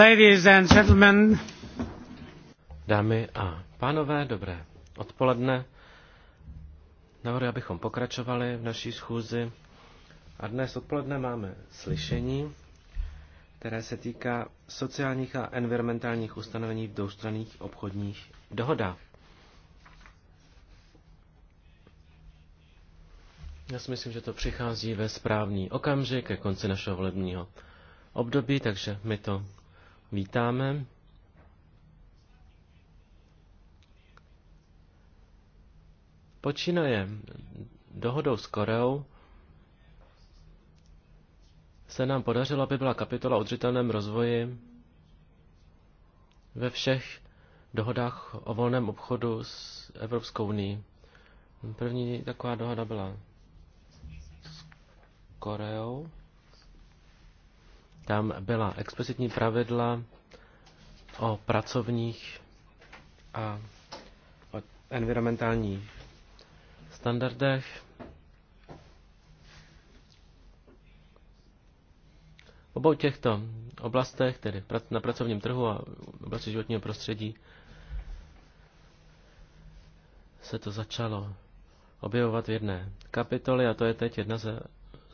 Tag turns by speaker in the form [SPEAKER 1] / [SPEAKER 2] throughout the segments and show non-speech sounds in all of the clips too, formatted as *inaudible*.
[SPEAKER 1] Ladies and gentlemen. Dámy a pánové, dobré odpoledne. Navrhuji, abychom pokračovali v naší schůzi. A dnes odpoledne máme slyšení, které se týká sociálních a environmentálních ustanovení v doustranných obchodních dohodách. Já si myslím, že to přichází ve správný okamžik ke konci našeho volebního období, takže my to vítáme. Počínaje dohodou s Koreou se nám podařilo, aby byla kapitola o udržitelném rozvoji ve všech dohodách o volném obchodu s Evropskou unii. První taková dohoda byla s Koreou tam byla explicitní pravidla o pracovních a o environmentálních standardech. V obou těchto oblastech, tedy na pracovním trhu a oblasti životního prostředí, se to začalo objevovat v jedné kapitole a to je teď jedna ze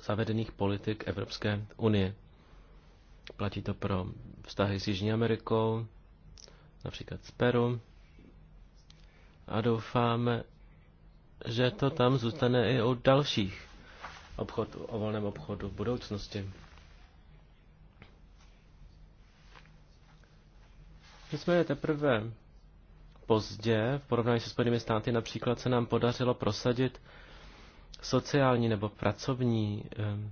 [SPEAKER 1] zavedených politik Evropské unie. Platí to pro vztahy s Jižní Amerikou, například s Peru. A doufáme, že to tam zůstane i u dalších obchodů, o volném obchodu v budoucnosti. Nicméně teprve pozdě, v porovnání se Spojenými státy, například se nám podařilo prosadit sociální nebo pracovní eh,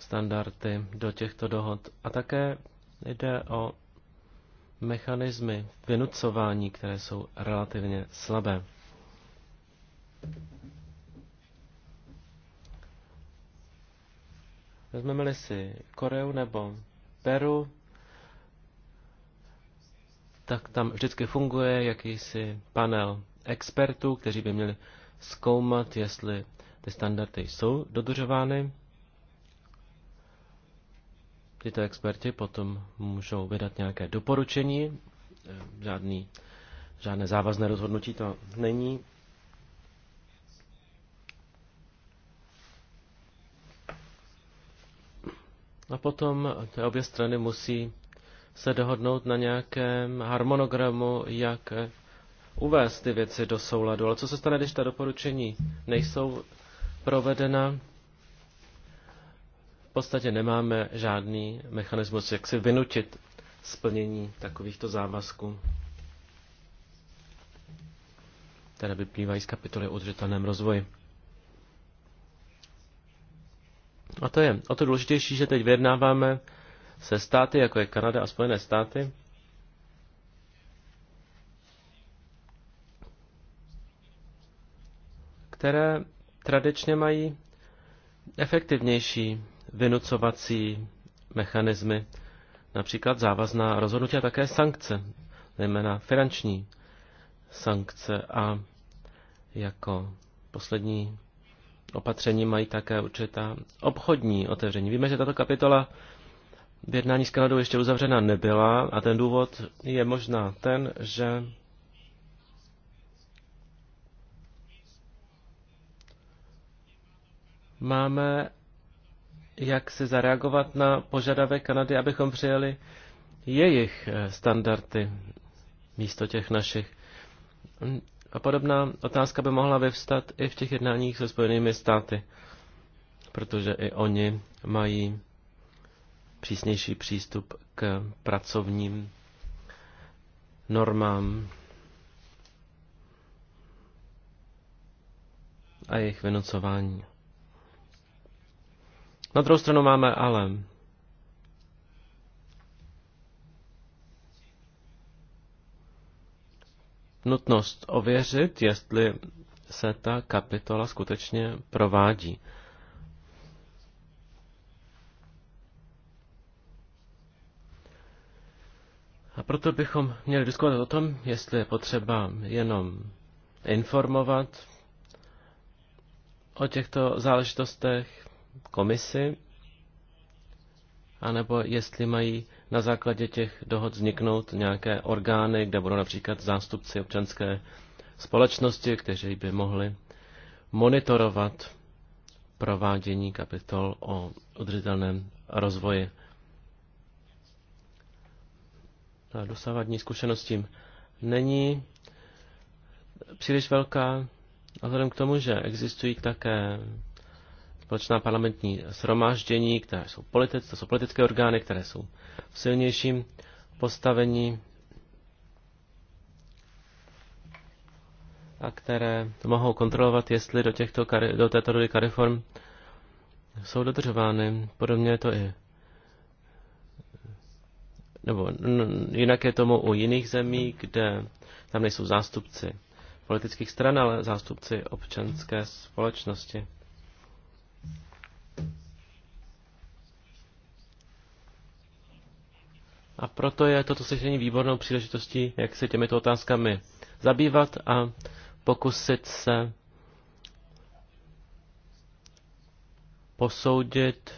[SPEAKER 1] standardy do těchto dohod. A také jde o mechanismy vynucování, které jsou relativně slabé. Vezmeme-li si Koreu nebo Peru, tak tam vždycky funguje jakýsi panel expertů, kteří by měli zkoumat, jestli ty standardy jsou dodržovány. Tyto experti potom můžou vydat nějaké doporučení, eh, žádný, žádné závazné rozhodnutí to není. A potom ty obě strany musí se dohodnout na nějakém harmonogramu, jak uvést ty věci do souladu. Ale co se stane, když ta doporučení nejsou provedena? podstatě nemáme žádný mechanismus, jak si vynutit splnění takovýchto závazků, které vyplývají z kapitoly o udržitelném rozvoji. A to je o to důležitější, že teď vyjednáváme se státy, jako je Kanada a Spojené státy, které tradičně mají efektivnější vynucovací mechanismy, například závazná rozhodnutí a také sankce, zejména finanční sankce a jako poslední opatření mají také určitá obchodní otevření. Víme, že tato kapitola v jednání s Kanadou ještě uzavřena nebyla a ten důvod je možná ten, že máme jak se zareagovat na požadavek Kanady, abychom přijali jejich eh, standardy místo těch našich. A podobná otázka by mohla vyvstat i v těch jednáních se Spojenými státy, protože i oni mají přísnější přístup k pracovním normám a jejich vynocování. Na druhou stranu máme ale nutnost ověřit, jestli se ta kapitola skutečně provádí. A proto bychom měli diskutovat o tom, jestli je potřeba jenom informovat o těchto záležitostech, komisi, anebo jestli mají na základě těch dohod vzniknout nějaké orgány, kde budou například zástupci občanské společnosti, kteří by mohli monitorovat provádění kapitol o udržitelném rozvoji. Ta dosávadní zkušenost tím není příliš velká, a vzhledem k tomu, že existují také společná parlamentní shromáždění, které jsou, politic, to jsou politické orgány, které jsou v silnějším postavení a které mohou kontrolovat, jestli do, těchto, do této doly kariform jsou dodržovány. Podobně je to i nebo jinak je tomu u jiných zemí, kde tam nejsou zástupci politických stran, ale zástupci občanské společnosti. A proto je toto sešení výbornou příležitostí, jak se těmito otázkami zabývat a pokusit se posoudit,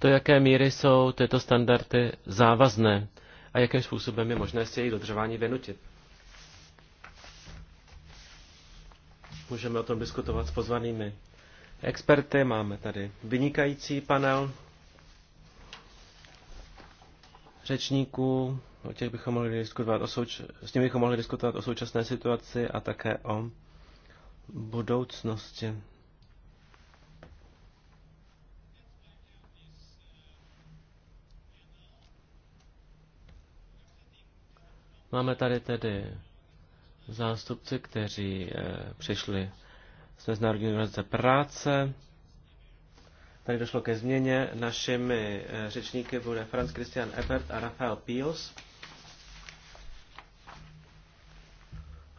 [SPEAKER 1] do jaké míry jsou tyto standardy závazné a jakým způsobem je možné si jejich dodržování vynutit. Můžeme o tom diskutovat s pozvanými experty. Máme tady vynikající panel řečníků, o těch bychom mohli diskutovat o souč- s nimi bychom mohli diskutovat o současné situaci a také o budoucnosti. Máme tady tedy zástupce, kteří eh, přišli z Mezinárodní organizace práce, Tady došlo ke změně. Našimi eh, řečníky bude Franz Christian Ebert a Rafael Píls.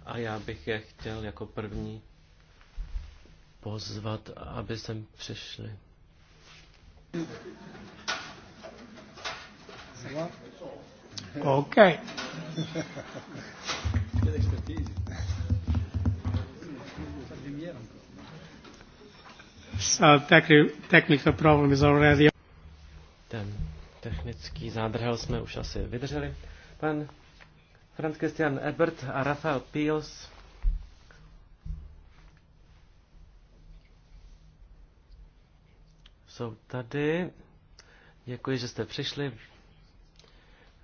[SPEAKER 1] A já bych je chtěl jako první pozvat, aby sem přišli. OK. *laughs* technical problem is already... Ten technický zádrhel jsme už asi vydrželi. Pan Franz Christian Ebert a Rafael Píos. Jsou tady. Děkuji, že jste přišli.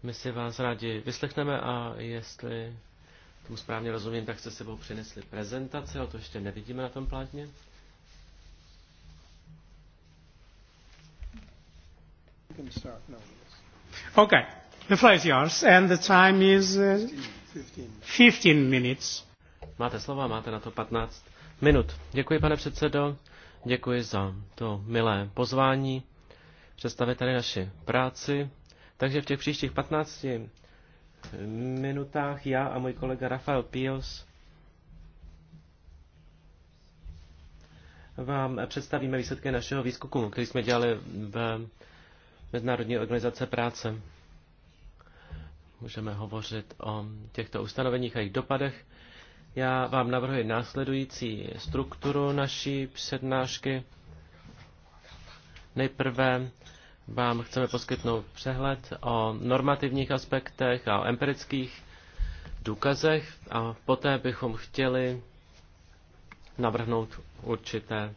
[SPEAKER 1] My si vás rádi vyslechneme a jestli tomu správně rozumím, tak jste sebou přinesli prezentaci, ale to ještě nevidíme na tom plátně. can start now. Yes. Okay. The floor is yours and the time is uh, 15 minutes. Máte slova, máte na to 15 minut. Děkuji, pane předsedo. Děkuji za to milé pozvání představit tady naši práci. Takže v těch příštích 15 minutách já a můj kolega Rafael Pios vám představíme výsledky našeho výzkumu, který jsme dělali v Mezinárodní organizace práce. Můžeme hovořit o těchto ustanoveních a jejich dopadech. Já vám navrhuji následující strukturu naší přednášky. Nejprve vám chceme poskytnout přehled o normativních aspektech a o empirických důkazech a poté bychom chtěli navrhnout určité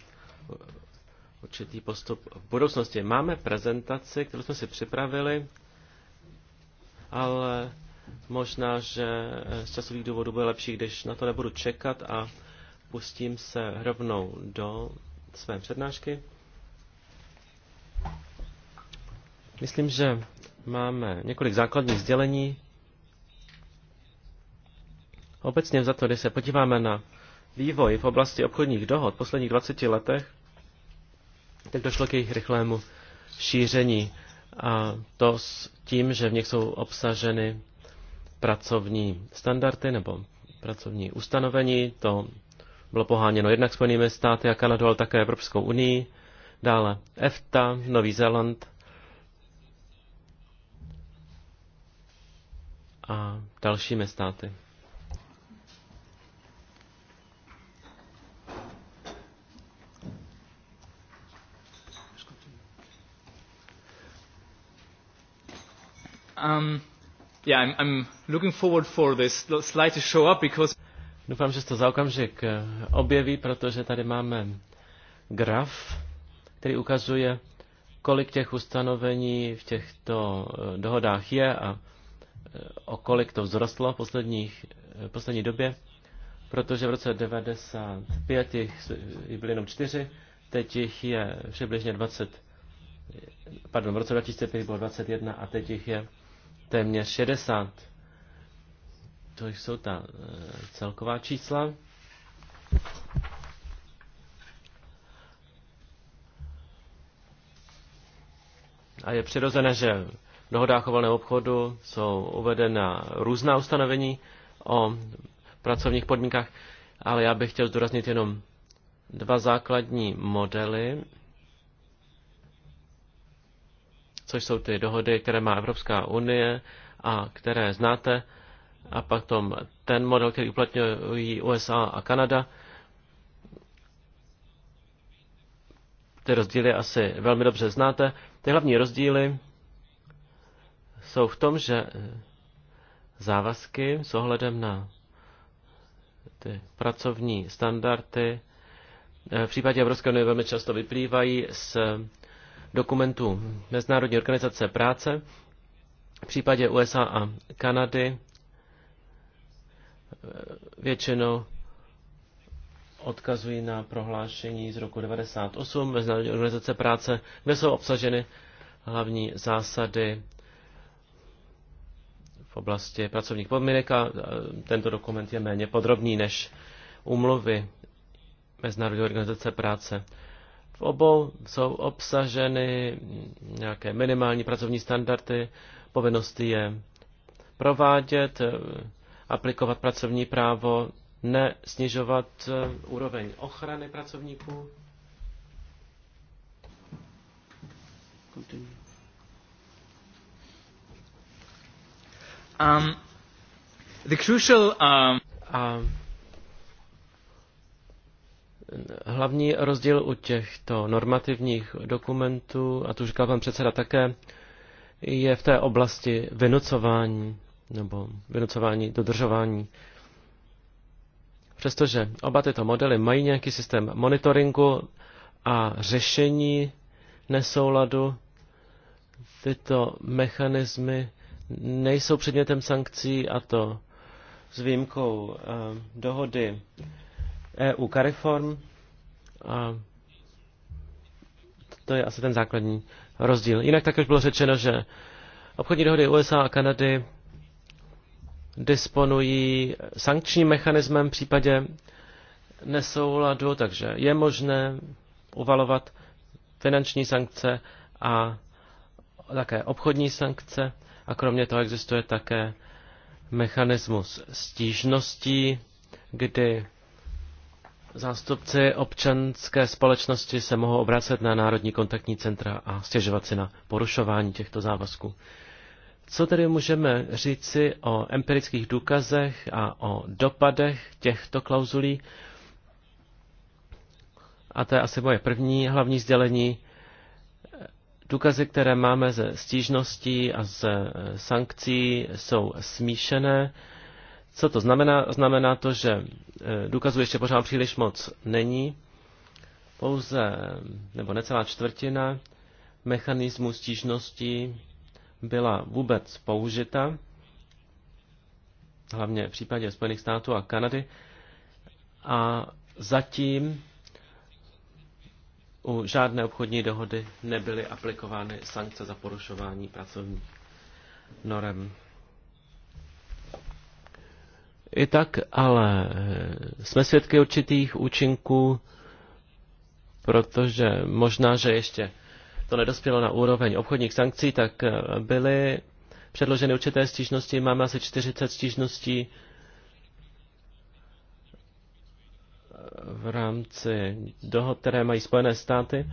[SPEAKER 1] určitý postup v budoucnosti. Máme prezentaci, kterou jsme si připravili, ale možná, že z časových důvodů bude lepší, když na to nebudu čekat a pustím se rovnou do své přednášky. Myslím, že máme několik základních sdělení. Obecně za to, když se podíváme na vývoj v oblasti obchodních dohod v posledních 20 letech, tak došlo k jejich rychlému šíření. A to s tím, že v nich jsou obsaženy pracovní standardy nebo pracovní ustanovení. To bylo poháněno jednak Spojenými státy a Kanadou, ale také Evropskou unii. Dále EFTA, Nový Zéland a dalšími státy. Um, yeah, I'm, I'm looking forward for this slide to show up because... Doufám, že to za okamžik eh, objeví, protože tady máme graf, který ukazuje, kolik těch ustanovení v těchto eh, dohodách je a eh, o kolik to vzrostlo v posledních, poslední době, protože v roce 95 jich byly jenom čtyři, teď jich je přibližně 20, pardon, v roce 2005 bylo 21 a teď jich je téměř 60. To jsou ta eh, celková čísla. A je přirozené, že v dohodách o volném obchodu jsou uvedena různá ustanovení o pracovních podmínkách, ale já bych chtěl zdůraznit jenom dva základní modely což jsou ty dohody, které má Evropská unie a které znáte, a pak tom ten model, který uplatňují USA a Kanada. Ty rozdíly asi velmi dobře znáte. Ty hlavní rozdíly jsou v tom, že závazky s ohledem na ty pracovní standardy v případě Evropské unie velmi často vyplývají z dokumentu Mezinárodní organizace práce. V případě USA a Kanady eh, většinou odkazují na prohlášení z roku 1998 Mezinárodní organizace práce, kde jsou obsaženy hlavní zásady v oblasti pracovních podmínek a eh, tento dokument je méně podrobný než úmluvy Mezinárodní organizace práce. V obou jsou obsaženy nějaké minimální pracovní standardy, povinnosti je provádět, eh, aplikovat pracovní právo, nesnižovat eh, úroveň ochrany pracovníků. Um, the crucial um... um, Hlavní rozdíl u těchto normativních dokumentů, a to říkal pan předseda také, je v té oblasti vynucování nebo vynucování, dodržování. Přestože oba tyto modely mají nějaký systém monitoringu a řešení nesouladu, tyto mechanismy nejsou předmětem sankcí a to s výjimkou eh, dohody EU Cariform a to je asi ten základní rozdíl. Jinak také už bylo řečeno, že obchodní dohody USA a Kanady disponují sankčním mechanismem v případě nesouladu, takže je možné uvalovat finanční sankce a také obchodní sankce. A kromě toho existuje také mechanismus stížností, kdy Zástupci občanské společnosti se mohou obracet na Národní kontaktní centra a stěžovat si na porušování těchto závazků. Co tedy můžeme říci o empirických důkazech a o dopadech těchto klauzulí? A to je asi moje první hlavní sdělení. Důkazy, které máme ze stížností a ze sankcí, jsou smíšené. Co to znamená? Znamená to, že eh, důkazů ještě pořád příliš moc není. Pouze, nebo necelá čtvrtina mechanismu stížností byla vůbec použita, hlavně v případě Spojených států a Kanady. A zatím u žádné obchodní dohody nebyly aplikovány sankce za porušování pracovních norem. I tak ale eh, jsme svědky určitých účinků, protože možná, že ještě to nedospělo na úroveň obchodních sankcí, tak eh, byly předloženy určité stížnosti. Máme asi 40 stížností eh, v rámci dohod, které mají Spojené státy.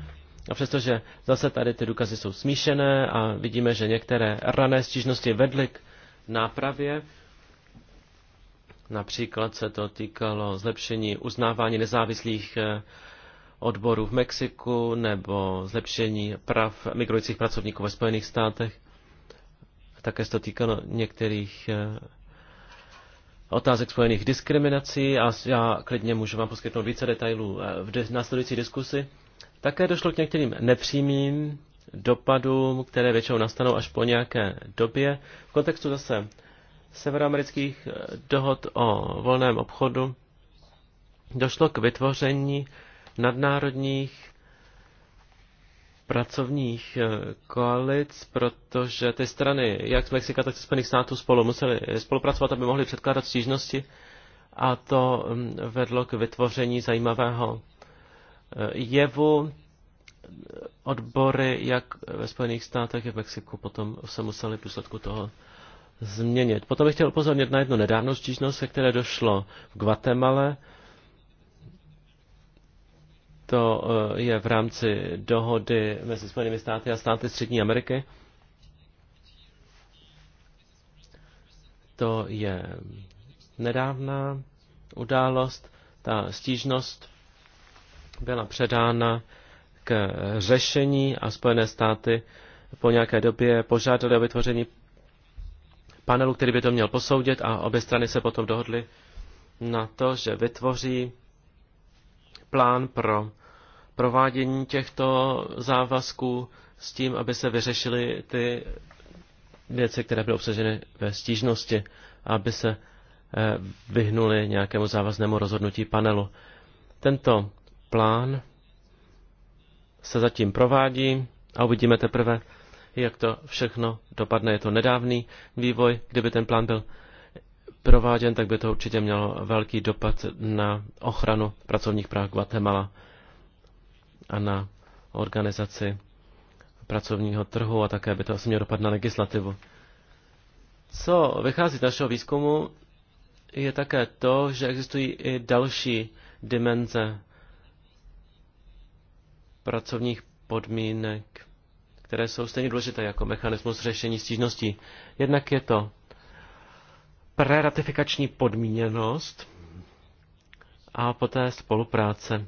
[SPEAKER 1] A přestože zase tady ty důkazy jsou smíšené a vidíme, že některé rané stížnosti vedly k nápravě, Například se to týkalo zlepšení uznávání nezávislých eh, odborů v Mexiku nebo zlepšení prav migrujících pracovníků ve Spojených státech. Také se to týkalo některých eh, otázek spojených diskriminací a já klidně můžu vám poskytnout více detailů eh, v následující diskusi. Také došlo k některým nepřímým dopadům, které většinou nastanou až po nějaké době. V kontextu zase severoamerických eh, dohod o volném obchodu došlo k vytvoření nadnárodních pracovních eh, koalic, protože ty strany, jak z Mexika, tak z Spojených států spolu museli eh, spolupracovat, aby mohli předkládat stížnosti a to mm, vedlo k vytvoření zajímavého jevu. Odbory, jak ve Spojených státech, i v Mexiku, potom se museli v důsledku toho změnit. Potom bych chtěl upozornit na jednu nedávnou stížnost, se které došlo v Guatemale. To eh, je v rámci dohody mezi Spojenými státy a státy Střední Ameriky. To je nedávná událost. Ta stížnost byla předána k řešení a Spojené státy po nějaké době požádali o vytvoření panelu, který by to měl posoudit a obě strany se potom dohodly na to, že vytvoří plán pro provádění těchto závazků s tím, aby se vyřešily ty věci, které byly obsaženy ve stížnosti, aby se eh, vyhnuli nějakému závaznému rozhodnutí panelu. Tento plán se zatím provádí a uvidíme teprve, jak to všechno dopadne. Je to nedávný vývoj, kdyby ten plán byl prováděn, tak by to určitě mělo velký dopad na ochranu pracovních práv Guatemala a na organizaci pracovního trhu a také by to asi mělo dopad na legislativu. Co vychází z našeho výzkumu, je také to, že existují i další dimenze pracovních podmínek které jsou stejně důležité jako mechanismus řešení stížností. Jednak je to preratifikační podmíněnost a poté spolupráce.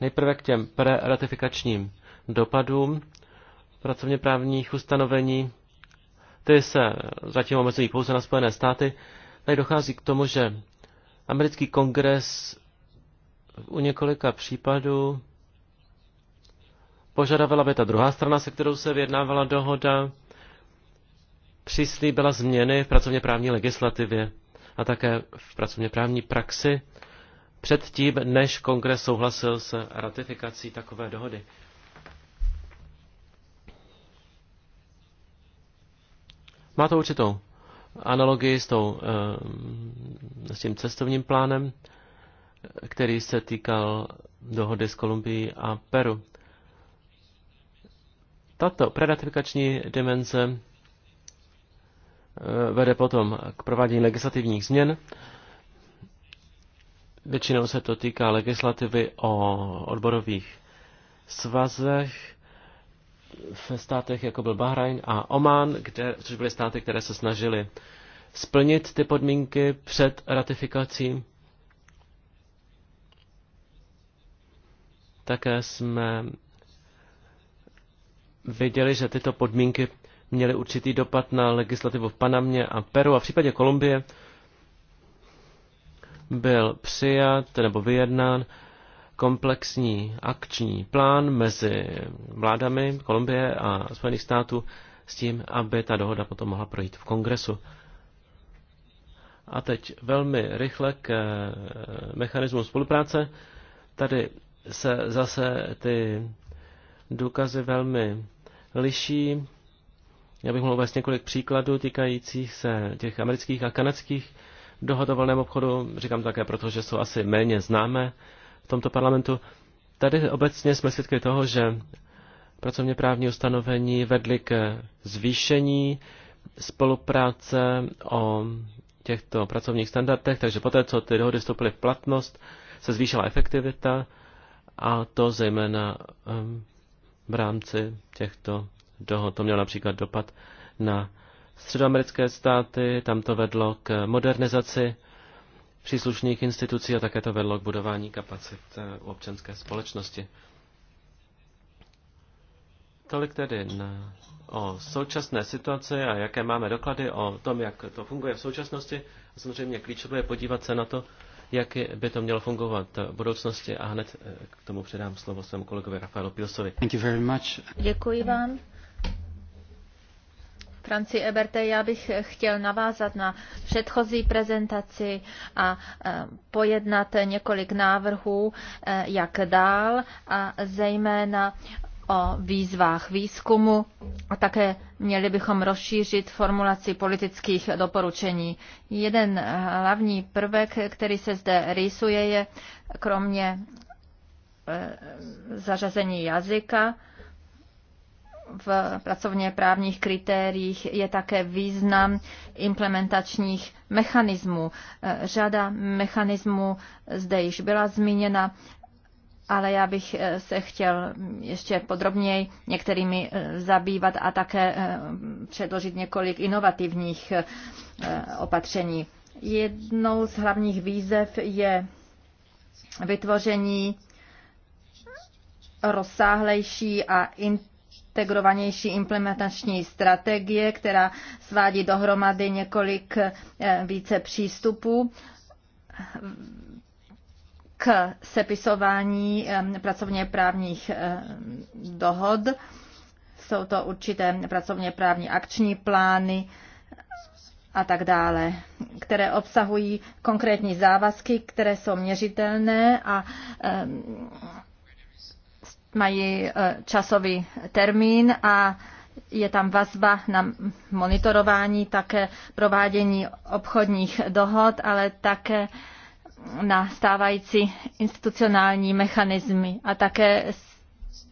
[SPEAKER 1] Nejprve k těm preratifikačním dopadům pracovně právních ustanovení. Ty se zatím omezují pouze na Spojené státy. Tady dochází k tomu, že americký kongres u několika případů požadovala, aby ta druhá strana, se kterou se vyjednávala dohoda, přislíbila změny v pracovně právní legislativě a také v pracovně právní praxi předtím, než kongres souhlasil s ratifikací takové dohody. Má to určitou analogii s, tou, eh, s tím cestovním plánem, který se týkal dohody s Kolumbií a Peru. Tato predatifikační dimenze eh, vede potom k provádění legislativních změn. Většinou se to týká legislativy o odborových svazech ve státech, jako byl Bahrajn a Oman, kde, což byly státy, které se snažily splnit ty podmínky před ratifikací. Také jsme Věděli, že tyto podmínky měly určitý dopad na legislativu v Panamě a Peru a v případě Kolumbie byl přijat nebo vyjednán komplexní akční plán mezi vládami Kolumbie a Spojených států s tím, aby ta dohoda potom mohla projít v kongresu. A teď velmi rychle k eh, mechanismu spolupráce. Tady se zase ty důkazy velmi liší. Já bych mohl uvést několik příkladů týkajících se těch amerických a kanadských dohod o volném obchodu. Říkám také proto, že jsou asi méně známé v tomto parlamentu. Tady obecně jsme svědky toho, že pracovně právní ustanovení vedly k zvýšení spolupráce o těchto pracovních standardech, takže poté, co ty dohody vstoupily v platnost, se zvýšila efektivita a to zejména um, v rámci těchto dohod. To mělo například dopad na středoamerické státy, tam to vedlo k modernizaci příslušných institucí a také to vedlo k budování kapacit eh, u občanské společnosti. Tolik tedy na, o současné situaci a jaké máme doklady o tom, jak to funguje v současnosti. samozřejmě klíčové je podívat se na to, jak by to mělo fungovat v budoucnosti a hned eh, k tomu předám slovo svému kolegovi Rafaelu Pilsovi. Thank you very much.
[SPEAKER 2] Děkuji vám. Franci Eberte, já bych chtěl navázat na předchozí prezentaci a eh, pojednat několik návrhů, eh, jak dál a zejména o výzvách výzkumu a také měli bychom rozšířit formulaci politických doporučení. Jeden hlavní prvek, který se zde rýsuje, je kromě e, zařazení jazyka v pracovně právních kritériích je také význam implementačních mechanismů. E, řada mechanismů zde již byla zmíněna, ale já bych eh, se chtěl ještě podrobněji některými eh, zabývat a také eh, předložit několik inovativních opatření. Jednou z hlavních výzev je vytvoření rozsáhlejší a integrovanější implementační strategie, která svádí dohromady několik více přístupů k sepisování pracovně právních dohod. Jsou to určité pracovně právní akční plány a tak dále, které obsahují konkrétní závazky, které jsou měřitelné a mají e, časový termín a je tam vazba na monitorování, také provádění obchodních dohod, ale také na stávající institucionální mechanismy a také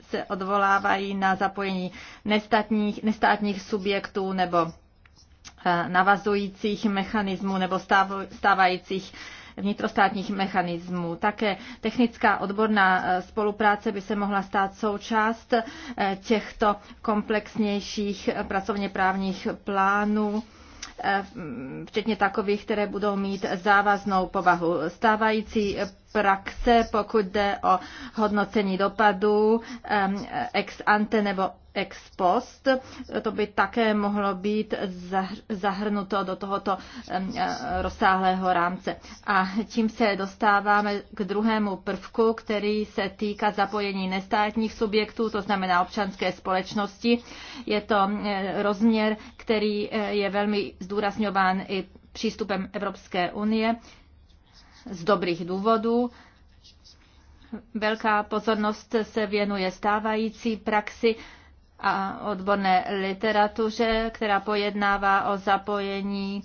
[SPEAKER 2] se odvolávají na zapojení nestátních, nestátních subjektů nebo eh, navazujících mechanismů nebo stávajících vnitrostátních mechanismů. Také technická odborná eh, spolupráce by se mohla stát součást eh, těchto komplexnějších pracovně právních plánů Eh, včetně takových, které budou mít závaznou povahu. Stávající praxe, pokud jde o hodnocení dopadů ex ante nebo ex post. To by také mohlo být zahrnuto do tohoto e, rozsáhlého rámce. A tím se dostáváme k druhému prvku, který se týká zapojení nestátních subjektů, to znamená občanské společnosti. Je to e, rozměr, který e, je velmi zdůrazňován i přístupem Evropské unie z dobrých důvodů. Velká pozornost se věnuje stávající praxi a odborné literatuře, která pojednává o zapojení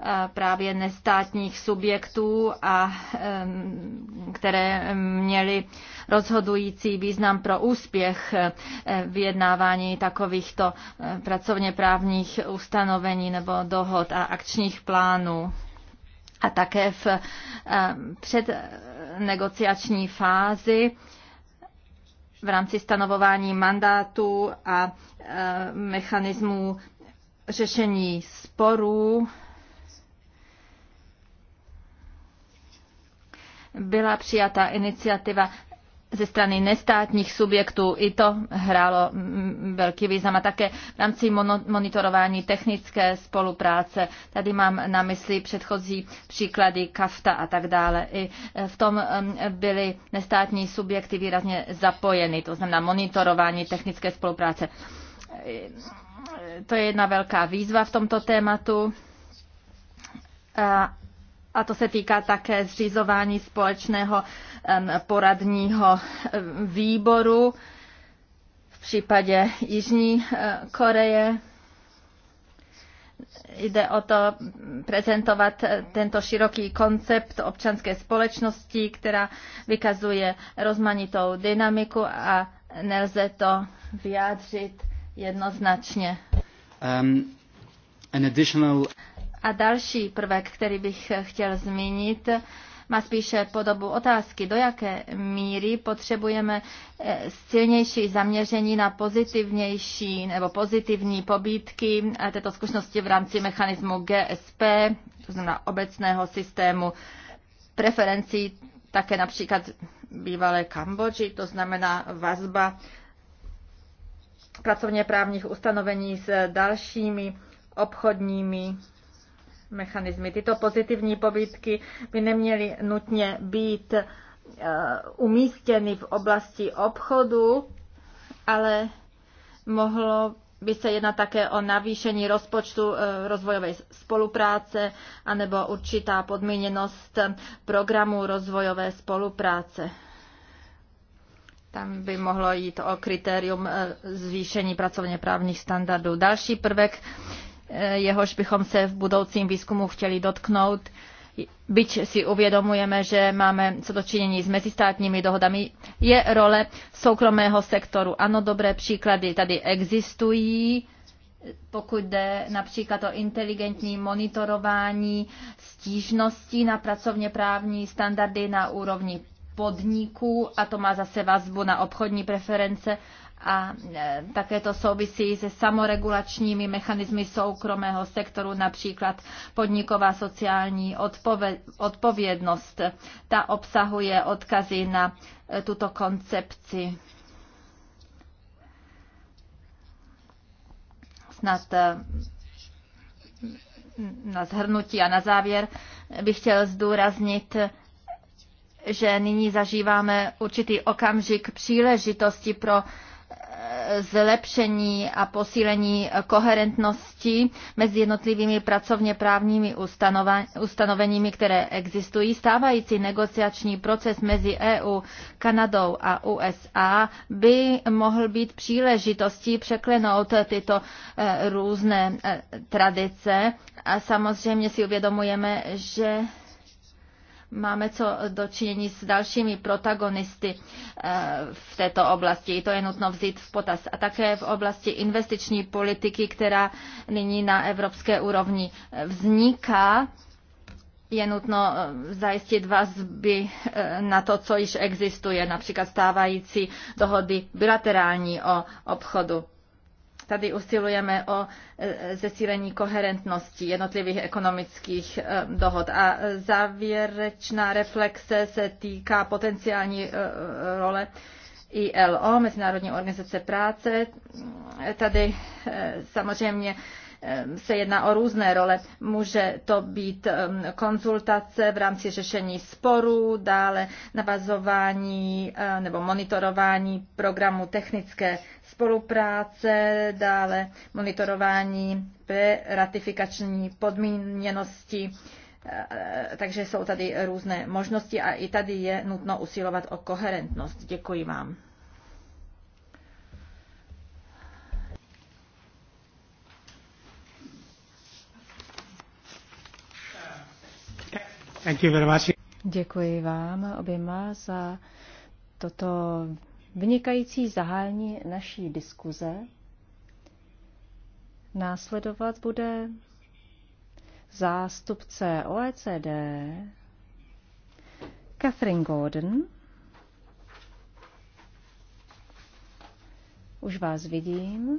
[SPEAKER 2] eh, právě nestátních subjektů, a které měly rozhodující význam pro úspěch eh, vyjednávání takovýchto eh, pracovně právních ustanovení nebo dohod a akčních plánů a také v eh, přednegociační eh, fázi v rámci stanovování mandátu a eh, mechanismů řešení sporů byla přijata iniciativa ze strany nestátních subjektů. I to hrálo mm, velký význam a také v rámci monitorování technické spolupráce. Tady mám na mysli předchozí příklady kafta a tak dále. I eh, v tom mm, byly nestátní subjekty výrazně zapojeny, to znamená monitorování technické spolupráce. Eh, to je jedna velká výzva v tomto tématu a to se týká také zřizování společného poradního výboru v případě Jižní eh, Koreje. Jde o to prezentovat eh, tento široký koncept občanské společnosti, která vykazuje rozmanitou dynamiku a nelze to vyjádřit jednoznačně.
[SPEAKER 1] Um, an additional...
[SPEAKER 2] A další prvek, který bych chtěl zmínit, má spíše podobu otázky, do jaké míry potřebujeme eh, silnější zaměření na pozitivnější nebo pozitivní pobídky této zkušenosti v rámci mechanismu GSP, to znamená obecného systému preferencí, také například bývalé Kambodži, to znamená vazba pracovně právních ustanovení s dalšími obchodními mechanismy. Tyto pozitivní pobídky by neměly nutně být eh, umístěny v oblasti obchodu, ale mohlo by se jednat také o navýšení rozpočtu eh, rozvojové spolupráce anebo určitá podmíněnost programu rozvojové spolupráce. Tam by mohlo jít o kritérium eh, zvýšení pracovně právních standardů. Další prvek Eh, jehož bychom se v budoucím výzkumu chtěli dotknout. Byť si uvědomujeme, že máme co dočinění s mezistátními dohodami, je role soukromého sektoru. Ano, dobré příklady tady existují, pokud jde například o inteligentní monitorování stížností na pracovně právní standardy na úrovni podniků a to má zase vazbu na obchodní preference a e, také to souvisí se samoregulačními mechanismy soukromého sektoru, například podniková sociální odpovědnost. Ta obsahuje odkazy na e, tuto koncepci. Snad e, na zhrnutí a na závěr bych chtěl zdůraznit, že nyní zažíváme určitý okamžik příležitosti pro zlepšení a posílení koherentnosti mezi jednotlivými pracovně právními ustanoveními, které existují. Stávající negociační proces mezi EU, Kanadou a USA by mohl být příležitostí překlenout tyto e, různé e, tradice a samozřejmě si uvědomujeme, že máme co dočinění s dalšími protagonisty eh, v této oblasti. I to je nutno vzít v potaz. A také v oblasti investiční politiky, která nyní na evropské úrovni eh, vzniká, je nutno eh, zajistit vazby na to, co již existuje, například stávající dohody bilaterální o obchodu. Tady usilujeme o e, zesílení koherentnosti jednotlivých ekonomických e, dohod. A závěrečná reflexe se týká potenciální e, role ILO, Mezinárodní organizace práce. Tady samozřejmě Ehm, se jedná o různé role. Může to být ehm, konzultace v rámci řešení sporů, dále navazování ehm, nebo monitorování programu technické spolupráce, dále monitorování ratifikační podmíněnosti. Takže jsou tady různé možnosti a i tady je nutno usilovat o koherentnost. Děkuji vám.
[SPEAKER 3] Thank you very much. Děkuji vám oběma za toto vynikající zahájení naší diskuze. Následovat bude zástupce OECD Catherine Gordon. Už vás vidím.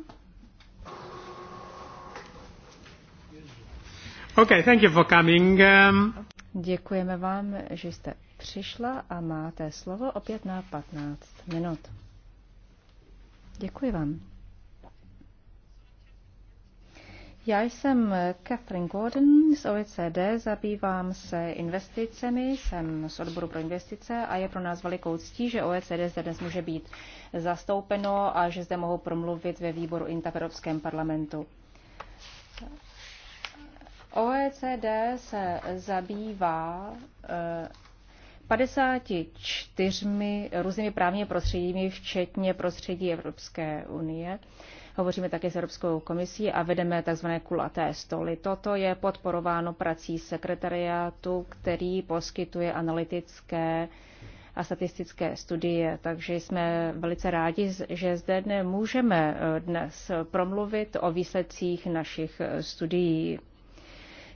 [SPEAKER 3] Okay, thank you for coming. Um... Děkujeme vám, že jste přišla a máte slovo opět na 15 minut. Děkuji vám. Já jsem Catherine Gordon z OECD, zabývám se investicemi, jsem z odboru pro investice a je pro nás velikou ctí, že OECD zde dnes může být zastoupeno a že zde mohou promluvit ve výboru INTA Evropském parlamentu. OECD se zabývá 54 eh, různými právními prostředími, včetně prostředí Evropské unie. Hovoříme také s Evropskou komisí a vedeme tzv. kulaté stoly. Toto je podporováno prací sekretariátu, který poskytuje analytické a statistické studie. Takže jsme velice rádi, že zde můžeme eh, dnes promluvit o výsledcích našich studií.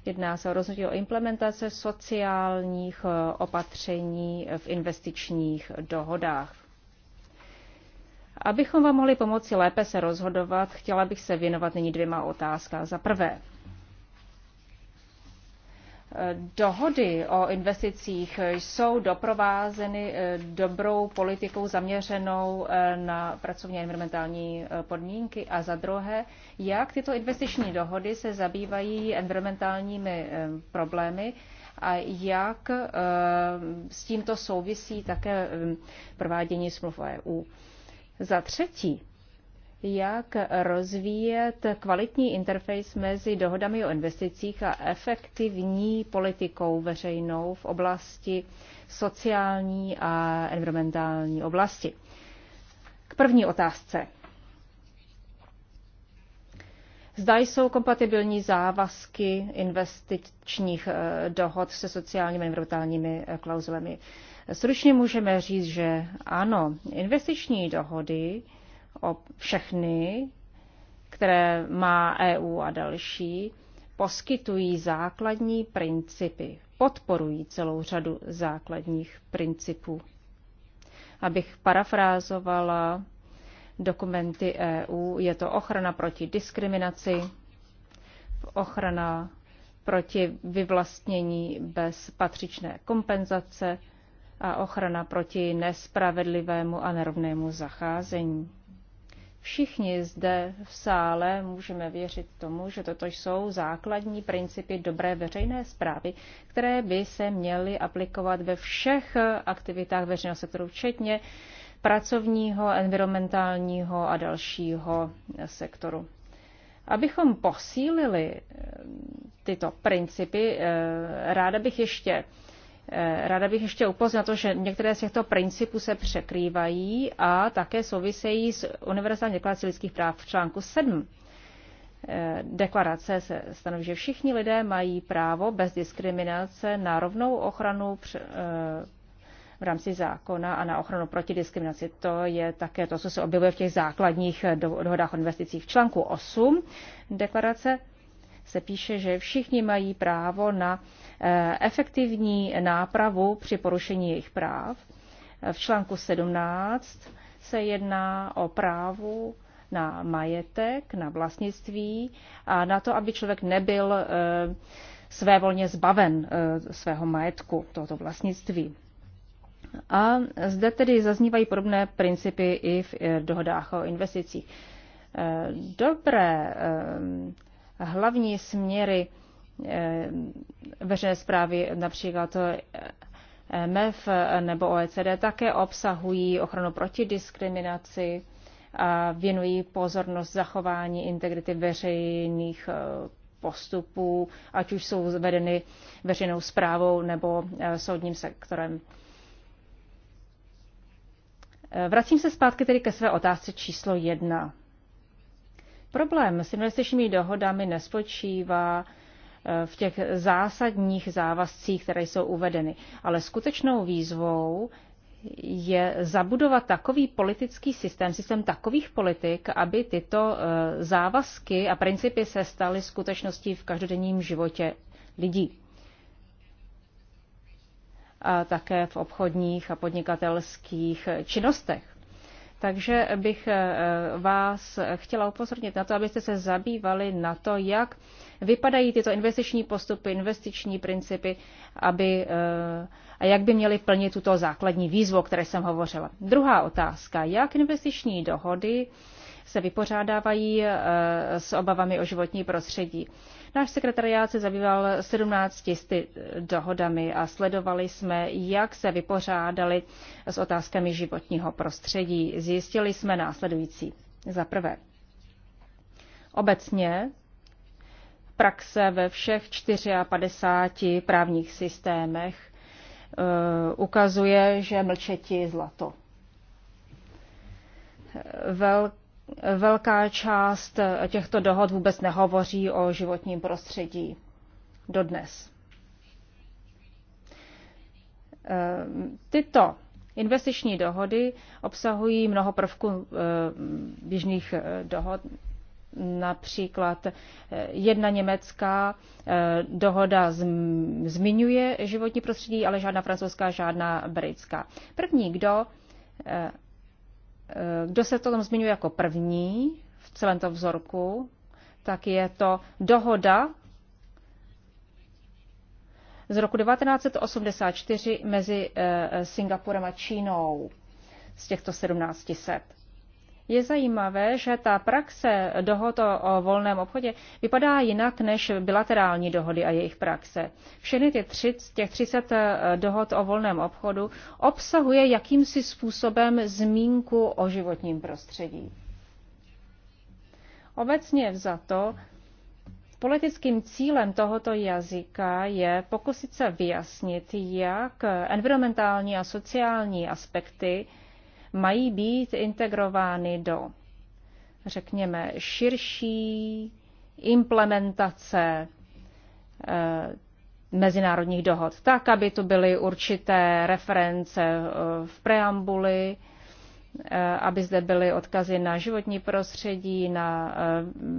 [SPEAKER 3] Jedná se o rozhodnutí o implementace sociálních eh, opatření v investičních dohodách. Abychom vám mohli pomoci lépe se rozhodovat, chtěla bych se věnovat nyní dvěma otázkám. Za prvé, Dohody o investicích jsou doprovázeny eh, dobrou politikou zaměřenou eh, na pracovně environmentální eh, podmínky a za druhé, jak tyto investiční dohody se zabývají environmentálními problémy a jak s tímto souvisí také provádění smluv EU. Za třetí, jak rozvíjet kvalitní interface mezi dohodami o investicích a efektivní politikou veřejnou v oblasti sociální a environmentální oblasti. K první otázce. Zda jsou kompatibilní závazky investičních eh, dohod se sociálními a environmentálními eh, klauzulemi. Stručně můžeme říct, že ano, investiční dohody o všechny, které má EU a další, poskytují základní principy, podporují celou řadu základních principů. Abych parafrázovala dokumenty EU, je to ochrana proti diskriminaci, ochrana proti vyvlastnění bez patřičné kompenzace a ochrana proti nespravedlivému a nerovnému zacházení. Všichni zde v sále můžeme věřit tomu, že toto jsou základní principy dobré veřejné zprávy, které by se měly aplikovat ve všech aktivitách veřejného sektoru, včetně pracovního, environmentálního a dalšího sektoru. Abychom posílili eh, tyto principy, eh, ráda bych ještě Eh, ráda bych ještě upozornila to, že některé z těchto principů se překrývají a také souvisejí s Univerzální deklarací lidských práv v článku 7. Eh, deklarace se stanoví, že všichni lidé mají právo bez diskriminace na rovnou ochranu eh, v rámci zákona a na ochranu proti diskriminaci. To je také to, co se objevuje v těch základních dohodách o investicích. V článku 8 deklarace se píše, že všichni mají právo na eh, efektivní nápravu při porušení jejich práv. V článku 17 se jedná o právu na majetek, na vlastnictví a na to, aby člověk nebyl eh, svévolně zbaven eh, svého majetku, tohoto vlastnictví. A zde tedy zaznívají podobné principy i v dohodách o investicích. Dobré hlavní směry eh, veřejné zprávy, například eh, MEF nebo OECD, také obsahují ochranu proti diskriminaci a věnují pozornost zachování integrity veřejných eh, postupů, ať už jsou vedeny veřejnou zprávou nebo soudním sektorem. Vracím se zpátky tedy ke své otázce číslo jedna. Problém s investičními dohodami nespočívá eh, v těch zásadních závazcích, které jsou uvedeny. Ale skutečnou výzvou je zabudovat takový politický systém, systém takových politik, aby tyto eh, závazky a principy se staly skutečností v každodenním životě lidí. A také v obchodních a podnikatelských činnostech. Takže bych eh, vás chtěla upozornit na to, abyste se zabývali na to, jak vypadají tyto investiční postupy, investiční principy aby, eh, a jak by měly plnit tuto základní výzvu, o které jsem hovořila. Druhá otázka. Jak investiční dohody se vypořádávají eh, s obavami o životní prostředí? Náš sekretariát se zabýval 17 dohodami a sledovali jsme, jak se vypořádali s otázkami životního prostředí. Zjistili jsme následující. Za prvé, obecně praxe ve všech 54 právních systémech eh, ukazuje, že mlčetí je zlato. Velk velká část těchto dohod vůbec nehovoří o životním prostředí dodnes. Ehm, tyto investiční dohody obsahují mnoho prvků ehm, běžných eh, dohod, například eh, jedna německá eh, dohoda zmiňuje životní prostředí, ale žádná francouzská, žádná britská. První, kdo Eh, kdo se to tam zmiňuje jako první v celém tom vzorku, tak je to dohoda z roku 1984 mezi eh, Singapurem a Čínou z těchto 17 set. Je zajímavé, že ta praxe dohod o volném obchodě vypadá jinak než bilaterální dohody a jejich praxe. Všechny ty tři, těch 30 eh, dohod o volném obchodu obsahuje jakýmsi způsobem zmínku o životním prostředí. Obecně vzato, politickým cílem tohoto jazyka je pokusit se vyjasnit, jak environmentální a sociální aspekty mají být integrovány do, řekněme, širší implementace eh, mezinárodních dohod, tak, aby tu byly určité reference eh, v preambuli, eh, aby zde byly odkazy na životní prostředí, na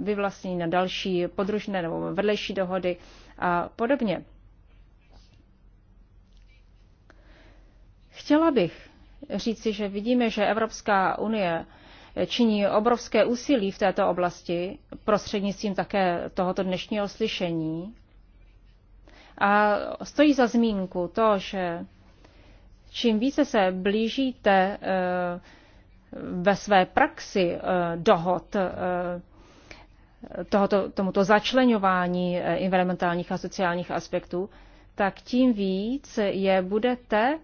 [SPEAKER 3] vyvlastnění, na další podružné nebo vedlejší dohody a podobně. Chtěla bych, říci, že vidíme, že Evropská unie činí obrovské úsilí v této oblasti prostřednictvím také tohoto dnešního slyšení. A stojí za zmínku to, že čím více se blížíte eh, ve své praxi eh, dohod eh, tohoto, tomuto začlenování environmentálních a sociálních aspektů, tak tím víc je budete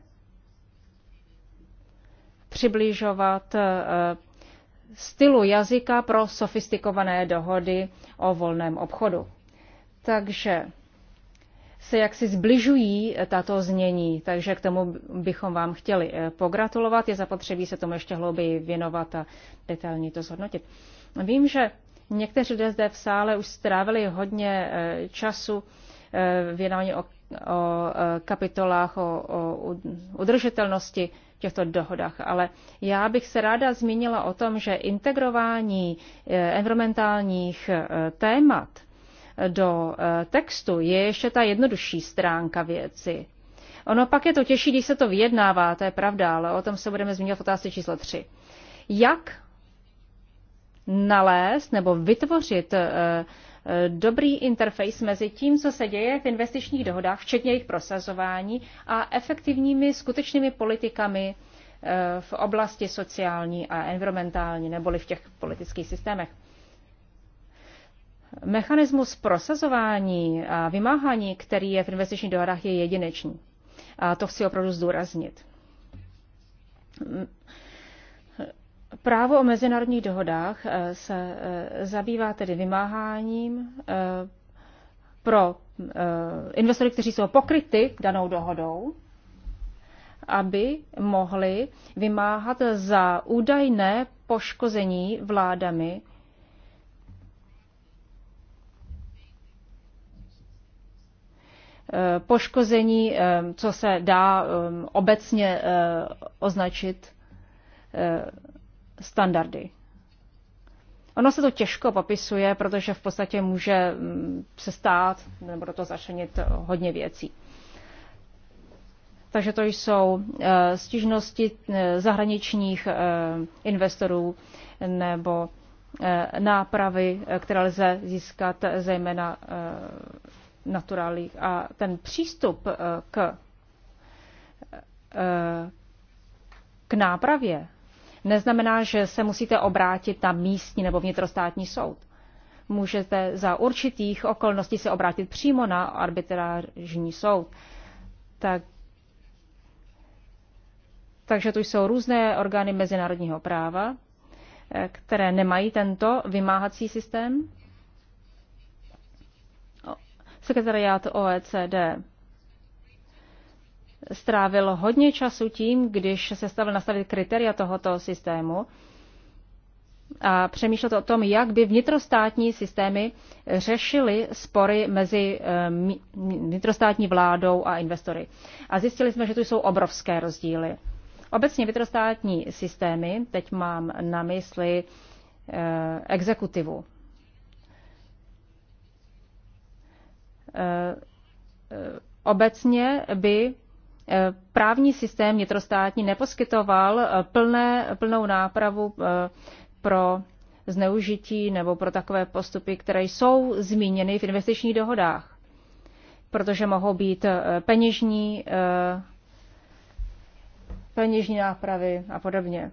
[SPEAKER 3] přibližovat eh, stylu jazyka pro sofistikované dohody o volném obchodu. Takže se jaksi zbližují tato znění, takže k tomu bychom vám chtěli eh, pogratulovat. Je zapotřebí se tomu ještě hlouběji věnovat a detailně to zhodnotit. Vím, že někteří lidé zde v sále už strávili hodně eh, času věnování o, o kapitolách o, o udržitelnosti těchto dohodách. Ale já bych se ráda zmínila o tom, že integrování eh, environmentálních eh, témat eh, do textu je ještě ta jednodušší stránka věci. Ono pak je to těžší, když se to vyjednává, to je pravda, ale o tom se budeme zmínit v otázce číslo 3. Jak nalézt nebo vytvořit dobrý interface mezi tím, co se děje v investičních dohodách, včetně jejich prosazování, a efektivními skutečnými politikami eh, v oblasti sociální a environmentální, neboli v těch politických systémech. Mechanismus prosazování a vymáhání, který je v investičních dohodách, je jedinečný. A to chci opravdu zdůraznit Právo o mezinárodních dohodách eh, se eh, zabývá tedy vymáháním eh, pro investory, kteří jsou pokryty danou dohodou, aby mohli vymáhat za údajné poškození vládami poškození, co se dá obecně označit standardy. Ono se to těžko popisuje, protože v podstatě může mm, se stát nebo do toho začlenit eh, hodně věcí. Takže to jsou eh, stížnosti eh, zahraničních investorů nebo nápravy, které lze získat zejména naturálních. A ten přístup k, k nápravě neznamená, že se musíte obrátit na místní nebo vnitrostátní soud. Můžete za určitých okolností se obrátit přímo na arbitrážní soud. Tak, takže tu jsou různé orgány mezinárodního práva, eh, které nemají tento vymáhací systém. Sekretariát OECD strávil hodně času tím, když se stavil nastavit kritéria tohoto systému a přemýšlet o tom, jak by vnitrostátní systémy řešily spory mezi eh, vnitrostátní vládou a investory. A zjistili jsme, že tu jsou obrovské rozdíly. Obecně vnitrostátní systémy, teď mám na mysli eh, exekutivu, eh, obecně by právní systém vnitrostátní neposkytoval eh, plné, plnou nápravu eh, pro zneužití nebo pro takové postupy, které jsou zmíněny v investičních dohodách, protože mohou být eh, peněžní, peněžní nápravy a podobně.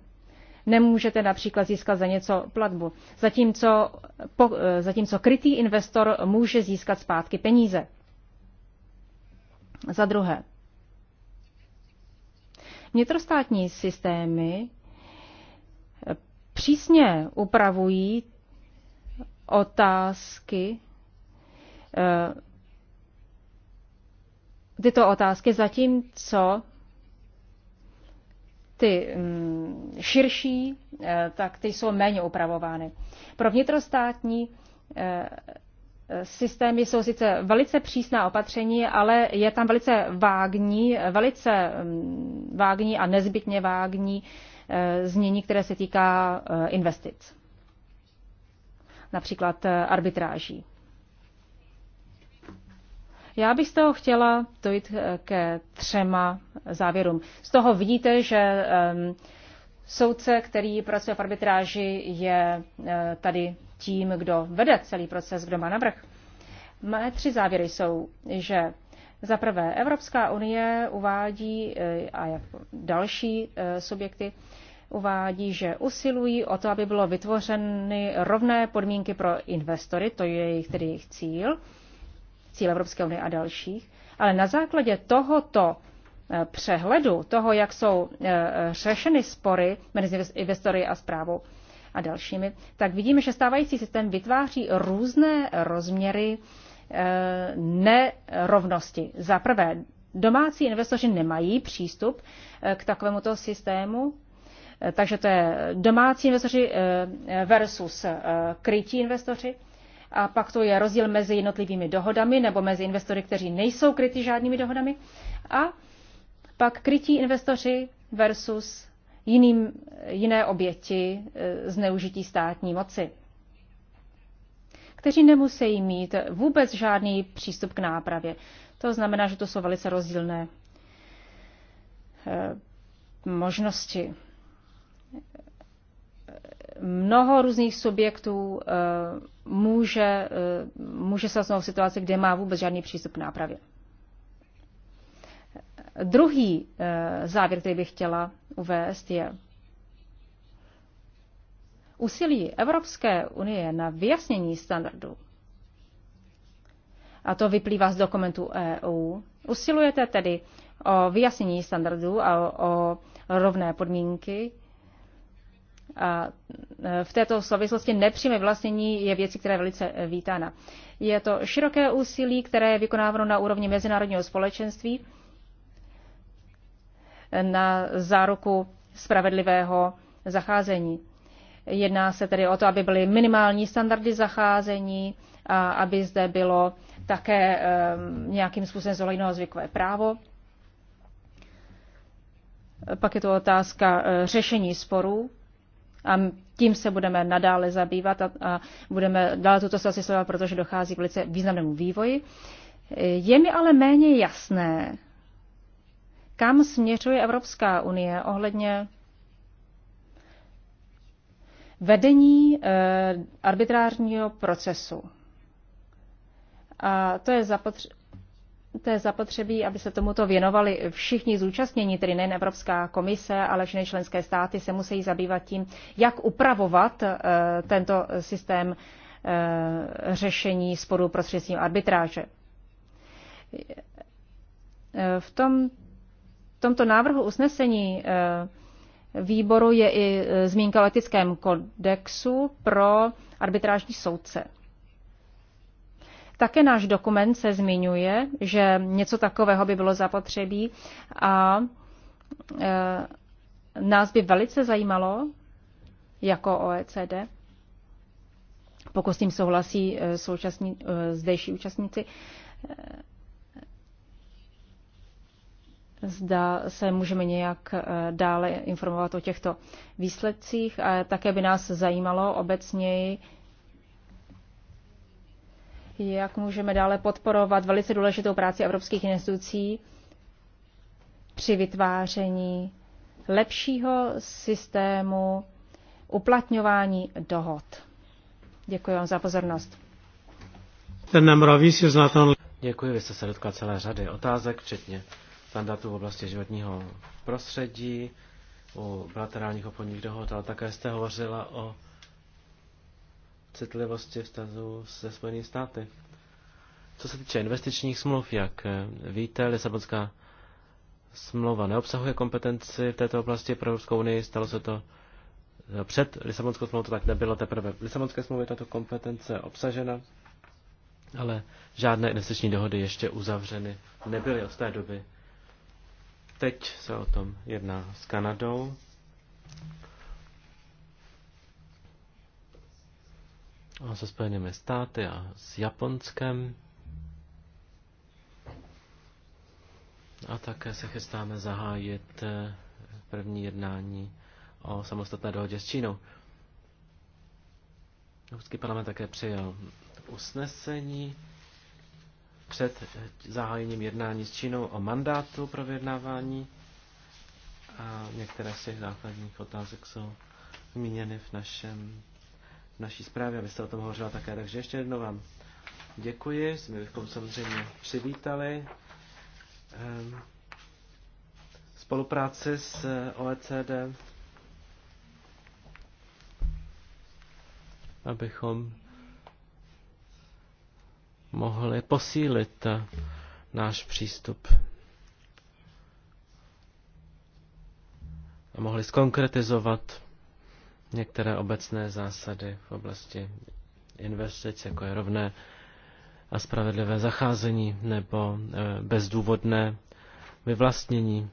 [SPEAKER 3] Nemůžete například získat za něco platbu, zatímco, po, zatímco krytý investor může získat zpátky peníze. Za druhé, Vnitrostátní systémy eh, přísně upravují otázky, eh, tyto otázky, zatímco ty mm, širší, eh, tak ty jsou méně upravovány. Pro vnitrostátní systémy jsou sice velice přísná opatření, ale je tam velice vágní, velice mm, vágní a nezbytně vágní eh, změní, které se týká eh, investic. Například eh, arbitráží. Já bych z toho chtěla dojít ke třema závěrům. Z toho vidíte, že ehm, soudce, který pracuje v arbitráži, je tady tím, kdo vede celý proces, kdo má navrh. Mé tři závěry jsou, že za prvé Evropská unie uvádí eh, a jak další eh, subjekty uvádí, že usilují o to, aby bylo vytvořeny rovné podmínky pro investory, to je jejich tedy jejich cíl, cíl Evropské unie a dalších. Ale na základě tohoto eh, přehledu, toho, jak jsou řešeny spory mezi investory a zprávou, a dalšími, tak vidíme, že stávající systém vytváří různé rozměry eh, nerovnosti. Za prvé, domácí investoři nemají přístup eh, k takovémuto systému, eh, takže to je domácí investoři versus krytí investoři. A pak to je rozdíl mezi jednotlivými dohodami nebo mezi investory, kteří nejsou kryti žádnými dohodami. A pak krytí investoři versus jiným, jiné oběti e, zneužití státní moci, kteří nemusí mít vůbec žádný přístup k nápravě. To znamená, že to jsou velice rozdílné e, možnosti. Mnoho různých subjektů e, může, může se situaci, kde má vůbec žádný přístup k nápravě. Druhý eh, závěr, který bych chtěla uvést, je úsilí Evropské unie na vyjasnění standardů, a to vyplývá z dokumentu EU, usilujete tedy o vyjasnění standardů a o rovné podmínky. A eh, v této souvislosti nepřímé vlastnění je věcí, která je velice eh, vítána. Je to široké úsilí, které je vykonáváno na úrovni mezinárodního společenství na záruku spravedlivého zacházení. Jedná se tedy o to, aby byly minimální standardy zacházení a aby zde bylo také ehm, nějakým způsobem zohledněno zvykové právo. Pak je to otázka e, řešení sporů a tím se budeme nadále zabývat a, a budeme dále tuto situaci sledovat, protože dochází k velice významnému vývoji. E, je mi ale méně jasné, kam směřuje Evropská unie ohledně vedení eh, arbitrážního procesu. A to je, zapotře- to je zapotřebí, aby se tomuto věnovali všichni zúčastnění, tedy nejen Evropská komise, ale všechny členské státy se musí zabývat tím, jak upravovat eh, tento systém eh, řešení sporů prostřednictvím arbitráže. V tom v tomto návrhu usnesení eh, výboru je i eh, zmínka o etickém kodexu pro arbitrážní soudce. Také náš dokument se zmiňuje, že něco takového by bylo zapotřebí a e, nás by velice zajímalo, jako OECD, pokud s tím souhlasí současní, zdejší účastníci, zda se můžeme nějak eh, dále informovat o těchto výsledcích. A také by nás zajímalo obecněji, jak můžeme dále podporovat velice důležitou práci evropských institucí při vytváření lepšího systému uplatňování dohod. Děkuji vám za pozornost.
[SPEAKER 1] Ten nám Děkuji, vy jste se dotkla celé řady otázek, včetně standardů v oblasti životního prostředí, u bilaterálních obchodních dohod, ale také jste hovořila o citlivosti vztazů se Spojenými státy. Co se týče investičních smluv, jak víte, Lisabonská smlouva neobsahuje kompetenci v této oblasti pro Evropskou unii. Stalo se to před Lisabonskou smlouvou, to tak nebylo teprve. V Lisabonské smlouvě tato kompetence obsažena, ale žádné investiční dohody ještě uzavřeny nebyly od té doby. Teď se o tom jedná s Kanadou. A se Spojenými státy a s Japonskem. A také se chystáme zahájit eh, první jednání o samostatné dohodě s Čínou. Evropský parlament také přijal usnesení před zahájením jednání s Čínou o mandátu pro vyjednávání a některé z těch základních otázek jsou zmíněny v, našem, v naší zprávě, abyste o tom hovořila také. Takže ještě jednou vám děkuji, my bychom samozřejmě přivítali ehm, spolupráci s OECD, abychom mohli posílit eh, náš přístup a mohli skonkretizovat některé obecné zásady v oblasti investic, jako je rovné a spravedlivé zacházení nebo eh, bezdůvodné vyvlastnění.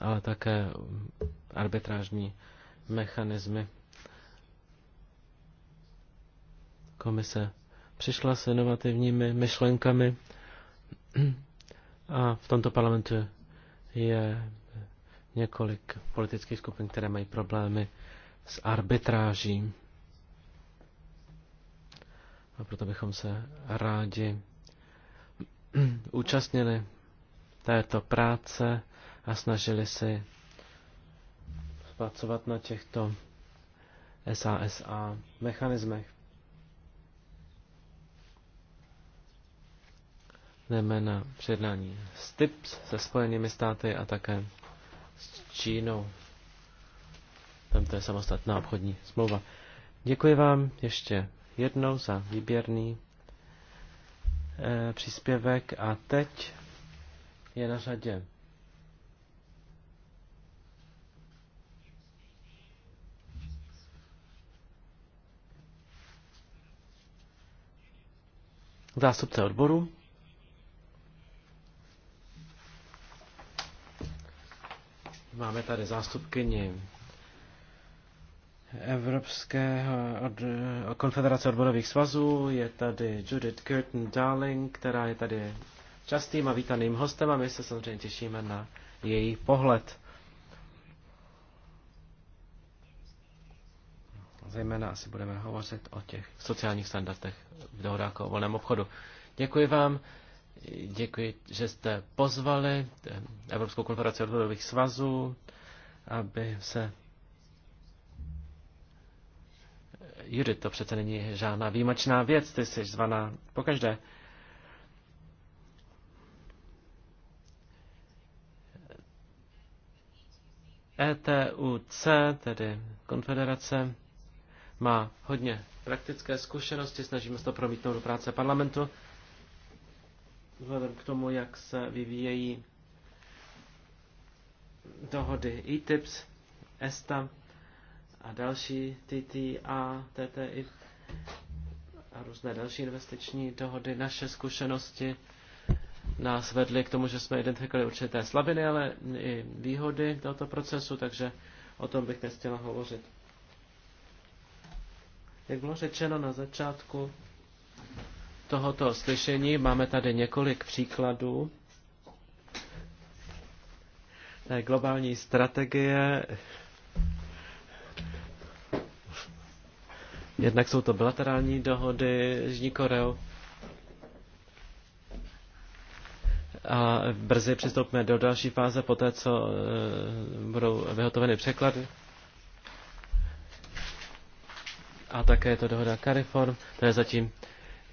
[SPEAKER 1] ale také arbitrážní mechanismy. Komise přišla s inovativními myšlenkami a v tomto parlamentu je několik politických skupin, které mají problémy s arbitráží. A proto bychom se rádi účastnili této práce a snažili si pracovat na těchto SASA mechanismech. na přednání s TIPS se Spojenými státy a také s Čínou. Tam to je samostatná obchodní smlouva. Děkuji vám ještě jednou za výběrný e, příspěvek a teď je na řadě zástupce odboru. Máme tady zástupkyni Evropského od, konfederace odborových svazů. Je tady Judith Curtin Darling, která je tady častým a vítaným hostem a my se samozřejmě těšíme na její pohled. Zejména asi budeme hovořit o těch sociálních standardech v dohodách o volném obchodu. Děkuji vám děkuji, že jste pozvali Evropskou konferenci odborových svazů, aby se Judith, to přece není žádná výjimečná věc, ty jsi zvaná pokaždé. ETUC, tedy konfederace, má hodně praktické zkušenosti, snažíme se to promítnout do práce parlamentu vzhledem k tomu, jak se vyvíjejí dohody ITIPS, ESTA a další TTA, TTI a různé další investiční dohody, naše zkušenosti nás vedly k tomu, že jsme identifikovali určité slabiny, ale i výhody tohoto procesu, takže o tom bych nechtěla hovořit. Jak bylo řečeno na začátku, tohoto slyšení. Máme tady několik příkladů té globální strategie. Jednak jsou to bilaterální dohody s Jižní Koreou. A brzy přistoupíme do další fáze, po té, co eh, budou vyhotoveny překlady. A také je to dohoda CARIFORM, to je zatím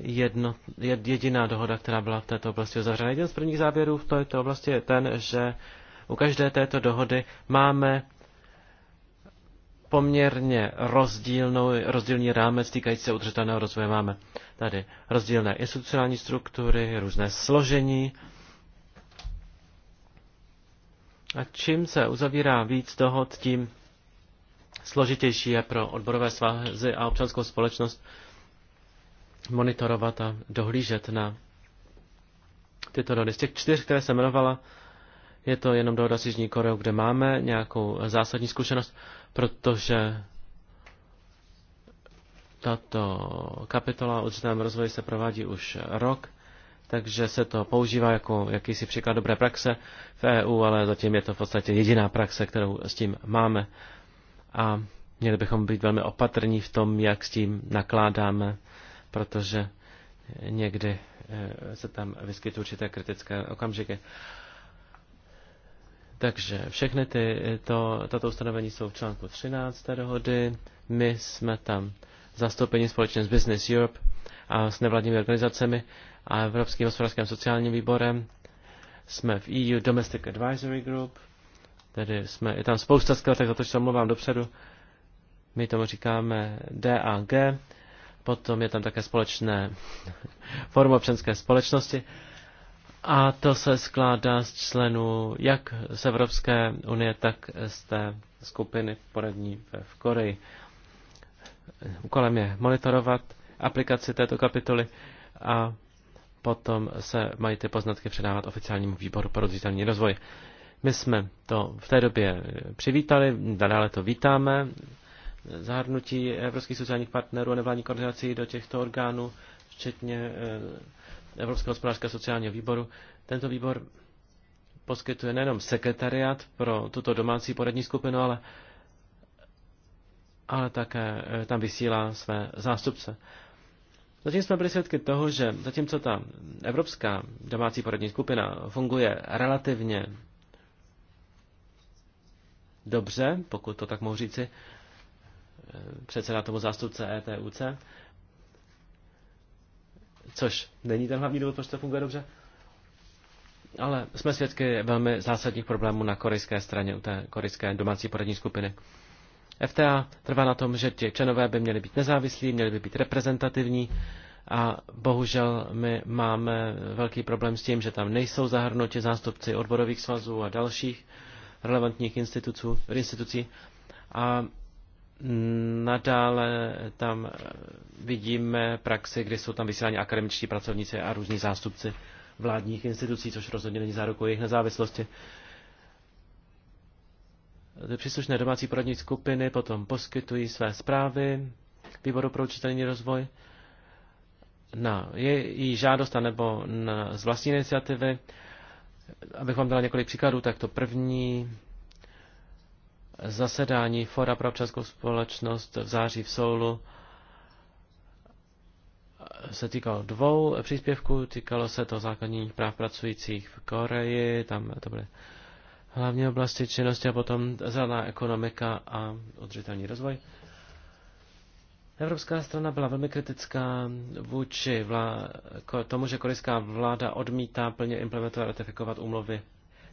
[SPEAKER 1] jedno, jediná dohoda, která byla v této oblasti uzavřena. Jeden z prvních závěrů v této oblasti je ten, že u každé této dohody máme poměrně rozdílnou, rozdílný rámec týkající se udržitelného rozvoje. Máme tady rozdílné institucionální struktury, různé složení. A čím se uzavírá víc dohod, tím složitější je pro odborové svazy a občanskou společnost monitorovat a dohlížet na tyto dohody. Z těch čtyř, které jsem jmenovala, je to jenom dohoda s Jižní Koreou, kde máme nějakou zásadní zkušenost, protože tato kapitola o určitém rozvoji se provádí už rok, takže se to používá jako jakýsi příklad dobré praxe v EU, ale zatím je to v podstatě jediná praxe, kterou s tím máme. A měli bychom být velmi opatrní v tom, jak s tím nakládáme protože někdy eh, se tam vyskytují určité kritické okamžiky. Takže všechny ty, to, tato ustanovení jsou v článku 13 dohody. My jsme tam zastoupeni společně s Business Europe a s nevládními organizacemi a Evropským hospodářským sociálním výborem. Jsme v EU Domestic Advisory Group, tedy jsme, je tam spousta skvělých, tak za to, že se omlouvám dopředu, my tomu říkáme DAG, potom je tam také společné *laughs* forum občanské společnosti a to se skládá z členů jak z Evropské unie, tak z té skupiny poradní v Koreji. Úkolem je monitorovat aplikaci této kapitoly a potom se mají ty poznatky předávat oficiálnímu výboru pro rozvíjitelný rozvoj. My jsme to v té době přivítali, nadále to vítáme, zahrnutí evropských sociálních partnerů a nevládních koordinací do těchto orgánů, včetně eh, Evropského hospodářského sociálního výboru. Tento výbor poskytuje nejenom sekretariat pro tuto domácí poradní skupinu, ale, ale také eh, tam vysílá své zástupce. Zatím jsme byli svědky toho, že zatímco ta evropská domácí poradní skupina funguje relativně dobře, pokud to tak mohu říci, předseda tomu zástupce ETUC, což není ten hlavní důvod, proč to funguje dobře. Ale jsme svědky velmi zásadních problémů na korejské straně, u té korejské domácí poradní skupiny. FTA trvá na tom, že ti členové by měli být nezávislí, měli by být reprezentativní a bohužel my máme velký problém s tím, že tam nejsou zahrnuti zástupci odborových svazů a dalších relevantních institucí, institucí a Nadále tam vidíme praxi, kdy jsou tam vysíláni akademičtí pracovníci a různí zástupci vládních institucí, což rozhodně není zárukou jejich nezávislosti. Příslušné domácí poradní skupiny potom poskytují své zprávy výboru pro učitelní rozvoj na její žádost nebo na, z vlastní iniciativy. Abych vám dala několik příkladů, tak to první zasedání Fora pro občanskou společnost v září v Soulu se týkalo dvou příspěvků. Týkalo se to základních práv pracujících v Koreji, tam to byly hlavně oblasti činnosti a potom zelená ekonomika a udržitelný rozvoj. Evropská strana byla velmi kritická vůči vlá, tomu, že korejská vláda odmítá plně implementovat a ratifikovat úmluvy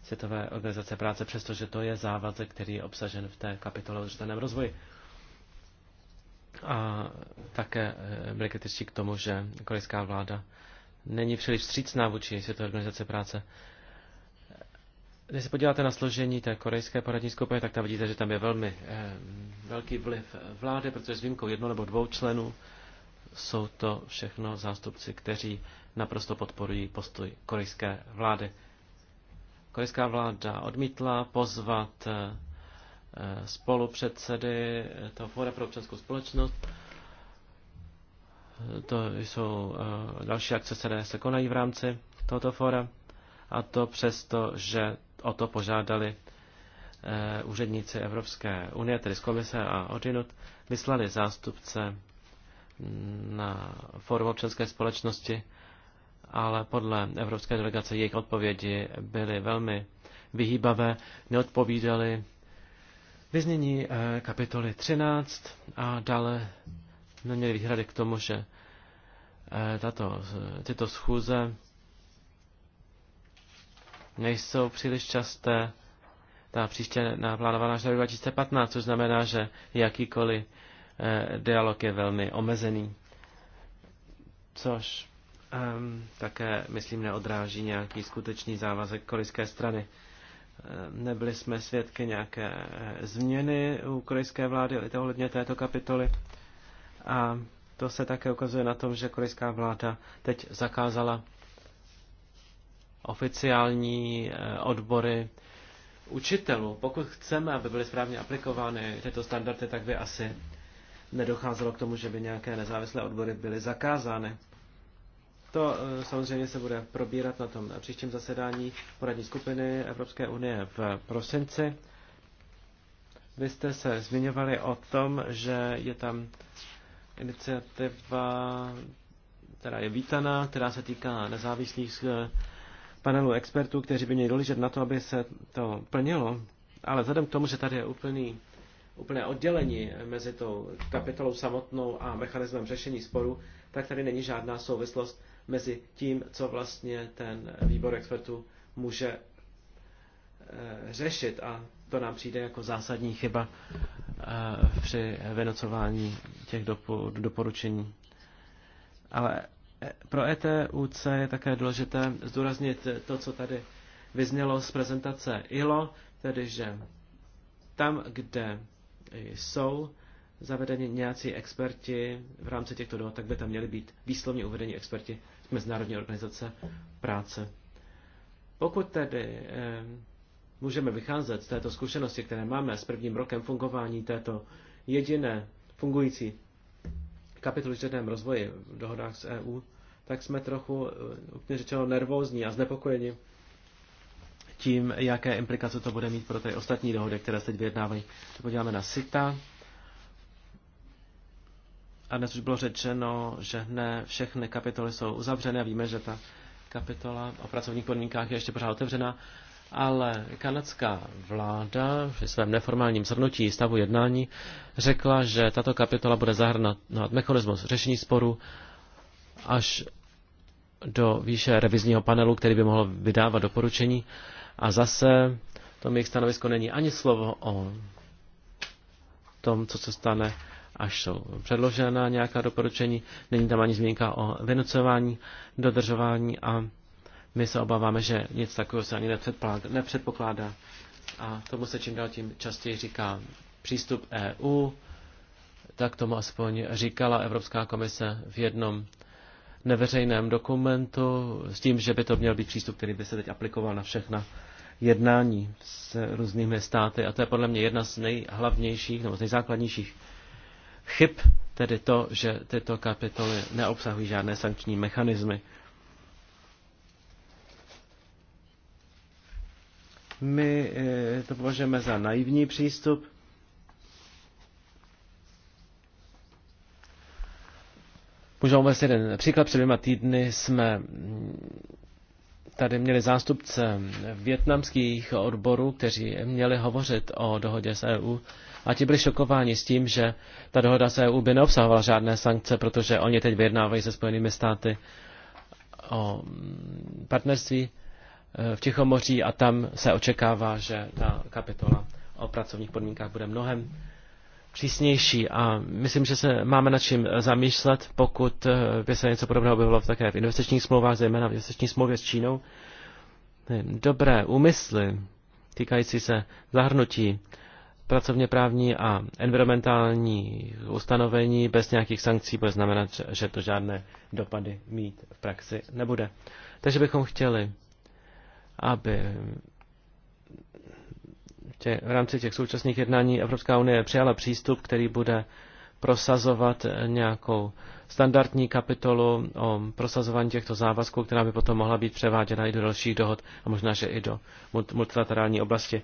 [SPEAKER 1] Světové organizace práce, přestože to je závazek, který je obsažen v té kapitole o udržitelném rozvoji. A také eh, byli kritičtí k tomu, že korejská vláda není příliš vstřícná vůči Světové organizace práce. Když se podíváte na složení té korejské poradní skupiny, tak tam vidíte, že tam je velmi eh, velký vliv vlády, protože s výjimkou jedno nebo dvou členů jsou to všechno zástupci, kteří naprosto podporují postoj korejské vlády. Korejská vláda odmítla pozvat eh, eh, spolupředsedy toho fóra pro občanskou společnost. To jsou eh, další akce, které se konají v rámci tohoto fóra. A to přesto, že o to požádali úředníci Evropské unie, tedy z komise a odinut, vyslali zástupce mm, na fórum občanské společnosti ale podle evropské delegace jejich odpovědi byly velmi vyhýbavé, neodpovídaly vyznění eh, kapitoly 13 a dále neměli výhrady k tomu, že eh, tato, eh, tyto schůze nejsou příliš časté. Ta příště naplánovaná až na 2015, což znamená, že jakýkoliv dialog je velmi omezený. Což Ehm, také, myslím, neodráží nějaký skutečný závazek korejské strany. Ehm, nebyli jsme svědky nějaké eh, změny u korejské vlády ohledně této kapitoly. A to se také ukazuje na tom, že korejská vláda teď zakázala oficiální eh, odbory učitelů. Pokud chceme, aby byly správně aplikovány tyto standardy, tak by asi nedocházelo k tomu, že by nějaké nezávislé odbory byly zakázány. To eh, samozřejmě se bude probírat na tom příštím zasedání poradní skupiny Evropské unie v prosinci. Vy jste se zmiňovali o tom, že je tam iniciativa, která je vítaná, která se týká nezávislých eh, panelů expertů, kteří by měli dohlížet na to, aby se to plnilo. Ale vzhledem k tomu, že tady je úplný, úplné oddělení mezi tou kapitolou samotnou a mechanismem řešení sporu, tak tady není žádná souvislost mezi tím, co vlastně ten výbor expertů může eh, řešit a to nám přijde jako zásadní chyba eh, při vynocování těch doporučení. Ale eh, pro ETUC je také důležité zdůraznit to, co tady vyznělo z prezentace ILO, tedy že tam, kde jsou zavedeni nějací experti v rámci těchto dohod, tak by tam měli být výslovně uvedeni experti Mezinárodní organizace práce. Pokud tedy eh, můžeme vycházet z této zkušenosti, které máme s prvním rokem fungování této jediné fungující kapitoly v rozvoji v dohodách s EU, tak jsme trochu, eh, úplně řečeno, nervózní a znepokojeni tím, jaké implikace to bude mít pro ty ostatní dohody, které se teď vyjednávají. Podíváme na SITA, a dnes už bylo řečeno, že ne všechny kapitoly jsou uzavřené. Víme, že ta kapitola o pracovních podmínkách je ještě pořád otevřená, ale kanadská vláda v svém neformálním zhrnutí stavu jednání řekla, že tato kapitola bude zahrnat mechanismus řešení sporu až do výše revizního panelu, který by mohl vydávat doporučení. A zase to jejich stanovisko není ani slovo o tom, co se stane až jsou předložena nějaká doporučení. Není tam ani zmínka o vynucování, dodržování a my se obáváme, že nic takového se ani nepředpokládá. A tomu se čím dál tím častěji říká přístup EU, tak tomu aspoň říkala Evropská komise v jednom neveřejném dokumentu s tím, že by to měl být přístup, který by se teď aplikoval na všechna jednání s různými státy. A to je podle mě jedna z nejhlavnějších nebo z nejzákladnějších chyb, tedy to, že tyto kapitoly neobsahují žádné sankční mechanismy. My eh, to považujeme za naivní přístup. Můžeme uvést jeden příklad. Před dvěma týdny jsme tady měli zástupce větnamských odborů, kteří měli hovořit o dohodě s EU a ti byli šokováni s tím, že ta dohoda s EU by neobsahovala žádné sankce, protože oni teď vyjednávají se Spojenými státy o mm, partnerství e, v Tichomoří a tam se očekává, že ta kapitola o pracovních podmínkách bude mnohem přísnější a myslím, že se máme nad čím zamýšlet, pokud e, by se něco podobného objevilo také v investičních smlouvách, zejména v investiční smlouvě s Čínou. Dobré úmysly týkající se zahrnutí pracovně právní a environmentální ustanovení bez nějakých sankcí bude znamenat, že to žádné dopady mít v praxi nebude. Takže bychom chtěli, aby tě, v rámci těch současných jednání Evropská unie přijala přístup, který bude prosazovat nějakou standardní kapitolu o prosazování těchto závazků, která by potom mohla být převáděna i do dalších dohod a možná, že i do multilaterální oblasti.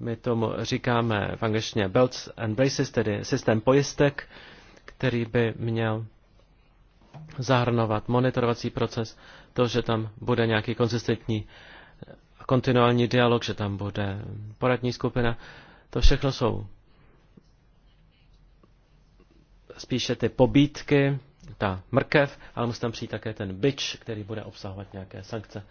[SPEAKER 1] My tomu říkáme v angličtině belts and braces, tedy systém pojistek, který by měl zahrnovat monitorovací proces, to, že tam bude nějaký konzistentní kontinuální dialog, že tam bude poradní skupina. To všechno jsou spíše ty pobídky, ta mrkev, ale musí tam přijít také ten byč, který bude obsahovat nějaké sankce.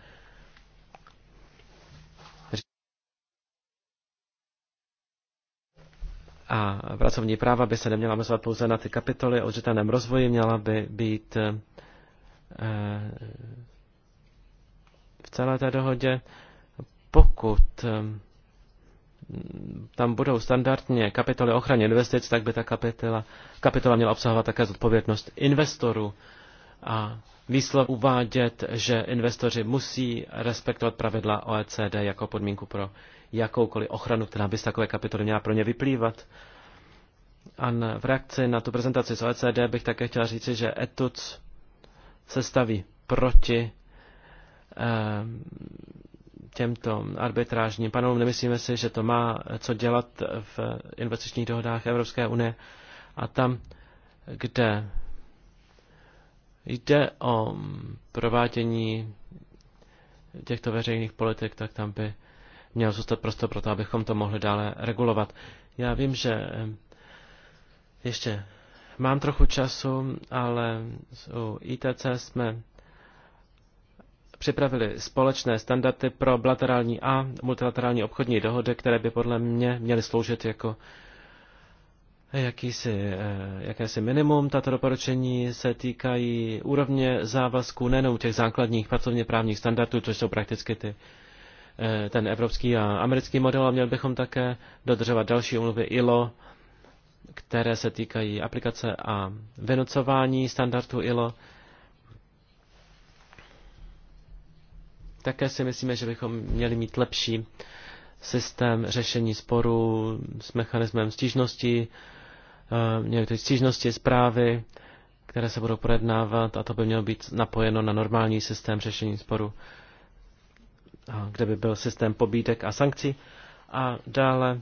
[SPEAKER 1] A pracovní práva by se neměla omezovat pouze na ty kapitoly o udržitelném rozvoji, měla by být eh, v celé té dohodě. Pokud eh, tam budou standardně kapitoly ochraně investic, tak by ta kapitola, kapitola měla obsahovat také zodpovědnost investorů a výslov uvádět, že investoři musí respektovat pravidla OECD jako podmínku pro jakoukoliv ochranu, která by z takové kapitoly měla pro ně vyplývat. A v reakci na tu prezentaci z OECD bych také chtěla říci, že ETUC se staví proti eh, těmto arbitrážním panelům. Nemyslíme si, že to má co dělat v investičních dohodách Evropské unie a tam, kde jde o provádění těchto veřejných politik, tak tam by měl zůstat prostor pro to, abychom to mohli dále regulovat. Já vím, že eh, ještě mám trochu času, ale u ITC jsme připravili společné standardy pro bilaterální a multilaterální obchodní dohody, které by podle mě měly sloužit jako jakýsi, eh, jakési minimum. Tato doporučení se týkají úrovně závazků nejenom těch základních pracovně právních standardů, což jsou prakticky ty Eh, ten evropský a americký model a měli bychom také dodržovat další umluvy ILO, které se týkají aplikace a vynucování standardů ILO. Také si myslíme, že bychom měli mít lepší systém řešení sporů s mechanismem stížnosti, eh, měly to stížnosti, zprávy, které se budou projednávat a to by mělo být napojeno na normální systém řešení sporu kde by byl systém pobídek a sankcí. A dále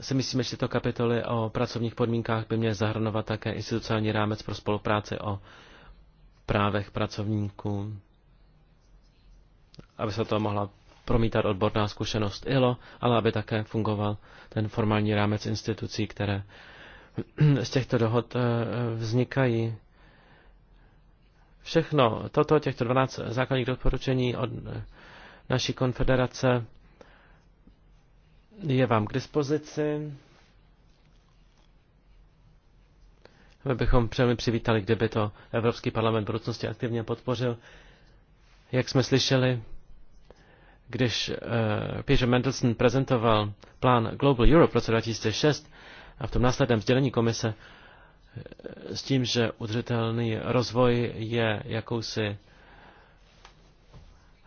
[SPEAKER 1] si myslíme, že tyto kapitoly o pracovních podmínkách by měly zahrnovat také institucionální rámec pro spolupráci o právech pracovníků, aby se to mohla promítat odborná zkušenost ILO, ale aby také fungoval ten formální rámec institucí, které z těchto dohod eh, vznikají. Všechno toto, těchto 12 základních doporučení od, eh, naší konfederace je vám k dispozici. My bychom přemi přivítali, kdyby to Evropský parlament v budoucnosti aktivně podpořil. Jak jsme slyšeli, když uh, Peter Mendelssohn prezentoval plán Global Europe v roce 2006 a v tom následném sdělení komise eh, s tím, že udržitelný rozvoj je jakousi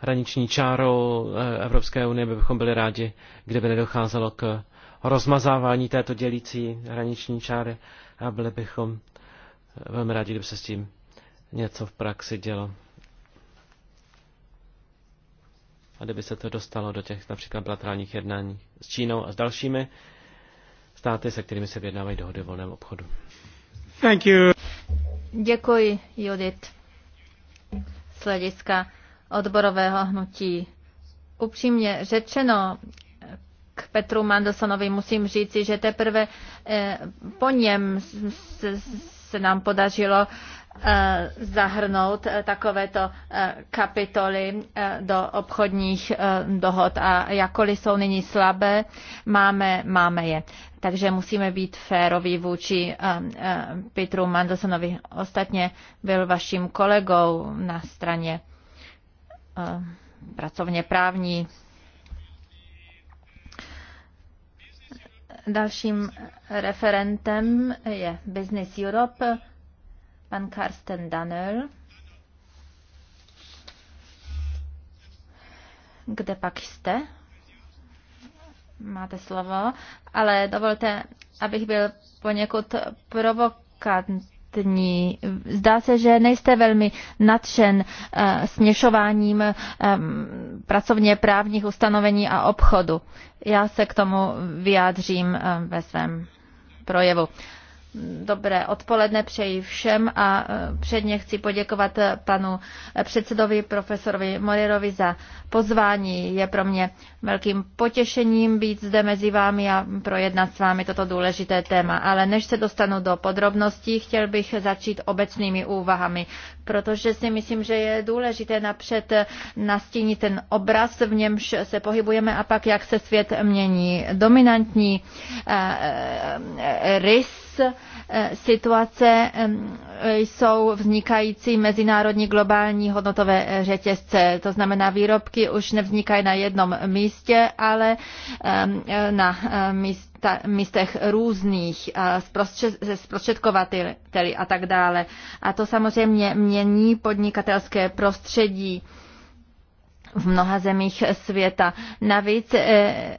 [SPEAKER 1] hraniční čárou eh, Evropské unie, bychom byli rádi, kdyby nedocházelo k rozmazávání této dělící hraniční čáry a byli bychom eh, velmi rádi, kdyby se s tím něco v praxi dělo. A kdyby se to dostalo do těch například bilaterálních jednání s Čínou a s dalšími státy, se kterými se vyjednávají dohody o volném obchodu. Thank you.
[SPEAKER 2] Děkuji, Judith. Z hlediska odborového hnutí. Upřímně řečeno, k Petru Mandelsonovi musím říci, že teprve eh, po něm se nám podařilo eh, zahrnout eh, takovéto kapitoly do obchodních dohod a jakkoliv jsou nyní slabé, máme, máme je. Takže musíme být féroví vůči Petru Mandelsonovi. Ostatně byl vaším kolegou na straně pracovně právní. Dalším referentem je Business Europe, pan Karsten Daniel, kde pak jste? Máte slovo, ale dovolte, abych byl poněkud provokant, ostatní. Zdá se, že nejste velmi nadšen eh, směšováním eh, pracovně právních ustanovení a obchodu. Já se k tomu vyjádřím eh, ve svém projevu. Dobré odpoledne přeji všem a e, předně chci poděkovat e, panu e, předsedovi profesorovi Morirovi za pozvání. Je pro mě velkým potěšením být zde mezi vámi a projednat s vámi toto důležité téma. Ale než se dostanu do podrobností, chtěl bych začít obecnými úvahami, protože si myslím, že je důležité napřed nastínit ten obraz, v němž se pohybujeme a pak, jak se svět mění. Dominantní rys E, situace e, jsou vznikající mezinárodní globální hodnotové řetězce. To znamená, výrobky už nevznikají na jednom místě, ale na místech různých, se zprostředkovateli a tak dále. A to samozřejmě mění podnikatelské prostředí v mnoha zemích světa. Navíc e,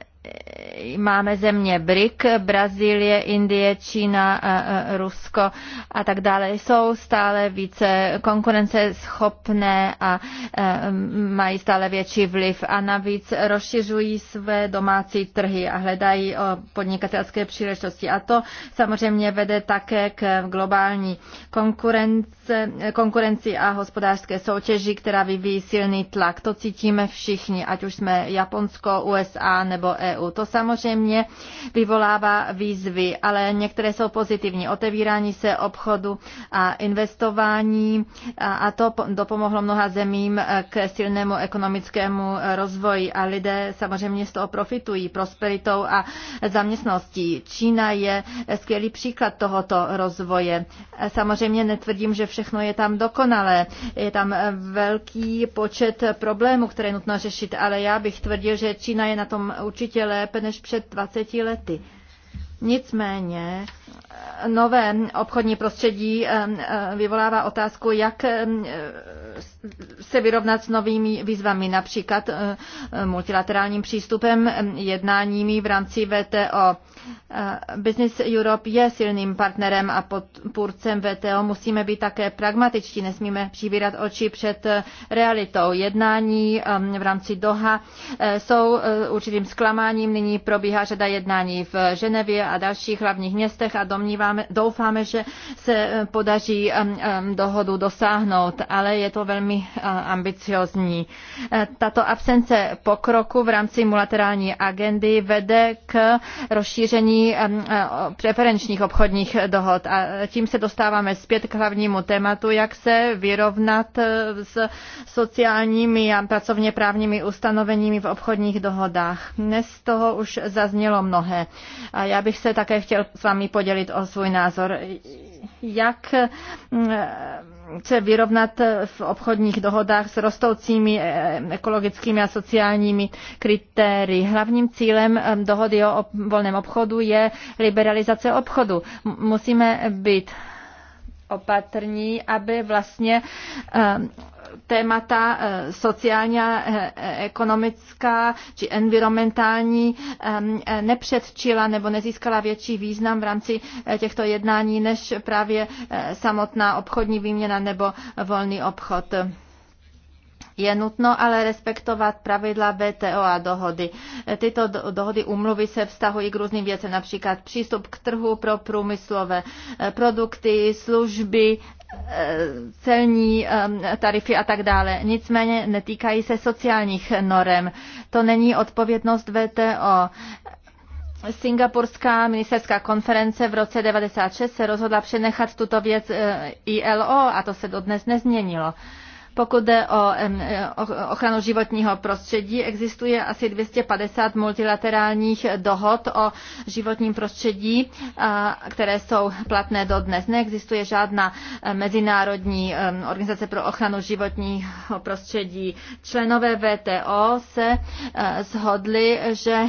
[SPEAKER 2] máme země BRIC, Brazílie, Indie, Čína, eh, eh, Rusko a tak dále, jsou stále více konkurenceschopné a eh, mají stále větší vliv a navíc rozšiřují své domácí trhy a hledají podnikatelské příležitosti. A to samozřejmě vede také k globální konkurence, konkurenci a hospodářské soutěži, která vyvíjí silný tlak. To cítíme všichni, ať už jsme Japonsko, USA nebo EU EU. To samozřejmě vyvolává výzvy, ale některé jsou pozitivní. Otevírání se obchodu a investování a to dopomohlo mnoha zemím e, k silnému ekonomickému e, rozvoji a lidé samozřejmě z toho profitují prosperitou a zaměstností. Čína je skvělý příklad tohoto rozvoje. E, samozřejmě netvrdím, že všechno je tam dokonalé. Je tam velký počet problémů, které nutno řešit, ale já bych tvrdil, že Čína je na tom určitě ještě lépe než před 20 lety. Nicméně nové obchodní prostředí eh, eh, vyvolává otázku, jak eh, se vyrovnat s novými výzvami, například multilaterálním přístupem, jednáními v rámci VTO. Business Europe je silným partnerem a podpůrcem VTO. Musíme být také pragmatičtí, nesmíme přivírat oči před realitou. Jednání v rámci Doha jsou určitým zklamáním. Nyní probíhá řada jednání v Ženevě a dalších hlavních městech a a domníváme, doufáme, že se eh, podaří eh, eh, dohodu dosáhnout, ale je to velmi ambiciozní. Tato absence pokroku v rámci multilaterální agendy vede k rozšíření preferenčních obchodních dohod a tím se dostáváme zpět k hlavnímu tématu, jak se vyrovnat s sociálními a pracovně právními ustanoveními v obchodních dohodách. Dnes toho už zaznělo mnohé. A já bych se také chtěl s vámi podělit podělit o svůj názor. Jak se mm, vyrovnat v obchodních dohodách s rostoucími eh, ekologickými a sociálními kritérii. Hlavním cílem eh, dohody o volném obchodu je liberalizace obchodu. Musíme být opatrní, aby vlastně eh, témata eh, sociální a eh, ekonomická či environmentální eh, nepředčila nebo nezískala větší význam v rámci těchto jednání než právě samotná obchodní výměna nebo volný obchod. Je nutno ale respektovat pravidla VTO a dohody. Tyto dohody umluvy se vztahují k různým věcem, například přístup k trhu pro průmyslové produkty, služby celní tarify a tak dále. Nicméně netýkají se sociálních norem. To není odpovědnost VTO. Singapurská ministerská konference v roce 1996 se rozhodla přenechat tuto věc eh, ILO a to se dodnes nezměnilo. Pokud jde o ochranu životního prostředí, existuje asi 250 multilaterálních dohod o životním prostředí, které jsou platné do dnes, Neexistuje žádná mezinárodní organizace pro ochranu životního prostředí. Členové VTO se e, shodli, že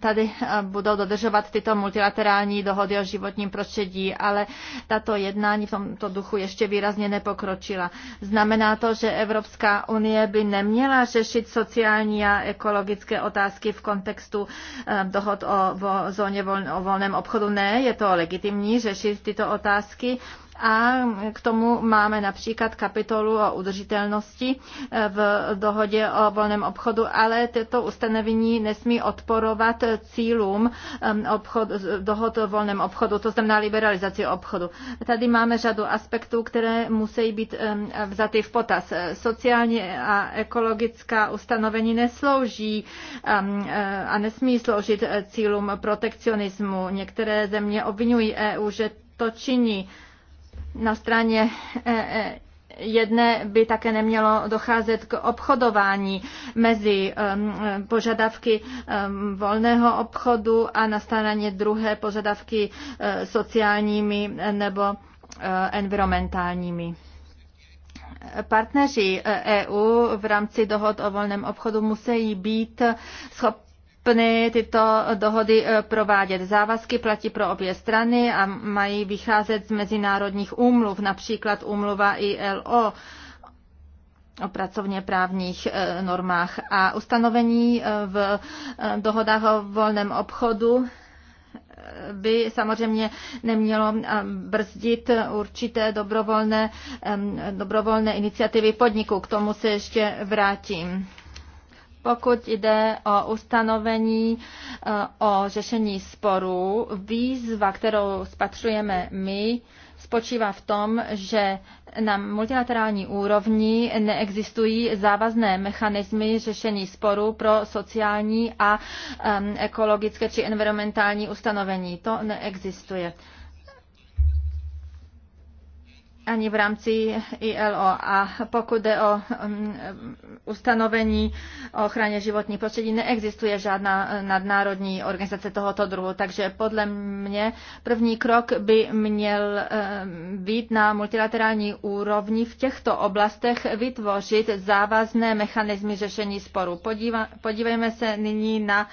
[SPEAKER 2] tady e, budou dodržovat tyto multilaterální dohody o životním prostředí, ale tato jednání v tomto duchu ještě výrazně nepokročila. Znamená to, že Evropská unie by neměla řešit sociální a ekologické otázky v kontextu eh, dohod o zóně voln, o volném obchodu. Ne, je to legitimní řešit tyto otázky, a k tomu máme například kapitolu o udržitelnosti eh, v dohodě o volném obchodu, ale tyto ustanovení nesmí odporovat cílům eh, obchod, dohod o volném obchodu, to znamená liberalizaci obchodu. Tady máme řadu aspektů, které musí být eh, vzaty v potaz. Sociálně a ekologická ustanovení neslouží a nesmí sloužit cílům protekcionismu. Některé země obvinují EU, že to činí na straně eh, eh, jedné by také nemělo docházet k obchodování mezi ehm, eh, požadavky ehm, volného obchodu a na straně druhé požadavky sociálními nebo environmentálními. Partneři EU e v rámci dohod o volném obchodu musí být schopni schopny tyto dohody eh, provádět. Závazky platí pro obě strany a mají vycházet z mezinárodních úmluv, například úmluva ILO o pracovně právních eh, normách a ustanovení eh, v dohodách o volném obchodu by samozřejmě nemělo brzdit určité dobrovolné, dobrovolné iniciativy podniků. K tomu se ještě vrátím. Pokud jde o ustanovení eh, o řešení sporů, výzva, kterou spatřujeme my, spočívá v tom, že na multilaterální úrovni neexistují závazné mechanismy řešení sporů pro sociální a ekologické či environmentální ustanovení. To neexistuje ani v rámci ILO. A pokud jde o um, ustanovení o ochraně životní prostředí, neexistuje žádná eh, nadnárodní organizace tohoto druhu. Takže podle mě první krok by měl eh, být na multilaterální úrovni v těchto oblastech vytvořit závazné mechanizmy řešení sporu. Podívejme se nyní na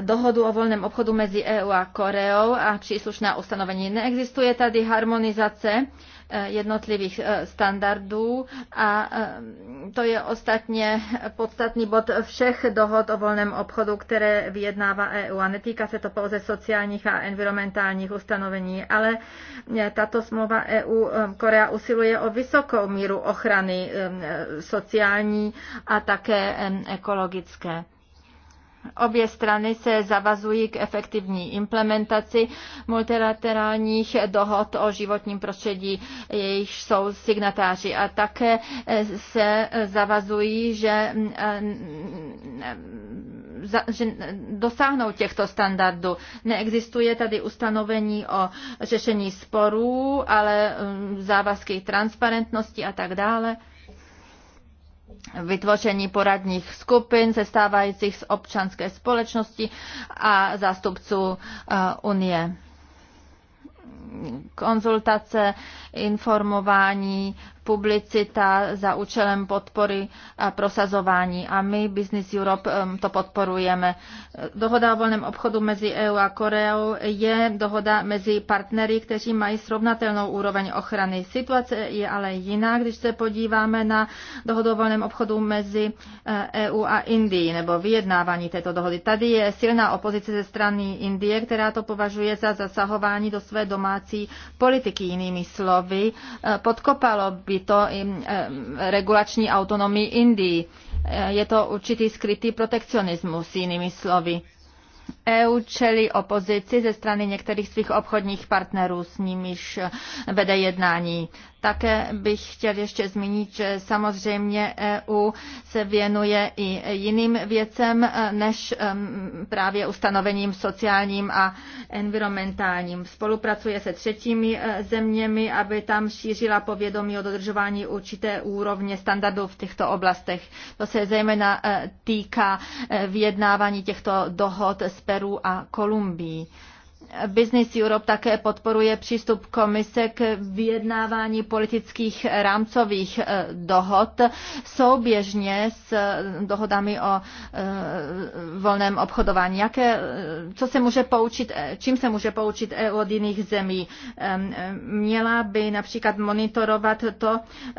[SPEAKER 2] dohodu o volném obchodu mezi EU a Koreou a příslušná ustanovení. Neexistuje tady harmonizace eh, jednotlivých eh, standardů a eh, to je ostatně podstatný bod všech dohod o volném obchodu, které vyjednává EU. A netýká se to pouze sociálních a environmentálních ustanovení, ale tato smlouva EU Korea usiluje o vysokou míru ochrany sociální a také ekologické. Obě strany se zavazují k efektivní implementaci multilaterálních dohod o životním prostředí, jejich jsou signatáři a také se zavazují, že, že dosáhnou těchto standardů. Neexistuje tady ustanovení o řešení sporů, ale um, závazky transparentnosti a tak dále vytvoření poradních skupin sestávajících z občanské společnosti a zástupců eh, Unie konzultace, informování, publicita za účelem podpory a eh, prosazování. A my, Business Europe, to podporujeme. Dohoda o volném obchodu mezi EU a Koreou je dohoda mezi partnery, kteří mají srovnatelnou úroveň ochrany. Situace je ale jiná, když se podíváme na dohodu o volném obchodu mezi EU eh, e a Indií nebo vyjednávání této dohody. Tady je silná opozice ze strany Indie, která to považuje za zasahování do své domácí politiky. Jinými slovy, eh, podkopalo by to regulační autonomii Indii. Eh, je to určitý skrytý protekcionismus, jinými slovy. EU čelí opozici ze strany některých svých obchodních partnerů, s nimiž eh, vede jednání. Také bych chtěl ještě zmínit, že samozřejmě EU se věnuje i jiným věcem e, než e, právě ustanovením sociálním a environmentálním. Spolupracuje se třetími e, zeměmi, aby tam šířila povědomí o dodržování určité úrovně standardů v těchto oblastech. To se zejména týká vyjednávání těchto dohod s Peru a Kolumbií. Business Europe také podporuje přístup komise k vyjednávání politických rámcových eh, dohod souběžně s eh, dohodami o eh, volném obchodování. Jaké, co se může poučit, čím se může poučit EU od jiných zemí? Měla by například monitorovat to,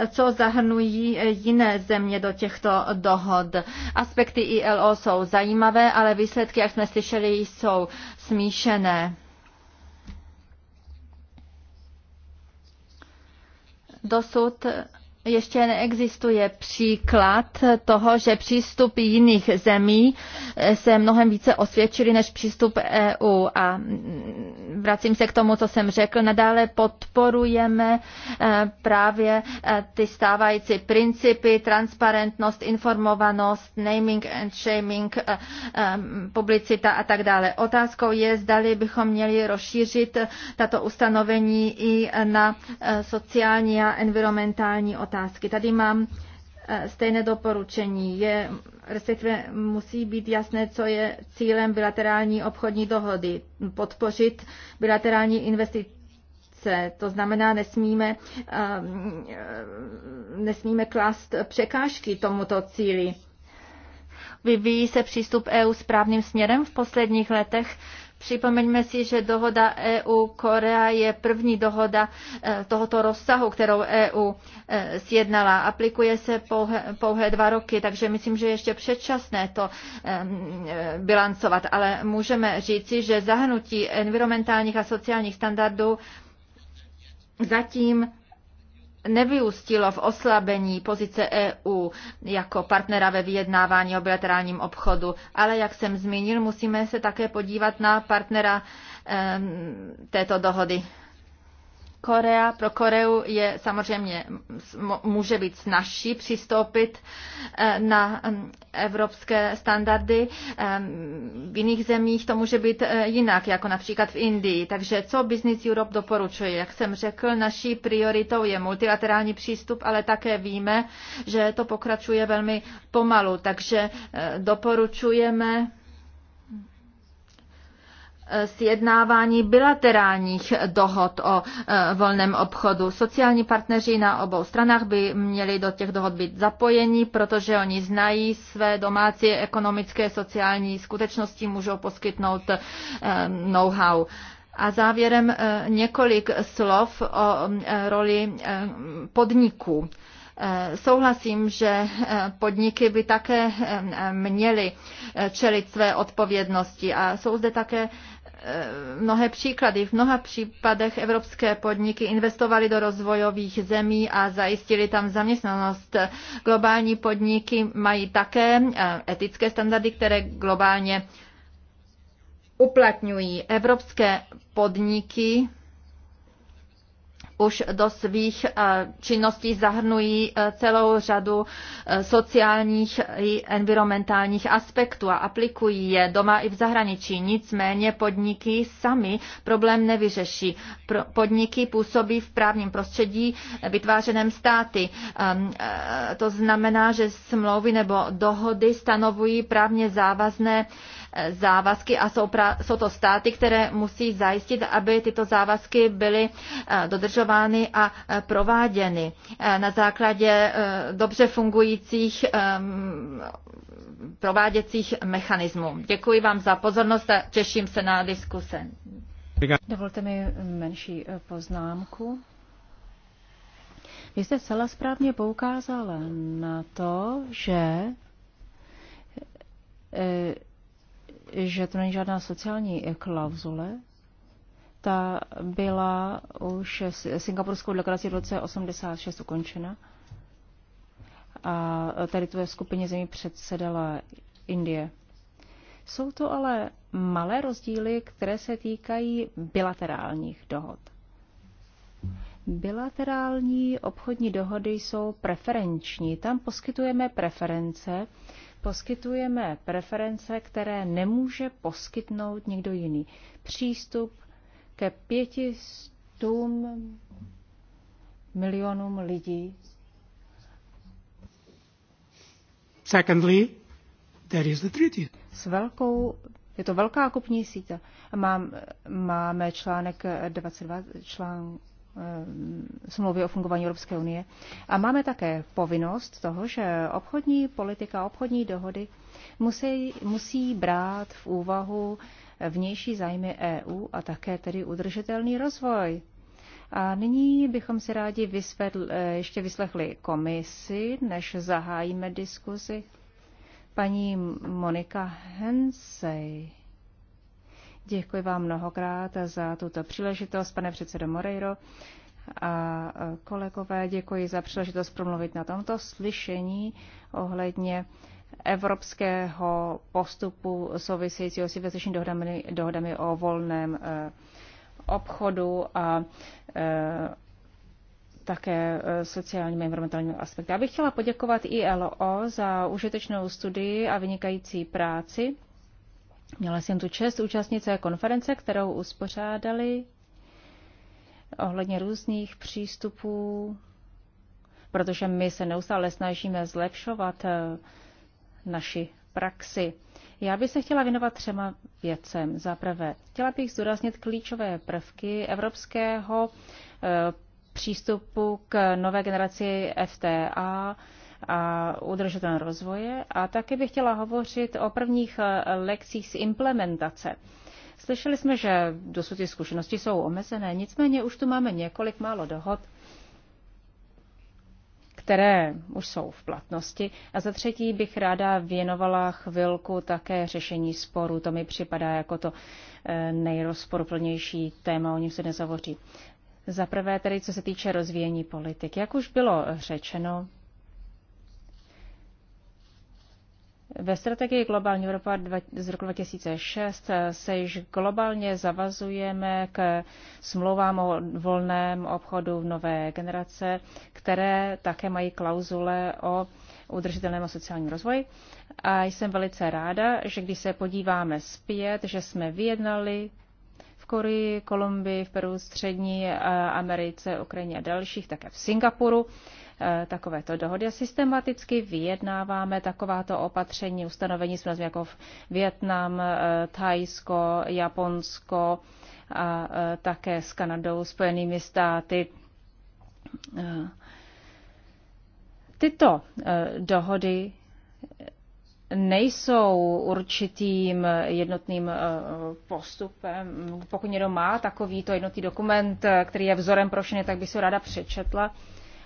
[SPEAKER 2] co zahrnují jiné země do těchto dohod. Aspekty ILO jsou zajímavé, ale výsledky, jak jsme slyšeli, jsou smíšené. dosud ještě neexistuje příklad toho, že přístup jiných zemí eh, se mnohem více osvědčili než přístup EU. A mm, vracím se k tomu, co jsem řekl. Nadále podporujeme eh, právě eh, ty stávající principy, transparentnost, informovanost, naming and shaming, publicita a tak dále. Otázkou je, zdali bychom měli rozšířit tato ustanovení i na sociální a environmentální otázky otázky. Tady mám eh, stejné doporučení. Je, respektive musí být jasné, co je cílem bilaterální obchodní dohody. Podpořit bilaterální investice. To znamená, nesmíme, ehm, eh, nesmíme klást překážky tomuto cíli. Vyvíjí se přístup EU správným směrem v posledních letech. Připomeňme si, že dohoda EU-Korea je první dohoda e, tohoto rozsahu, kterou EU e, sjednala. Aplikuje se pouhé, pouhé dva roky, takže myslím, že ještě předčasné to e, bilancovat, ale můžeme říci, že zahnutí environmentálních a sociálních standardů zatím nevyústilo v oslabení pozice EU jako partnera ve vyjednávání o bilaterálním obchodu, ale jak jsem zmínil, musíme se také podívat na partnera um, této dohody Korea, pro Koreu je samozřejmě, může být snažší přistoupit eh, na mm, evropské standardy. Ehm, v jiných zemích to může být eh, jinak, jako například v Indii. Takže co Business Europe doporučuje? Jak jsem řekl, naší prioritou je multilaterální přístup, ale také víme, že to pokračuje velmi pomalu. Takže eh, doporučujeme sjednávání bilaterálních dohod o eh, volném obchodu. Sociální partneři na obou stranách by měli do těch dohod být zapojeni, protože oni znají své domácí ekonomické sociální skutečnosti, můžou poskytnout eh, know-how. A závěrem eh, několik slov o roli podniků. Souhlasím, že podniky by také měly čelit své odpovědnosti a jsou zde také Eh, mnohé příklady. V mnoha případech evropské podniky investovaly do rozvojových zemí a zajistili tam zaměstnanost. Globální podniky mají také eh, etické standardy, které globálně uplatňují. Evropské podniky už do svých eh, činností zahrnují eh, celou řadu eh, sociálních i environmentálních aspektů a aplikují je doma i v zahraničí. Nicméně podniky sami problém nevyřeší. Podniky působí v právním prostředí vytvářeném státy. Ehm, to znamená, že smlouvy nebo dohody stanovují právně závazné závazky a jsou, pra, jsou to státy, které musí zajistit, aby tyto závazky byly eh, dodržovány a eh, prováděny eh, na základě dobře fungujících ehm, prováděcích mechanismů. Děkuji vám za pozornost a těším se na diskuse.
[SPEAKER 3] Dovolte mi menší poznámku. Vy jste celá správně poukázala na to, že že to není žádná sociální klauzule. Ta byla už singapurskou deklarací v roce 86 ukončena. A tady tu skupině zemí předsedala Indie. Jsou to ale malé rozdíly, které se týkají bilaterálních dohod. Bilaterální obchodní dohody jsou preferenční. Tam poskytujeme preference poskytujeme preference, které nemůže poskytnout nikdo jiný. Přístup ke pětistům milionům lidí.
[SPEAKER 1] Secondly, there is the treaty.
[SPEAKER 3] S velkou, je to velká kupní síta. Mám, máme článek 22, článek. Eh, smlouvy o fungování Evropské unie. A máme také povinnost toho, že obchodní politika, obchodní dohody musí, musí brát v úvahu vnější zájmy EU a také tedy udržitelný rozvoj. A nyní bychom si rádi vysvedl, eh, ještě vyslechli komisi, než zahájíme diskuzi. Paní Monika Hensej. Děkuji vám mnohokrát za tuto příležitost, pane předsedo Moreiro. A e, kolegové, děkuji za příležitost promluvit na tomto slyšení ohledně evropského postupu souvisejícího s investičními dohodami, dohodami o volném e, obchodu a e, také sociálním a environmentálním aspektem. Já bych chtěla poděkovat ILO za užitečnou studii a vynikající práci. Měla jsem tu čest účastnit se konference, kterou uspořádali ohledně různých přístupů, protože my se neustále snažíme zlepšovat eh, naši praxi. Já bych se chtěla věnovat třema věcem. Za prvé, chtěla bych zdůraznit klíčové prvky evropského eh, přístupu k nové generaci FTA, a udržitelné rozvoje. A taky bych chtěla hovořit o prvních eh, lekcích z implementace. Slyšeli jsme, že dosud ty zkušenosti jsou omezené, nicméně už tu máme několik málo dohod, které už jsou v platnosti. A za třetí bych ráda věnovala chvilku také řešení sporu. To mi připadá jako to eh, nejrozporuplnější téma, o něm se nezavoří. Za prvé tedy, co se týče rozvíjení politik. Jak už bylo řečeno, Ve strategii Globální Evropa z roku 2006 se již globálně zavazujeme k smlouvám o volném obchodu v nové generace, které také mají klauzule o udržitelném a sociálním rozvoji. A jsem velice ráda, že když se podíváme zpět, že jsme vyjednali v Koreji, Kolumbii, v Peru, Střední eh, Americe, Ukrajině a dalších, také v Singapuru Eh, takovéto dohody a systematicky vyjednáváme takováto opatření, ustanovení jsme jako Větnam, eh, Thajsko, Japonsko a eh, také s Kanadou, Spojenými státy. Tyto dohody nejsou určitým jednotným postupem. Pokud někdo má takovýto jednotný dokument, který je vzorem pro všechny, tak by se ráda přečetla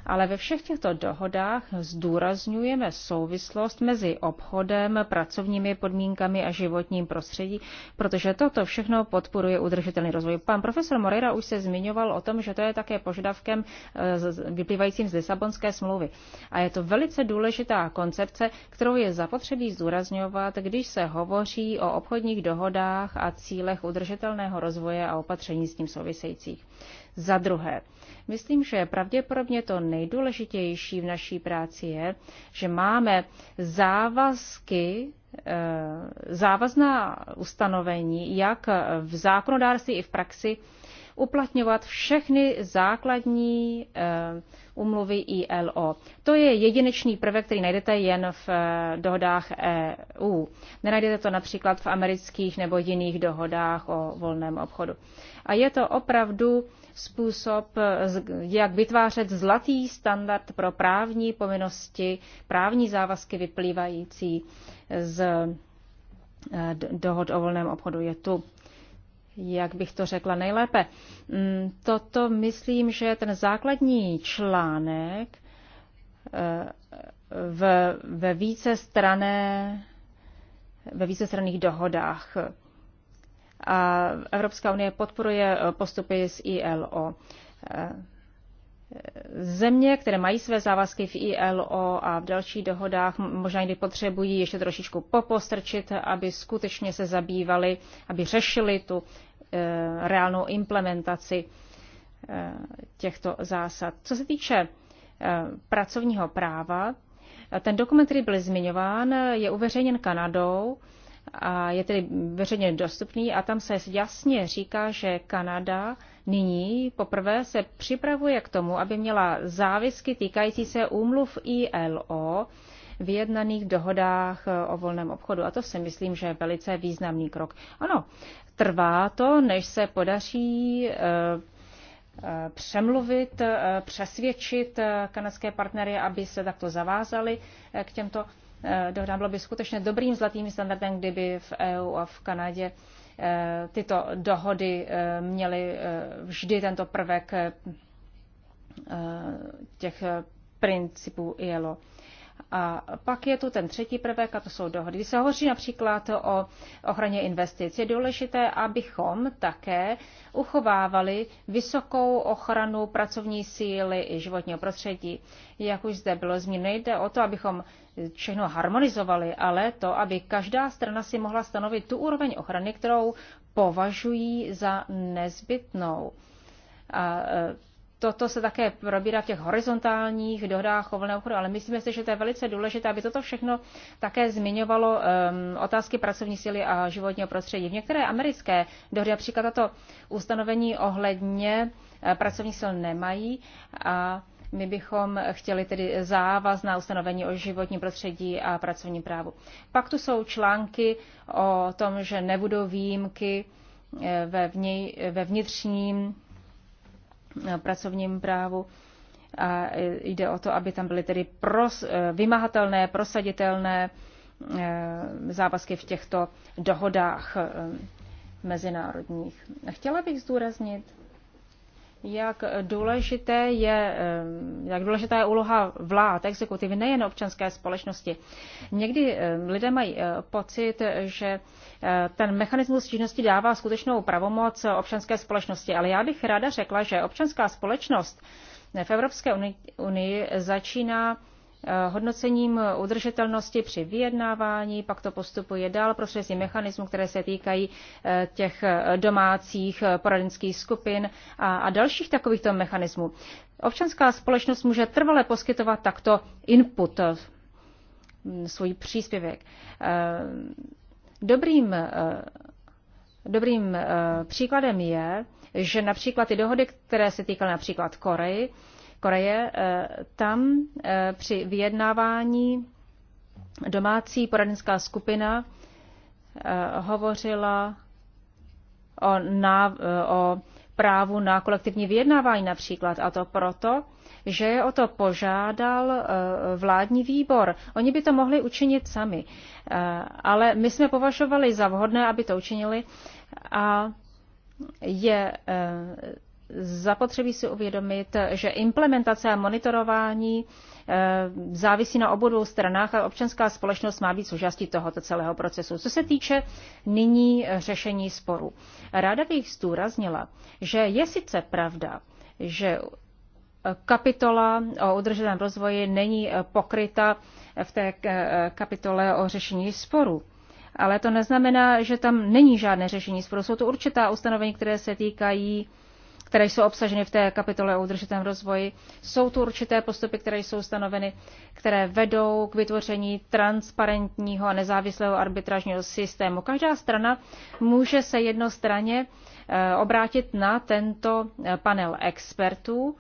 [SPEAKER 3] ale ve všech těchto dohodách zdůrazňujeme souvislost mezi obchodem, pracovními podmínkami a životním prostředí, protože toto všechno podporuje udržitelný rozvoj. Pan profesor Moreira už se zmiňoval o tom, že to je také požadavkem eh, vyplývajícím z Lisabonské smlouvy. A je to velice důležitá koncepce, kterou je zapotřebí zdůrazňovat, když se hovoří o obchodních dohodách a cílech udržitelného rozvoje a opatření s tím souvisejících. Za druhé, myslím, že pravděpodobně to nejdůležitější v naší práci je, že máme závazky, eh, závazná ustanovení, jak v zákonodárství i v praxi uplatňovat všechny základní umluvy eh, ILO. To je jedinečný prvek, který najdete jen v eh, dohodách EU. Nenajdete to například v amerických nebo jiných dohodách o volném obchodu. A je to opravdu způsob, jak vytvářet zlatý standard pro právní povinnosti, právní závazky vyplývající z eh, dohod o volném obchodu je tu. Jak bych to řekla nejlépe? Mm, toto myslím, že ten základní článek eh, ve, ve strané ve vícestranných dohodách a Evropská unie podporuje eh, postupy z ILO. Eh, země, které mají své závazky v ILO a v dalších dohodách, možná někdy potřebují ještě trošičku popostrčit, aby skutečně se zabývali, aby řešili tu e, reálnou implementaci e, těchto zásad. Co se týče e, pracovního práva, ten dokument, který byl zmiňován, je uveřejněn Kanadou a je tedy veřejně dostupný a tam se jasně říká, že Kanada nyní poprvé se připravuje k tomu, aby měla závisky týkající se úmluv ILO vyjednaných dohodách eh, o volném obchodu. A to si myslím, že je velice významný krok. Ano, trvá to, než se podaří eh, eh, přemluvit, přesvědčit kanadské partnery, aby se takto zavázali k těmto Eh, dohoda. Bylo by skutečně dobrým zlatým standardem, kdyby v EU a v Kanadě eh, tyto dohody eh, měly vždy tento prvek těch principů ILO. A pak je tu ten třetí prvek, a to jsou dohody. Když se hovoří například o ochraně investic, je důležité, abychom také uchovávali vysokou ochranu pracovní síly i životního prostředí. Jak už zde bylo zmíněno, jde o to, abychom všechno harmonizovali, ale to, aby každá strana si mohla stanovit tu úroveň ochrany, kterou považují za nezbytnou. A e, toto se také probírá v těch horizontálních dohodách o volném obchodu, ale myslíme si, že to je velice důležité, aby toto všechno také zmiňovalo um, otázky pracovní síly a životního prostředí. V některé americké dohody například tato ustanovení ohledně eh, pracovní sil nemají a my bychom chtěli tedy závazná ustanovení o životním prostředí a pracovním právu. Pak tu jsou články o tom, že nebudou výjimky eh, ve, vně, ve vnitřním Eh, pracovním právu. A jde o to, aby tam byly tedy pros, eh, vymahatelné, prosaditelné eh, závazky v těchto dohodách mezinárodních. Chtěla bych zdůraznit, jak důležité je, eh, jak důležitá je úloha vlád, exekutivy, nejen občanské společnosti. Někdy eh, lidé mají eh, pocit, že ten mechanismus činnosti dává skutečnou pravomoc občanské společnosti, ale já bych ráda řekla, že občanská společnost v Evropské unii začíná Eh, hodnocením udržitelnosti při vyjednávání, pak to postupuje dál prostřednictvím mechanismů, které se týkají eh, těch eh, domácích poradenských skupin a, a dalších takovýchto mechanismů. Občanská společnost může trvale poskytovat takto input, svůj příspěvek. Dobrým, dobrým příkladem je, že například ty dohody, které se týkaly například Koreji, Koreje, eh, tam eh, při vyjednávání domácí poradenská skupina eh, hovořila o, na, o právu na kolektivní vyjednávání například, a to proto, že o to požádal vládní výbor. Oni by to mohli učinit sami, ale my jsme považovali za vhodné, aby to učinili a je zapotřebí si uvědomit, že implementace a monitorování eh, závisí na obou dvou stranách a občanská společnost má být součástí tohoto celého procesu. Co se týče nyní řešení sporu, ráda bych zdůraznila, že je sice pravda, že kapitola o udrženém rozvoji není pokryta v té eh, kapitole o řešení sporu. Ale to neznamená, že tam není žádné řešení sporu. Jsou to určitá ustanovení, které se týkají které jsou obsaženy v té kapitole o udržitém rozvoji. Jsou tu určité postupy, které jsou stanoveny, které vedou k vytvoření transparentního a nezávislého arbitražního systému. Každá strana může se jednostranně eh, obrátit na tento eh, panel expertů,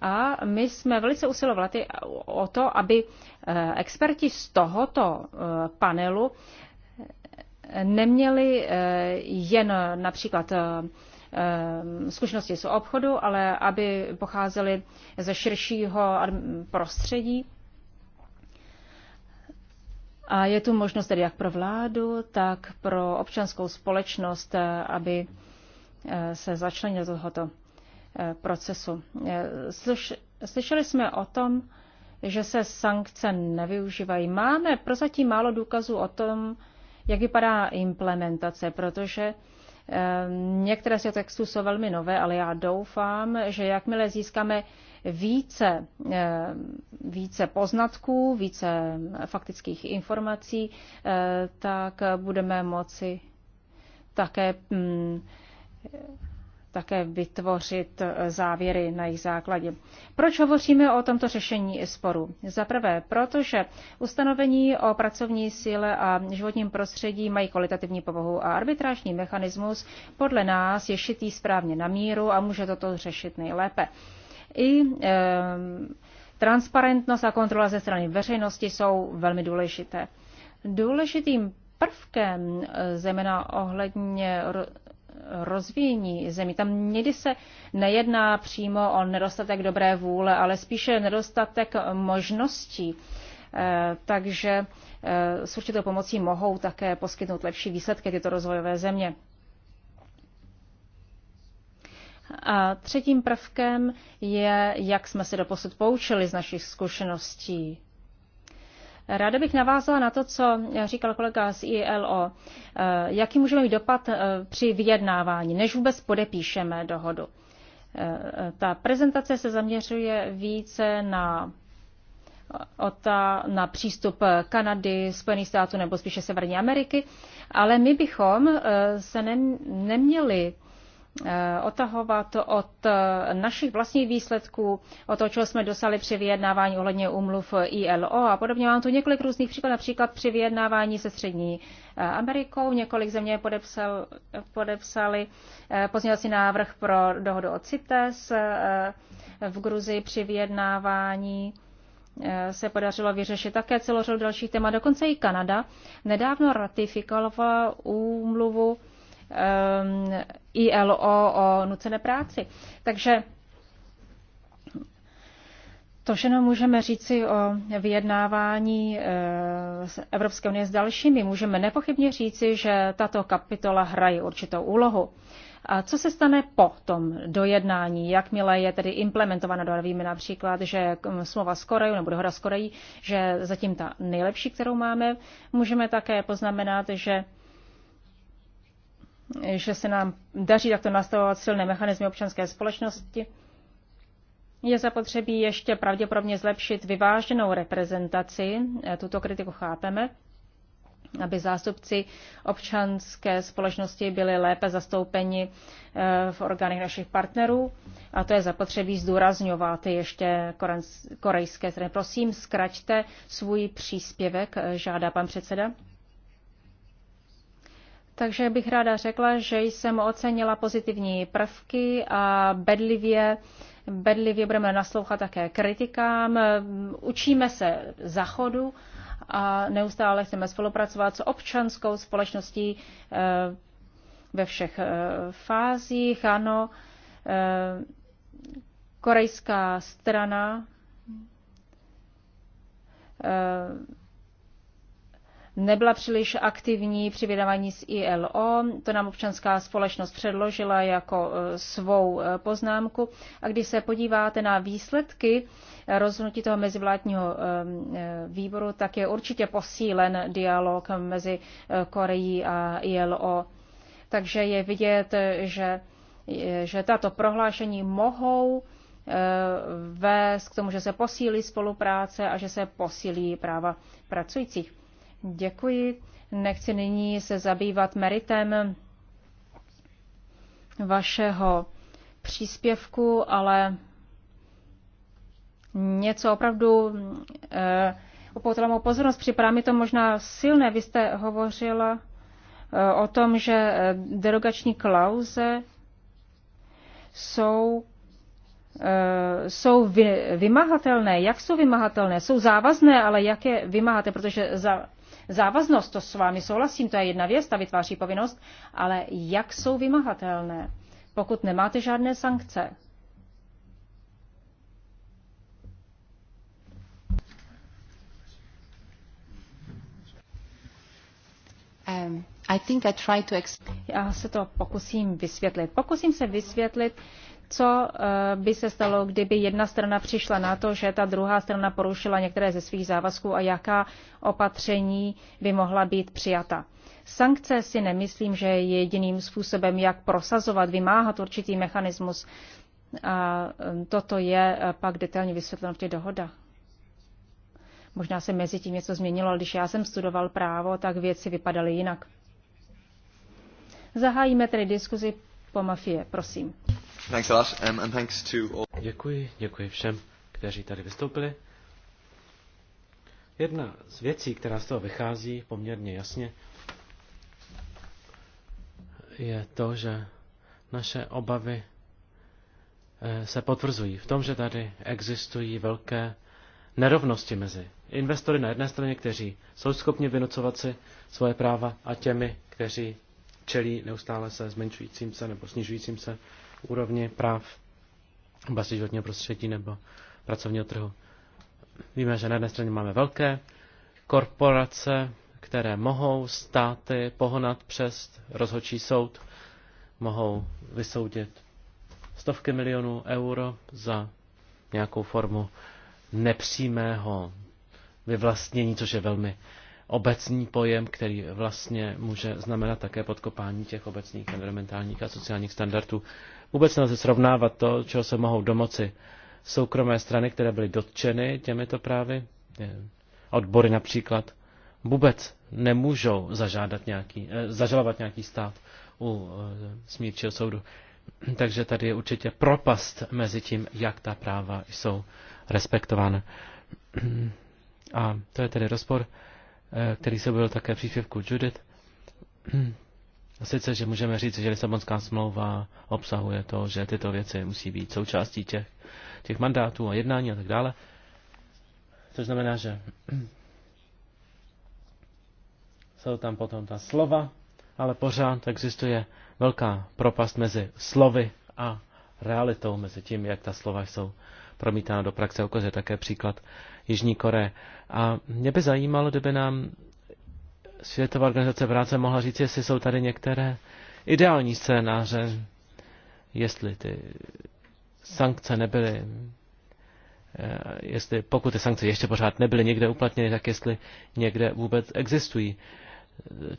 [SPEAKER 3] a my jsme velice usilovali o to, aby eh, experti z tohoto panelu neměli jen například Ehm, zkušenosti z obchodu, ale aby pocházeli ze širšího prostředí. A je tu možnost tedy jak pro vládu, tak pro občanskou společnost, eh, aby eh, se začlenil do tohoto eh, procesu. Slyšeli jsme o tom, že se sankce nevyužívají. Máme prozatím málo důkazů o tom, jak vypadá implementace, protože Ehm, některé z těch textů jsou velmi nové, ale já doufám, že jakmile získáme více, ehm, více poznatků, více faktických informací, eh, tak budeme moci také mm, také vytvořit eh, závěry na jejich základě. Proč hovoříme o tomto řešení sporu? Za prvé, protože ustanovení o pracovní síle a životním prostředí mají kvalitativní povahu a arbitrážní mechanismus podle nás je šitý správně na míru a může toto řešit nejlépe. I e, transparentnost a kontrola ze strany veřejnosti jsou velmi důležité. Důležitým prvkem, eh, zejména ohledně rozvíjení zemí. Tam někdy se nejedná přímo o nedostatek dobré vůle, ale spíše nedostatek možností. Eh, takže eh, s určitou pomocí mohou také poskytnout lepší výsledky tyto rozvojové země. A třetím prvkem je, jak jsme se doposud poučili z našich zkušeností. Ráda bych navázala na to, co říkal kolega z ILO. Eh, jaký můžeme mít dopad eh, při vyjednávání, než vůbec podepíšeme dohodu? Eh, ta prezentace se zaměřuje více na OTA, na přístup Kanady, Spojených států nebo spíše Severní Ameriky, ale my bychom se neměli Eh, otahovat od eh, našich vlastních výsledků, od toho, čeho jsme dosali při vyjednávání ohledně umluv ILO a podobně. Mám tu několik různých příkladů, například při vyjednávání se Střední eh, Amerikou. Několik země podepsal, podepsali pozměňovací návrh pro dohodu o CITES v Gruzii při vyjednávání se podařilo vyřešit také celou řadu dalších témat. Dokonce i Kanada nedávno ratifikovala úmluvu Um, ILO o nucené práci. Takže to, že nám můžeme říci o vyjednávání eh, Evropské unie s dalšími, můžeme nepochybně říci, že tato kapitola hraje určitou úlohu. A co se stane po tom dojednání, jakmile je tedy implementována do Víme například, že hm, smlouva s Koreou nebo dohoda s Koreí, že zatím ta nejlepší, kterou máme, můžeme také poznamenat, že že se nám daří takto nastavovat silné mechanizmy občanské společnosti. Je zapotřebí ještě pravděpodobně zlepšit vyváženou reprezentaci, e, tuto kritiku chápeme, aby zástupci občanské společnosti byli lépe zastoupeni e, v orgánech našich partnerů. A to je zapotřebí zdůrazňovat ještě korejské strany. Prosím, zkraťte svůj příspěvek, e, žádá pan předseda. Takže bych ráda řekla, že jsem ocenila pozitivní prvky a bedlivě, bedlivě budeme naslouchat také kritikám. Učíme se zachodu a neustále chceme spolupracovat s občanskou společností eh, ve všech eh, fázích. Ano, eh, korejská strana nebyla příliš aktivní při vydávání z ILO. To nám občanská společnost předložila jako e, svou e, poznámku. A když se podíváte na výsledky rozhodnutí toho mezivládního e, výboru, tak je určitě posílen dialog mezi Koreí a ILO. Takže je vidět, že, že tato prohlášení mohou vést k tomu, že se posílí spolupráce a že se posílí práva pracujících. Děkuji. Nechci nyní se zabývat meritem vašeho příspěvku, ale něco opravdu eh, upoutalo mou pozornost. Připadá mi to možná silné. Vy jste hovořila eh, o tom, že eh, derogační klauze jsou, eh, jsou vy, vymahatelné. Jak jsou vymahatelné? Jsou závazné, ale jak je vymáháte? Protože za závaznost, to s vámi souhlasím, to je jedna věc, ta vytváří povinnost, ale jak jsou vymahatelné, pokud nemáte žádné sankce? Um, I think I try to Já se to pokusím vysvětlit. Pokusím se vysvětlit co eh, by se stalo, kdyby jedna strana přišla na to, že ta druhá strana porušila některé ze svých závazků a jaká opatření by mohla být přijata. Sankce si nemyslím, že je jediným způsobem, jak prosazovat, vymáhat určitý mechanismus. A eh, toto je eh, pak detailně vysvětleno v těch dohodách. Možná se mezi tím něco změnilo, když já jsem studoval právo, tak věci vypadaly jinak. Zahájíme tedy diskuzi po mafie, prosím.
[SPEAKER 1] Thanks a lot, um, and thanks to all... Děkuji, děkuji všem, kteří tady vystoupili. Jedna z věcí, která z toho vychází poměrně jasně, je to, že naše obavy eh, se potvrzují v tom, že tady existují velké nerovnosti mezi investory na jedné straně, kteří jsou schopni vynocovat si svoje práva a těmi, kteří čelí neustále se zmenšujícím se nebo snižujícím se úrovni práv v oblasti životního prostředí nebo pracovního trhu. Víme, že na jedné straně máme velké korporace, které mohou státy pohonat přes rozhodčí soud, mohou vysoudit stovky milionů euro za nějakou formu nepřímého vyvlastnění, což je velmi obecný pojem, který vlastně může znamenat také podkopání těch obecných environmentálních a sociálních standardů vůbec nelze srovnávat to, čeho se mohou domoci soukromé strany, které byly dotčeny těmito právy, odbory například, vůbec nemůžou zažádat nějaký, eh, zažalovat nějaký stát u eh, smírčího soudu. *clears throat* Takže tady je určitě propast mezi tím, jak ta práva jsou respektována. *clears throat* A to je tedy rozpor, eh, který se byl také příspěvku Judith. *clears throat* Sice, že můžeme říct, že Lisabonská smlouva obsahuje to, že tyto věci musí být součástí těch, těch mandátů a jednání a tak dále, což znamená, že *clears throat* jsou tam potom ta slova, ale pořád existuje velká propast mezi slovy a realitou, mezi tím, jak ta slova jsou promítána do praxe. Ukože také příklad Jižní Koreje. A mě by zajímalo, kdyby nám Světová organizace práce mohla říct, jestli jsou tady některé ideální scénáře, jestli ty sankce nebyly, eh, jestli pokud ty sankce ještě pořád nebyly někde uplatněny, tak jestli někde vůbec existují.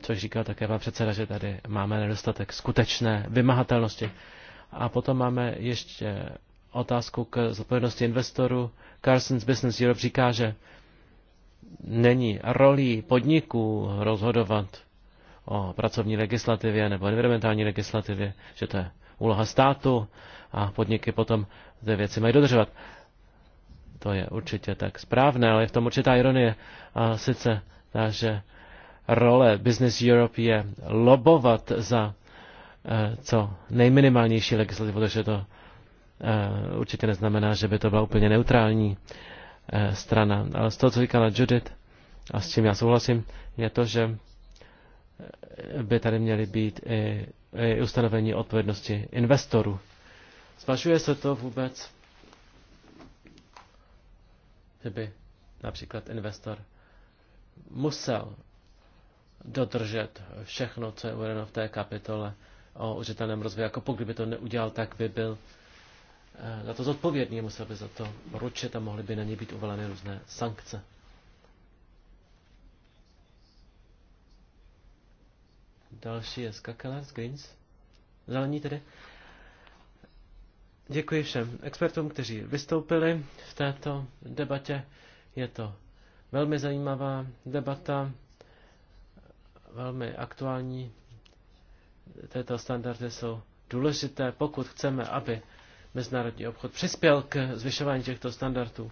[SPEAKER 1] Což říkal také pan předseda, že tady máme nedostatek skutečné vymahatelnosti. A potom máme ještě otázku k zodpovědnosti investorů. Carson's Business Europe říká, že není rolí podniků rozhodovat o pracovní legislativě nebo environmentální legislativě, že to je úloha státu a podniky potom ty věci mají dodržovat. To je určitě tak správné, ale je v tom určitá ironie. A sice ta, že role Business Europe je lobovat za eh, co nejminimálnější legislativu, takže to eh, určitě neznamená, že by to byla úplně neutrální Eh, strana. Ale z toho, co říkala Judith, a s čím já souhlasím, je to, že eh, by tady měly být i, i ustanovení odpovědnosti investorů. Zvažuje se to vůbec, že by například investor musel dodržet všechno, co je uvedeno v té kapitole o užitelném rozvoji, jako pokud by to neudělal, tak by byl Eh, za to zodpovědný, musel by za to ručit a mohly by na něj být uvaleny různé sankce. Další je Skakela z Greens. Zelení tedy. Děkuji všem expertům, kteří vystoupili v této debatě. Je to velmi zajímavá debata, velmi aktuální. Této standardy jsou důležité, pokud chceme, aby mezinárodní obchod přispěl k zvyšování těchto standardů.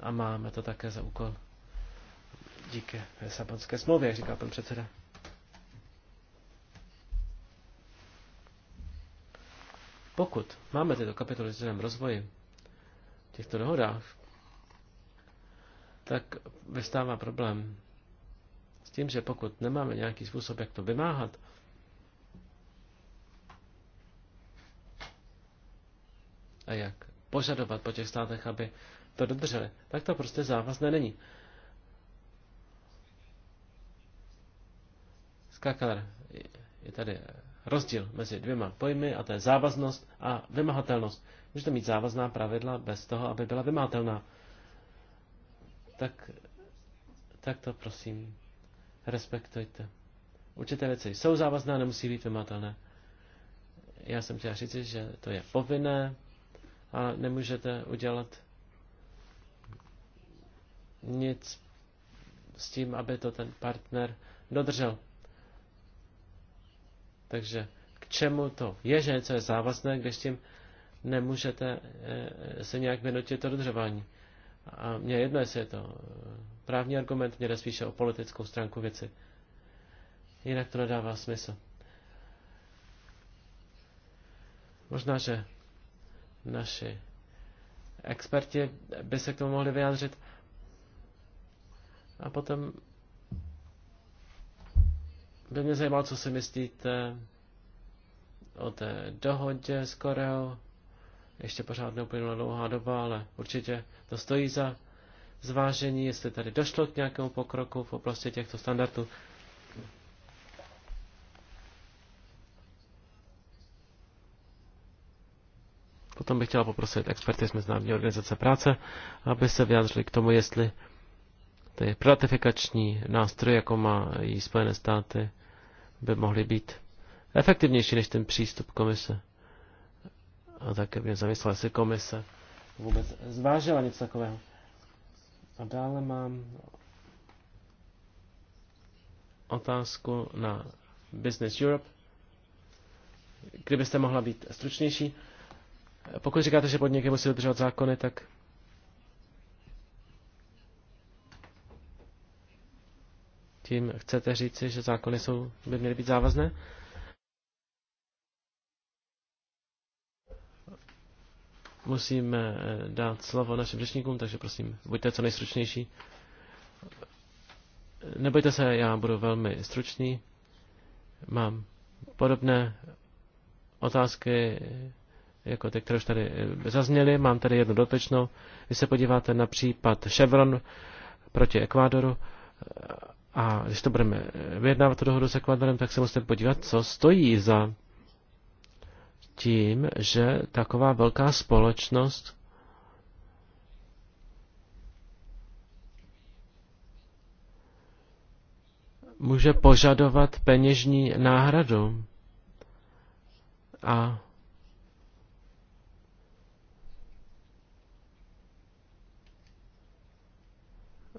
[SPEAKER 1] A máme to také za úkol díky Lisabonské smlouvě, jak říká pan předseda. Pokud máme tyto kapitoly v rozvoji, v těchto dohodách, tak vystává problém s tím, že pokud nemáme nějaký způsob, jak to vymáhat, a jak požadovat po těch státech, aby to dodrželi. Tak to prostě závazné není. Skakar, je tady rozdíl mezi dvěma pojmy a to je závaznost a vymahatelnost. Můžete mít závazná pravidla bez toho, aby byla vymahatelná. Tak, tak to prosím respektujte. Určité věci jsou závazné, nemusí být vymahatelné. Já jsem chtěl říct, že to je povinné, a nemůžete udělat nic s tím, aby to ten partner dodržel. Takže k čemu to je, že něco je závazné, když tím nemůžete eh, se nějak vynutit to dodržování. A mě jedno, jestli je to eh, právní argument, mě jde spíše o politickou stránku věci. Jinak to nedává smysl. Možná, že naši experti by se k tomu mohli vyjádřit. A potom by mě zajímalo, co si myslíte o té dohodě s Koreou. Ještě pořád neuplynula dlouhá doba, ale určitě to stojí za zvážení, jestli tady došlo k nějakému pokroku v oblasti těchto standardů. Potom bych chtěla poprosit experty z Mezinárodní organizace práce, aby se vyjádřili k tomu, jestli ty ratifikační nástroje, jako má i Spojené státy, by mohly být efektivnější než ten přístup komise. A také mě zamyslela, jestli komise vůbec zvážila něco takového. A dále mám otázku na Business Europe. Kdybyste mohla být stručnější, pokud říkáte, že podniky musí dodržovat zákony, tak tím chcete říci, že zákony jsou, by měly být závazné? Musíme eh, dát slovo našim řečníkům, takže prosím, buďte co nejstručnější. Nebojte se, já budu velmi stručný. Mám podobné otázky jako ty, které už tady eh, zazněly. Mám tady jednu dotečnou. Když se podíváte na případ Chevron proti Ekvádoru eh, a když to budeme eh, vyjednávat tu dohodu s Ekvádorem, tak se musíte podívat, co stojí za tím, že taková velká společnost může požadovat peněžní náhradu. A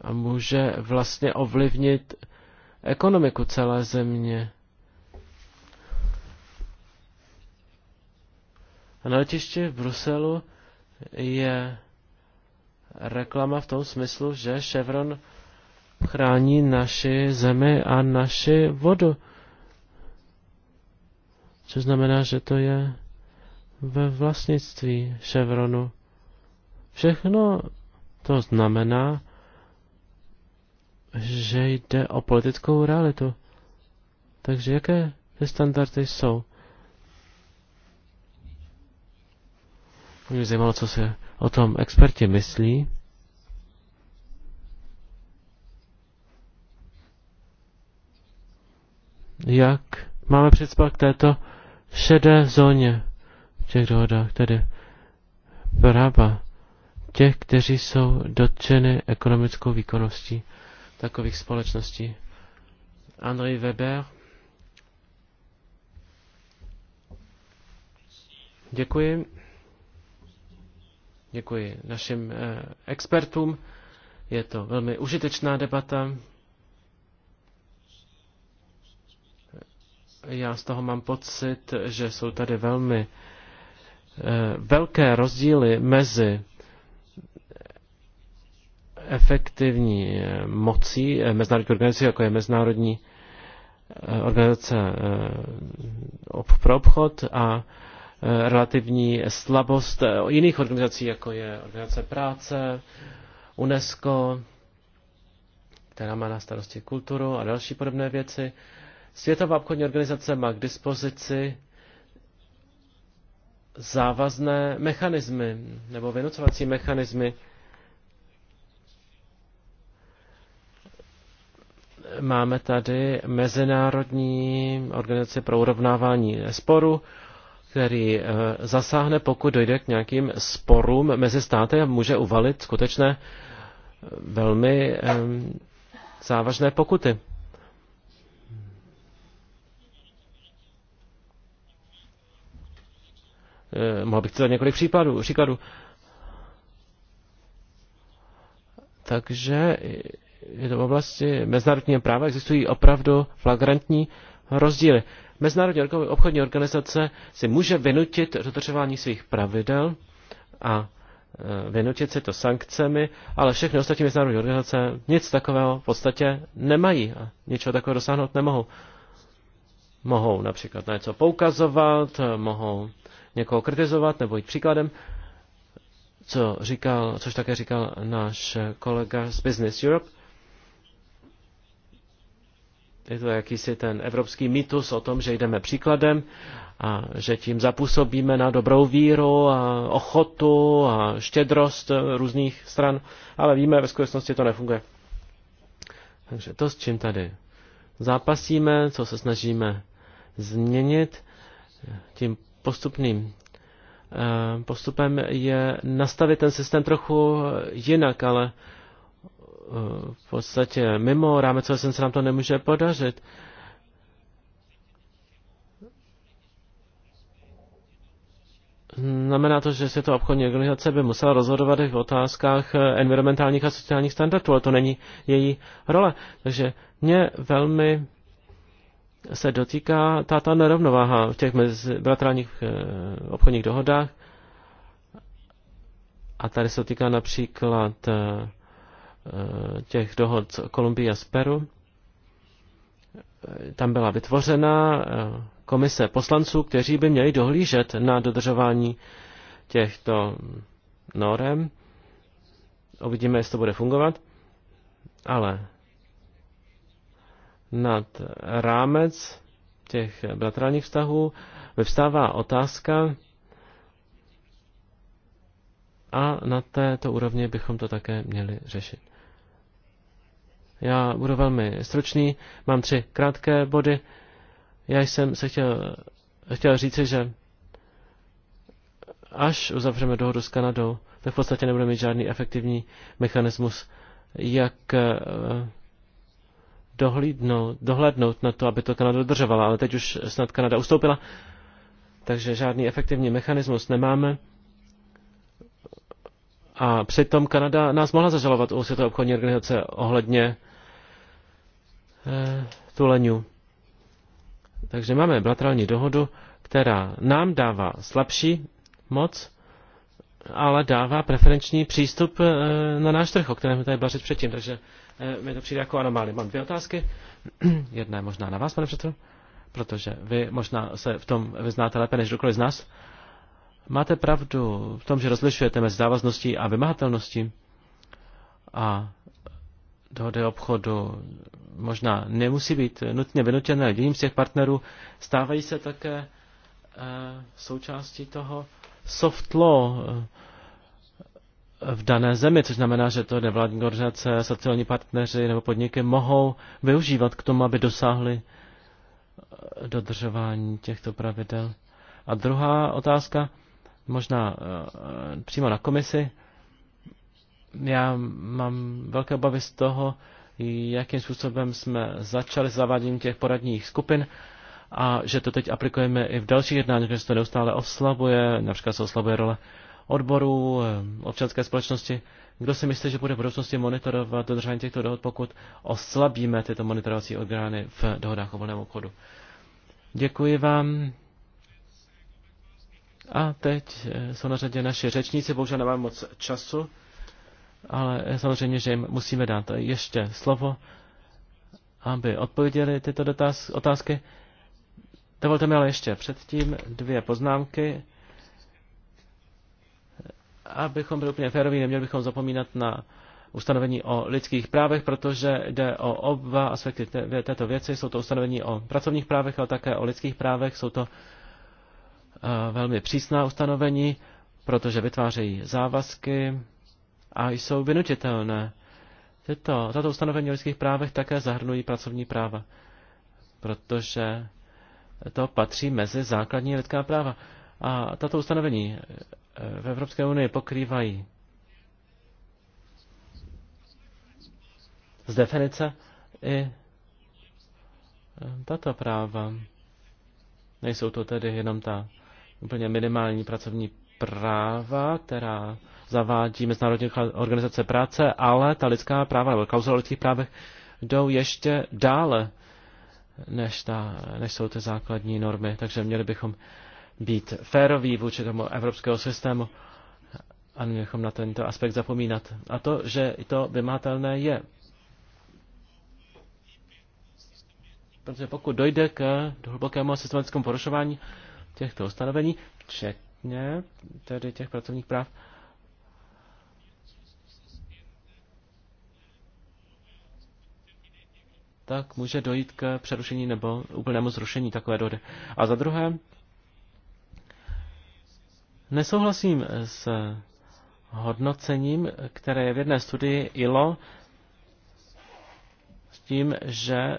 [SPEAKER 1] a může vlastně ovlivnit ekonomiku celé země. A na letišti v Bruselu je reklama v tom smyslu, že Chevron chrání naši zemi a naši vodu. Což znamená, že to je ve vlastnictví Chevronu. Všechno to znamená, že jde o politickou realitu. Takže jaké ty standardy jsou? Mě zajímalo, co se o tom experti myslí. Jak máme představu k této šedé zóně v těch dohodách, tedy práva těch, kteří jsou dotčeny ekonomickou výkonností takových společností. Andrej Weber. Děkuji. Děkuji našim eh, expertům. Je to velmi užitečná debata. Já z toho mám pocit, že jsou tady velmi eh, velké rozdíly mezi efektivní eh, mocí eh, mezinárodní organizace, jako je Mezinárodní eh, organizace pro obchod a relativní slabost jiných organizací, jako je Organizace práce, UNESCO, která má na starosti kulturu a další podobné věci. Světová obchodní organizace má k dispozici závazné mechanismy nebo vynucovací mechanismy máme tady Mezinárodní organizaci pro urovnávání sporu, který eh, zasáhne, pokud dojde k nějakým sporům mezi státy a může uvalit skutečné eh, velmi eh, závažné pokuty. Mohl bych citovat několik případů, příkladů. Takže že v oblasti mezinárodního práva existují opravdu flagrantní rozdíly. Mezinárodní obchodní organizace si může vynutit dodržování svých pravidel a e, vynutit si to sankcemi, ale všechny ostatní mezinárodní organizace nic takového v podstatě nemají a něčeho takového dosáhnout nemohou. Mohou například na něco poukazovat, e, mohou někoho kritizovat nebo jít příkladem, co říkal, což také říkal náš kolega z Business Europe je to jakýsi ten evropský mýtus o tom, že jdeme příkladem a že tím zapůsobíme na dobrou víru a ochotu a štědrost různých stran, ale víme, ve skutečnosti to nefunguje. Takže to, s čím tady zápasíme, co se snažíme změnit tím postupným eh, postupem je nastavit ten systém trochu jinak, ale v podstatě mimo rámec OSN se nám to nemůže podařit. Znamená to, že se to obchodní organizace by musela rozhodovat i v otázkách eh, environmentálních a sociálních standardů, ale to není její role. Takže mě velmi se dotýká ta, ta nerovnováha v těch bratrálních eh, obchodních dohodách. A tady se týká například eh, Eh, těch dohod z Kolumbie a z Peru. Eh, tam byla vytvořena eh, komise poslanců, kteří by měli dohlížet na dodržování těchto norem. Uvidíme, jestli to bude fungovat, ale nad rámec těch bilaterálních vztahů vyvstává otázka, a na této úrovni bychom to také měli řešit. Já budu velmi stručný, mám tři krátké body. Já jsem se chtěl, chtěl říci, že až uzavřeme dohodu s Kanadou, tak v podstatě nebude mít žádný efektivní mechanismus, jak eh, dohlídnout, dohlednout na to, aby to Kanada dodržovala, ale teď už snad Kanada ustoupila, takže žádný efektivní mechanismus nemáme. A přitom Kanada nás mohla zažalovat u Světové obchodní organizace ohledně eh, tuleňů. Takže máme bilaterální dohodu, která nám dává slabší moc, ale dává preferenční přístup eh, na náš trh, o kterém tady bařit předtím. Takže eh, mi to přijde jako anomálie. Mám dvě otázky. *clears throat* Jedna je možná na vás, pane předsedo, protože vy možná se v tom vyznáte lépe než kdokoliv z nás. Máte pravdu v tom, že rozlišujete mezi závazností a vymahatelností. A dohody obchodu možná nemusí být nutně vynutěné jedním z těch partnerů, stávají se také e, součástí toho soft law e, v dané zemi, což znamená, že to nevládní organizace, sociální partneři nebo podniky mohou využívat k tomu, aby dosáhli eh, dodržování těchto pravidel. A druhá otázka, možná eh, eh, přímo na komisi. Já mám velké obavy z toho, jakým způsobem jsme začali zavádění těch poradních skupin a že to teď aplikujeme i v dalších jednáních, že se to neustále oslabuje, například se oslabuje role odborů, eh, občanské společnosti. Kdo si myslí, že bude v budoucnosti monitorovat dodržování těchto dohod, pokud oslabíme tyto monitorovací orgány v dohodách o volném obchodu? Děkuji vám. A teď eh, jsou na řadě naši řečníci, bohužel nemám moc času, ale eh, samozřejmě, že jim musíme dát ještě slovo, aby odpověděli tyto dotaz, otázky. Dovolte mi ale ještě předtím dvě poznámky. Abychom byli úplně féroví, neměli bychom zapomínat na ustanovení o lidských právech, protože jde o oba aspekty této věci. Jsou to ustanovení o pracovních právech, ale také o lidských právech. Jsou to Eh, velmi přísná ustanovení, protože vytvářejí závazky a jsou vynutitelné. Tyto, tato ustanovení o lidských právech také zahrnují pracovní práva, protože to patří mezi základní lidská práva. A tato ustanovení eh, v Evropské unii pokrývají z definice i eh, tato práva. Nejsou to tedy jenom ta úplně minimální pracovní práva, která zavádí Mezinárodní organizace práce, ale ta lidská práva nebo kauza o lidských právech jdou ještě dále, než, ta, než jsou ty základní normy. Takže měli bychom být féroví vůči tomu evropského systému a měli bychom na tento aspekt zapomínat. A to, že i to vymátelné je. Protože pokud dojde k hlubokému systematickému porušování těchto ustanovení, včetně tedy těch pracovních práv. tak může dojít k přerušení nebo úplnému zrušení takové dohody. A za druhé, nesouhlasím s hodnocením, které je v jedné studii ILO, s tím, že e,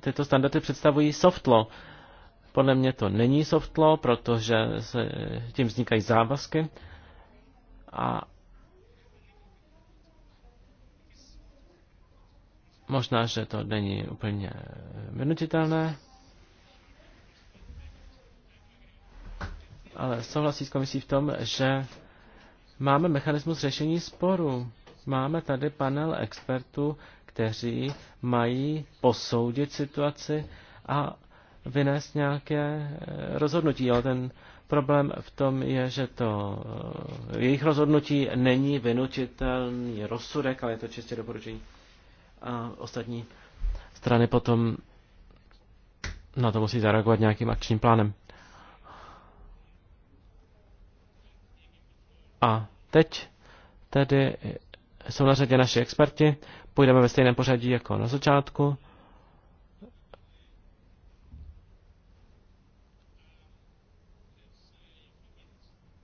[SPEAKER 1] tyto standardy představují soft law. Podle mě to není soft law, protože se, tím vznikají závazky. A možná, že to není úplně vynutitelné, ale souhlasí s komisí v tom, že máme mechanismus řešení sporu. Máme tady panel expertů, kteří mají posoudit situaci a vynést nějaké eh, rozhodnutí. Ale ten problém v tom je, že to eh, jejich rozhodnutí není vynutitelný rozsudek, ale je to čistě doporučení. A ostatní strany potom na to musí zareagovat nějakým akčním plánem. A teď tedy jsou na řadě naši experti. Půjdeme ve stejném pořadí jako na začátku.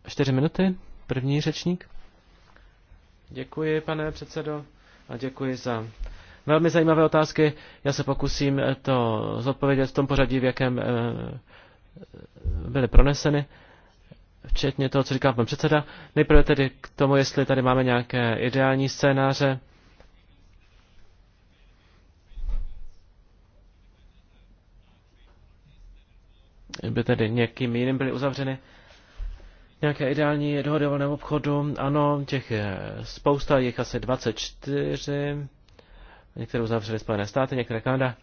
[SPEAKER 1] Čtyři minuty, první řečník. Děkuji, pane předsedo, a děkuji za velmi zajímavé otázky. Já se pokusím to zodpovědět v tom pořadí, v jakém eh, byly proneseny, včetně toho, co říká pan předseda. Nejprve tedy k tomu, jestli tady máme nějaké ideální scénáře. by tedy někým jiným byly uzavřeny nějaké ideální dohody o volném obchodu. Ano, těch je spousta, jich asi 24. Některé uzavřely Spojené státy, některé Kanada.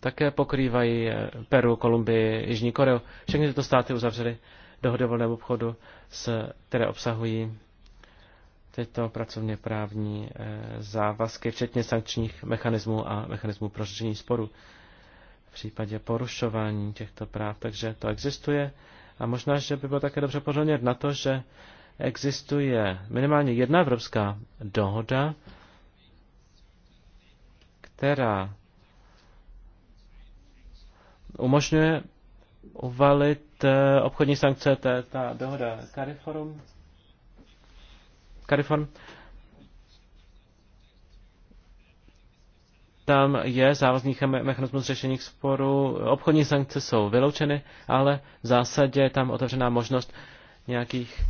[SPEAKER 1] Také pokrývají eh, Peru, Kolumbii, Jižní Koreu. Všechny tyto státy uzavřely dohody o volném obchodu, s, které obsahují tyto pracovně právní eh, závazky, včetně sankčních mechanismů a mechanismů pro řešení sporů v případě porušování těchto práv. Takže to existuje a možná, že by bylo také dobře pořádnět na to, že existuje minimálně jedna evropská dohoda, která umožňuje uvalit eh, obchodní sankce, to je ta dohoda Cariforum. Cariform. tam je závazný mechanismus řešení sporů. Obchodní sankce jsou vyloučeny, ale v zásadě je tam otevřená možnost nějakých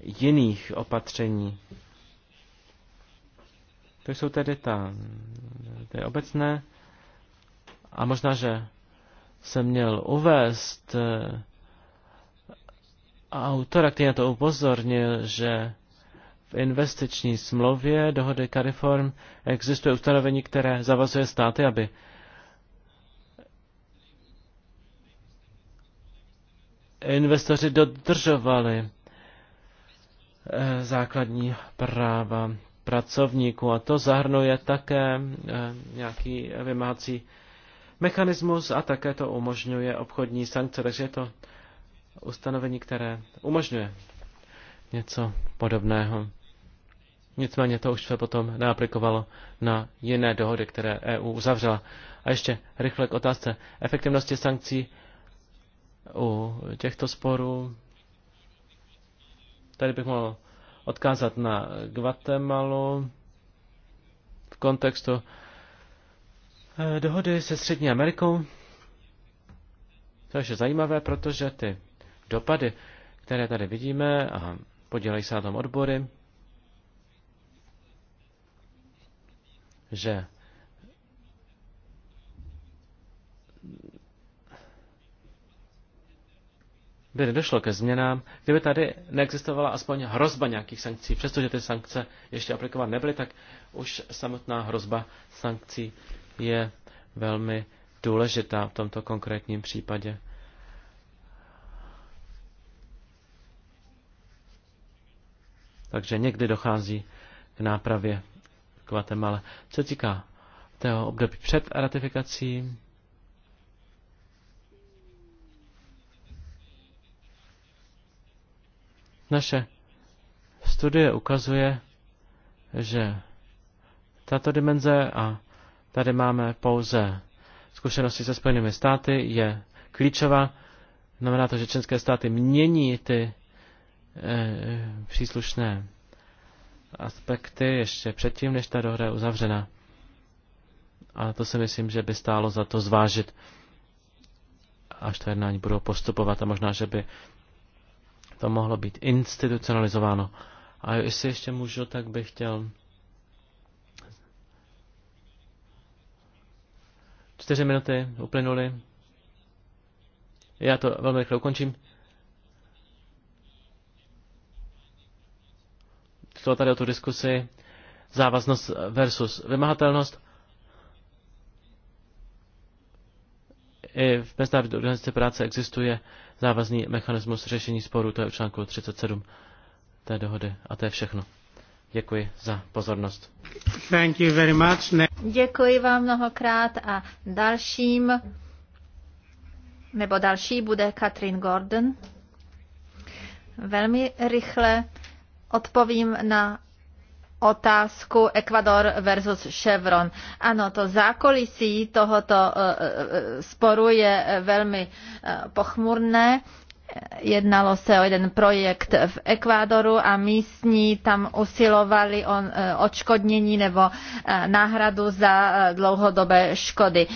[SPEAKER 1] jiných opatření. To jsou tedy ta, ty obecné. A možná, že jsem měl uvést eh, autora, který na to upozornil, že v investiční smlouvě dohody CARIFORM existuje ustanovení, které zavazuje státy, aby investoři dodržovali eh, základní práva pracovníků a to zahrnuje také eh, nějaký vymáhací mechanismus a také to umožňuje obchodní sankce, takže je to ustanovení, které umožňuje něco podobného. Nicméně to už se potom neaplikovalo na jiné dohody, které EU uzavřela. A ještě rychle k otázce efektivnosti sankcí u těchto sporů. Tady bych mohl odkázat na Guatemalu v kontextu eh, dohody se Střední Amerikou, To je zajímavé, protože ty dopady, které tady vidíme, a podílejí se na tom odbory, že by nedošlo ke změnám, kdyby tady neexistovala aspoň hrozba nějakých sankcí. Přestože ty sankce ještě aplikovány nebyly, tak už samotná hrozba sankcí je velmi důležitá v tomto konkrétním případě. Takže někdy dochází k nápravě Guatemala. Co týká tého období před ratifikací, naše studie ukazuje, že tato dimenze, a tady máme pouze zkušenosti se Spojenými státy, je klíčová. Znamená to, že české státy mění ty e, příslušné aspekty ještě předtím, než ta dohra je uzavřena. A to si myslím, že by stálo za to zvážit, až ta jednání budou postupovat a možná, že by to mohlo být institucionalizováno. A jestli ještě můžu, tak bych chtěl Čtyři minuty uplynuly. Já to velmi rychle ukončím. šlo tady o tu diskusi závaznost versus vymahatelnost. I v Mezinárodní organizaci práce existuje závazný mechanismus řešení sporů, to je v článku 37 té dohody. A to je všechno. Děkuji za pozornost. Thank you very much. Ne
[SPEAKER 2] Děkuji vám mnohokrát a dalším nebo další bude Katrin Gordon. Velmi rychle Odpovím na otázku Ekvador versus Chevron. Ano, to zákulisí tohoto eh, eh, eh, sporu je velmi pochmurné. Jednalo se o jeden projekt v Ekvádoru a místní tam usilovali o e, odškodnění nebo e, náhradu za e, dlouhodobé škody.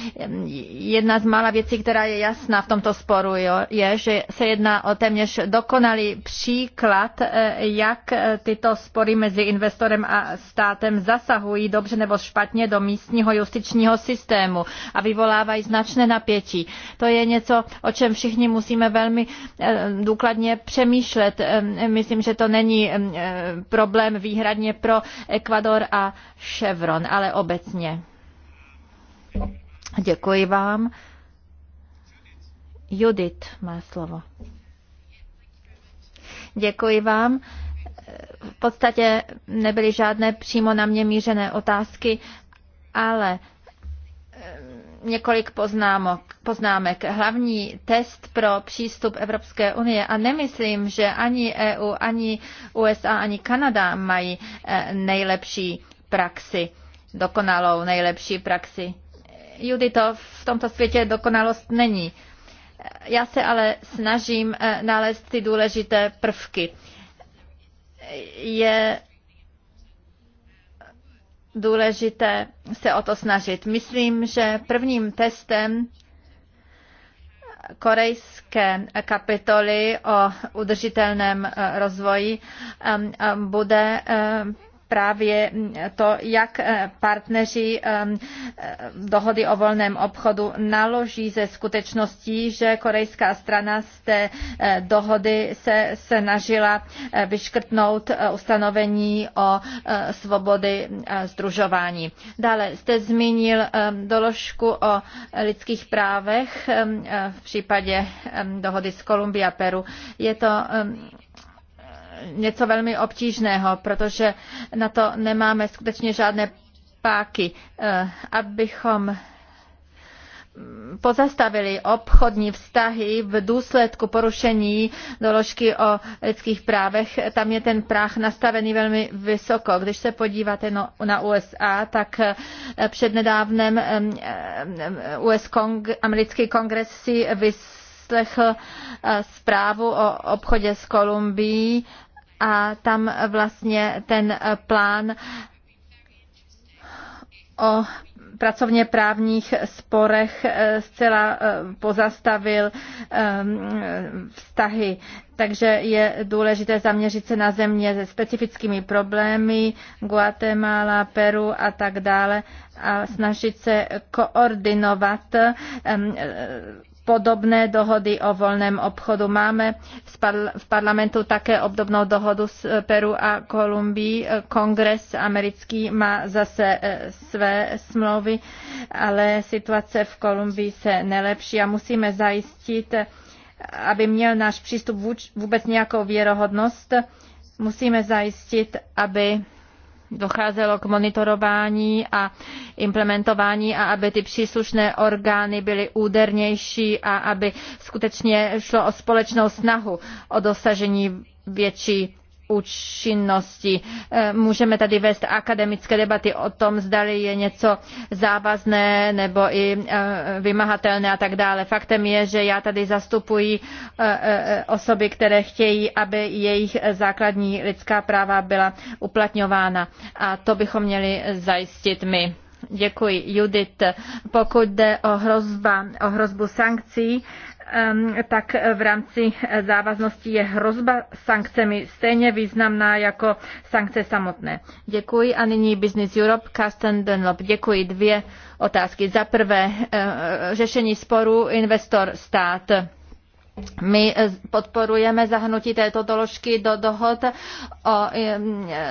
[SPEAKER 2] Jedna z mála věcí, která je jasná v tomto sporu, je, že se jedná o téměř dokonalý příklad, jak tyto spory mezi investorem a státem zasahují dobře nebo špatně do místního justičního systému a vyvolávají značné napětí. To je něco, o čem všichni musíme velmi Eh, důkladně přemýšlet. Eh, myslím, že to není eh, problém výhradně pro Ekvador a Chevron, ale obecně. Děkuji vám. Judit má slovo. Děkuji vám. V podstatě nebyly žádné přímo na mě mířené otázky, ale několik poznámok, poznámek. Hlavní test pro přístup Evropské unie a nemyslím, že ani EU, ani USA, ani Kanada mají eh, nejlepší praxi, dokonalou nejlepší praxi. to v tomto světě dokonalost není. Já se ale snažím eh, nalézt ty důležité prvky. Je důležité se o to snažit. Myslím, že prvním testem korejské kapitoly o udržitelném eh, rozvoji eh, eh, bude právě to, jak eh, partneři eh, dohody o volném obchodu naloží ze skutečností, že korejská strana z té eh, dohody se snažila vyškrtnout ustanovení o svobody združování. Dále jste zmínil doložku o lidských právech v případě dohody s Kolumbia Peru. Je to něco velmi obtížného, protože na to nemáme skutečně žádné páky, eh, abychom pozastavili obchodní vztahy v důsledku porušení doložky o lidských právech. Tam je ten práh nastavený velmi vysoko. Když se podíváte no, na USA, tak eh, přednedávnem eh, US Kong, americký kongres si vys vyslechl eh, zprávu o obchodě s Kolumbií a tam vlastně ten eh, plán o pracovně právních sporech eh, zcela pozastavil ehm, vztahy. Takže je důležité zaměřit se na země se specifickými problémy, Guatemala, Peru a tak dále a snažit se koordinovat ehm, podobné dohody o volném obchodu. Máme v parlamentu také obdobnou dohodu s Peru a Kolumbií. Kongres americký má zase e, své smlouvy, ale situace v Kolumbii se nelepší a musíme zajistit, e, aby měl náš přístup vůbec nějakou věrohodnost. Musíme zajistit, aby docházelo k monitorování a implementování a aby ty příslušné orgány byly údernější a aby skutečně šlo o společnou snahu o dosažení větší účinnosti. Eh, můžeme tady vést akademické debaty o tom, zdali je něco závazné nebo i eh, vymahatelné a tak dále. Faktem je, že já tady zastupuji eh, osoby, které chtějí, aby jejich základní lidská práva byla uplatňována a to bychom měli zajistit my. Děkuji. Judith, pokud jde o, hrozba, o hrozbu sankcí, Ehm, tak v rámci závaznosti je hrozba sankcemi stejně významná jako sankce samotné. Děkuji a nyní Business Europe, Carsten Dunlop. Děkuji dvě otázky. Za prvé, ehm, řešení sporu investor-stát my eh, podporujeme zahnutí této doložky do dohod o eh,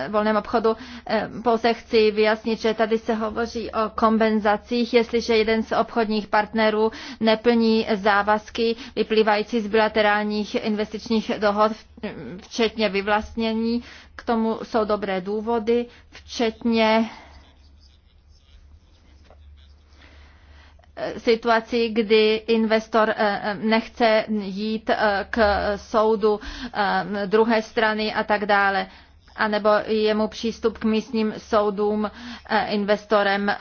[SPEAKER 2] volném obchodu. Eh, pouze chci vyjasnit, že tady se hovoří o kompenzacích, jestliže jeden z obchodních partnerů neplní závazky vyplývající z bilaterálních investičních dohod, včetně vyvlastnění. K tomu jsou dobré důvody, včetně situaci, kdy investor eh, eh, nechce jít eh, k soudu druhé strany a tak dále anebo jemu přístup k místním soudům investorem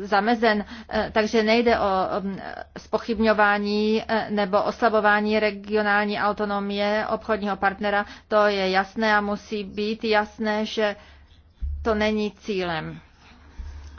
[SPEAKER 2] zamezen. Takže nejde o mm, spochybňování nebo oslabování regionální autonomie obchodního partnera. To je jasné a musí být jasné, že to není cílem.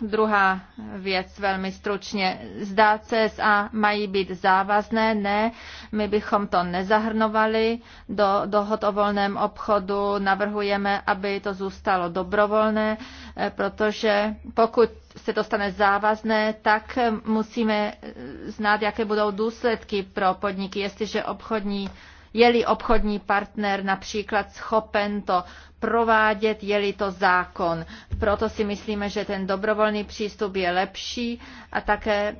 [SPEAKER 2] Druhá věc velmi stručně. Zdá CSA mají být závazné? Ne, my bychom to nezahrnovali. Do dohod o volném obchodu navrhujeme, aby to zůstalo dobrovolné, eh, protože pokud se to stane závazné, tak musíme eh, znát, jaké budou důsledky pro podniky. Jestliže obchodní je-li obchodní partner například schopen to provádět, je-li to zákon. Proto si myslíme, že ten dobrovolný přístup je lepší a také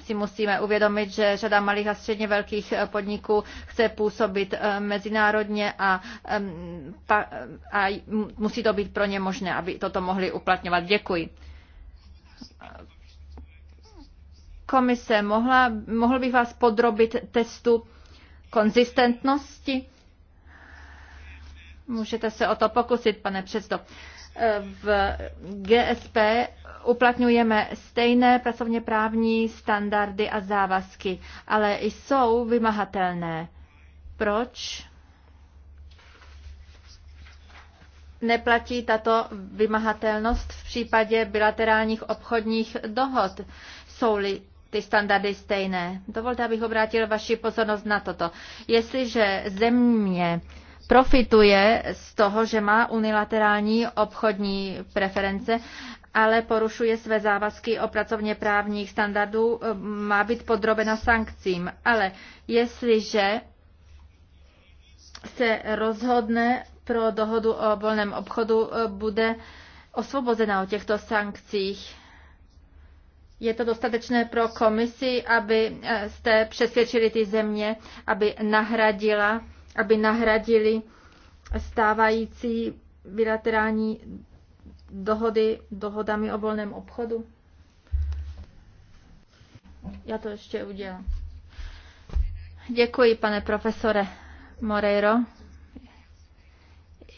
[SPEAKER 2] si musíme uvědomit, že řada malých a středně velkých podniků chce působit eh, mezinárodně a, a musí to být pro ně možné, aby toto mohli uplatňovat. Děkuji. Komise, mohla, mohl bych vás podrobit testu konzistentnosti? Můžete se o to pokusit, pane předsedo. V GSP uplatňujeme stejné pracovně právní standardy a závazky, ale jsou vymahatelné. Proč neplatí tato vymahatelnost v případě bilaterálních obchodních dohod? Jsou-li ty standardy stejné. Dovolte, abych obrátil vaši pozornost na toto. Jestliže země profituje z toho, že má unilaterální obchodní preference, ale porušuje své závazky o pracovně právních standardů, má být podrobena sankcím. Ale jestliže se rozhodne pro dohodu o volném obchodu, bude osvobozena o těchto sankcích. Je to dostatečné pro komisi, aby eh, jste přesvědčili ty země, aby nahradila, aby nahradili stávající bilaterální dohody dohodami o volném obchodu? Já to ještě udělám. Děkuji, pane profesore Moreiro.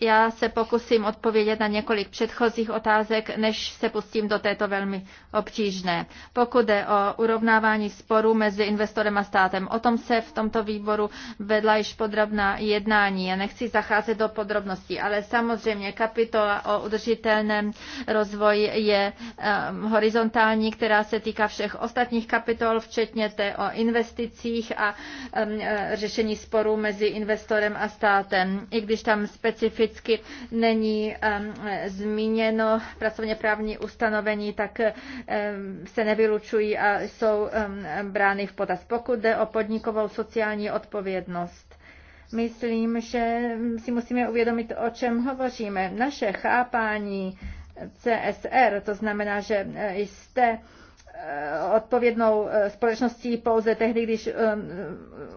[SPEAKER 2] Já se pokusím odpovědět na několik předchozích otázek, než se pustím do této velmi obtížné. Pokud jde o urovnávání sporu mezi investorem a státem, o tom se v tomto výboru vedla již podrobná jednání. Já nechci zacházet do podrobností, ale samozřejmě kapitola o udržitelném rozvoji je um, horizontální, která se týká všech ostatních kapitol, včetně té o investicích a um, řešení sporů mezi investorem a státem, i když tam specificky specificky není zmíněno pracovně právní ustanovení, tak se nevylučují a jsou brány v potaz. Pokud jde o podnikovou sociální odpovědnost, myslím, že si musíme uvědomit, o čem hovoříme. Naše chápání CSR, to znamená, že eh, jste Eh, odpovědnou eh, společností pouze tehdy, když eh,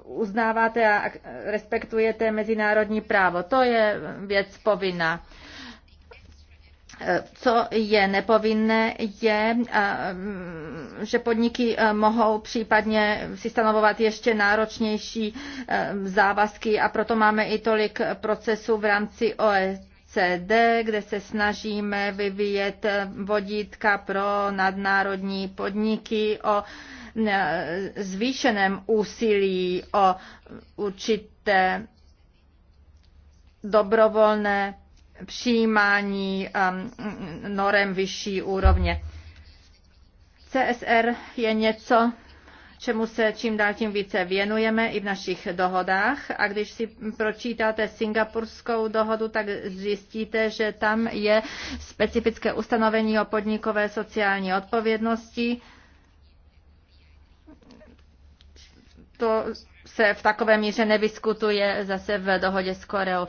[SPEAKER 2] uznáváte a respektujete mezinárodní právo. To je věc povinná. Co je nepovinné, je, že podniky mohou případně si stanovovat ještě náročnější závazky a proto máme i tolik procesů v rámci OSD e CD, kde se snažíme vyvíjet vodítka pro nadnárodní podniky o zvýšeném úsilí o určité dobrovolné přijímání um, norem vyšší úrovně. CSR je něco, čemu se čím dál tím více věnujeme i v našich dohodách. A když si pročítáte singapurskou dohodu, tak zjistíte, že tam je specifické ustanovení o podnikové sociální odpovědnosti. To se v takové míře nevyskutuje zase v dohodě s Koreou.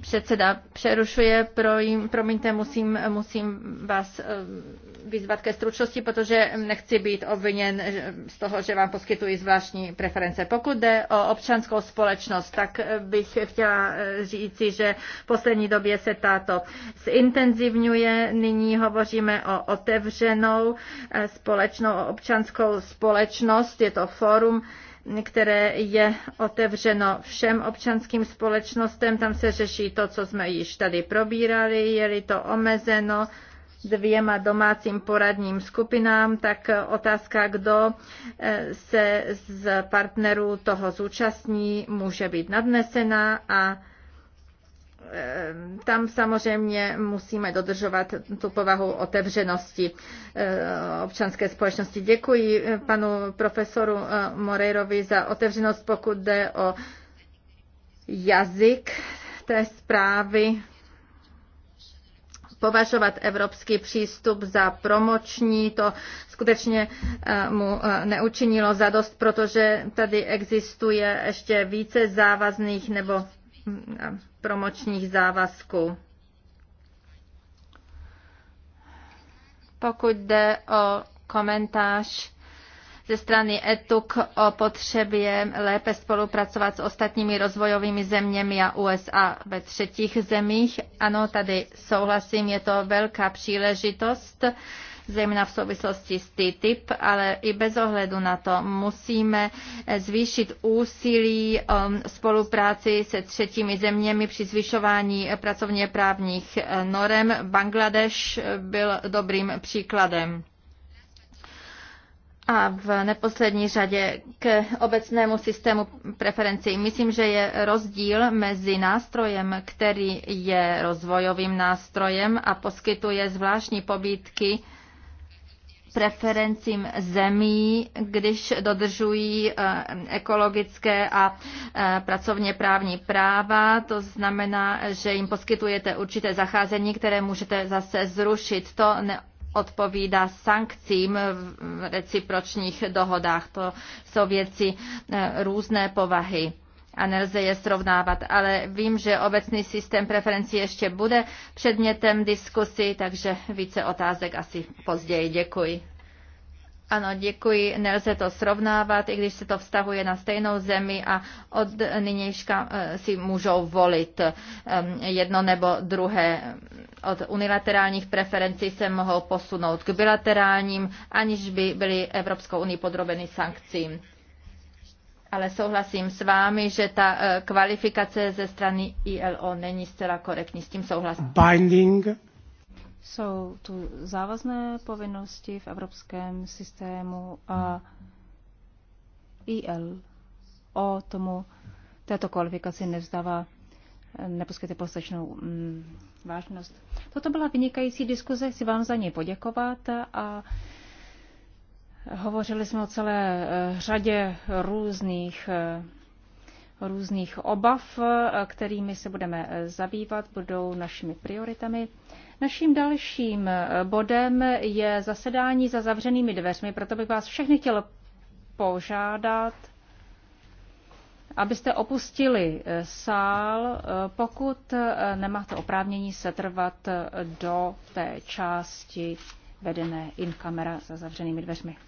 [SPEAKER 2] Předseda přerušuje, jim, promiňte, musím, musím vás eh, vyzvat ke stručnosti, protože nechci být obviněn eh, z toho, že vám poskytuji zvláštní preference. Pokud jde o občanskou společnost, tak eh, bych chtěla říci, že v poslední době se tato zintenzivňuje. Nyní hovoříme o otevřenou společnou občanskou společnost. Je to fórum které je otevřeno všem občanským společnostem. Tam se řeší to, co jsme již tady probírali, je-li to omezeno dvěma domácím poradním skupinám, tak otázka, kdo eh, se z partnerů toho zúčastní, může být nadnesena a Ehm, tam samozřejmě musíme dodržovat tu povahu otevřenosti eh, občanské společnosti. Děkuji eh, panu profesoru eh, Moreirovi za otevřenost, pokud jde o jazyk té zprávy považovat evropský přístup za promoční, to skutečně mu neučinilo zadost, protože tady existuje ještě více závazných nebo promočních závazků. Pokud jde o komentář ze strany ETUK o potřebě lépe spolupracovat s ostatními rozvojovými zeměmi a USA ve třetích zemích. Ano, tady souhlasím, je to velká příležitost zejména v souvislosti s TTIP, ale i bez ohledu na to musíme zvýšit úsilí o um, spolupráci se třetími zeměmi při zvyšování pracovně právních eh, norem. Bangladeš eh, byl dobrým příkladem. A v neposlední řadě k obecnému systému preferencí. Myslím, že je rozdíl mezi nástrojem, který je rozvojovým nástrojem a poskytuje zvláštní pobídky preferencím zemí, když dodržují eh, ekologické a eh, pracovně právní práva. To znamená, že jim poskytujete určité zacházení, které můžete zase zrušit. To odpovídá sankcím v recipročních dohodách. To jsou věci eh, různé povahy a nelze je srovnávat, ale vím, že obecný systém preferencí ještě bude předmětem diskusy, takže více otázek asi později. Děkuji. Ano, děkuji. Nelze to srovnávat, i když se to vztahuje na stejnou zemi a od nynějška eh, si můžou volit eh, jedno nebo druhé. Od unilaterálních preferencí se mohou posunout k bilaterálním, aniž by byly Evropskou unii podrobeny sankcím ale souhlasím s vámi, že ta eh, kvalifikace ze strany ILO není zcela korektní. S tím souhlasím. Binding. Jsou tu závazné povinnosti v evropském systému a
[SPEAKER 3] ILO tomu této kvalifikaci nevzdává, eh, neposkytuje postačnou mm, vážnost. Toto byla vynikající diskuze, chci vám za ní poděkovat a Hovořili jsme o celé eh, řadě různých eh, různých obav, eh, kterými se budeme zabývat, budou našimi prioritami. Naším dalším bodem je zasedání za zavřenými dveřmi, proto bych vás všechny chtěl požádat, abyste opustili sál, pokud nemáte oprávnění setrvat do té části vedené in kamera za zavřenými dveřmi.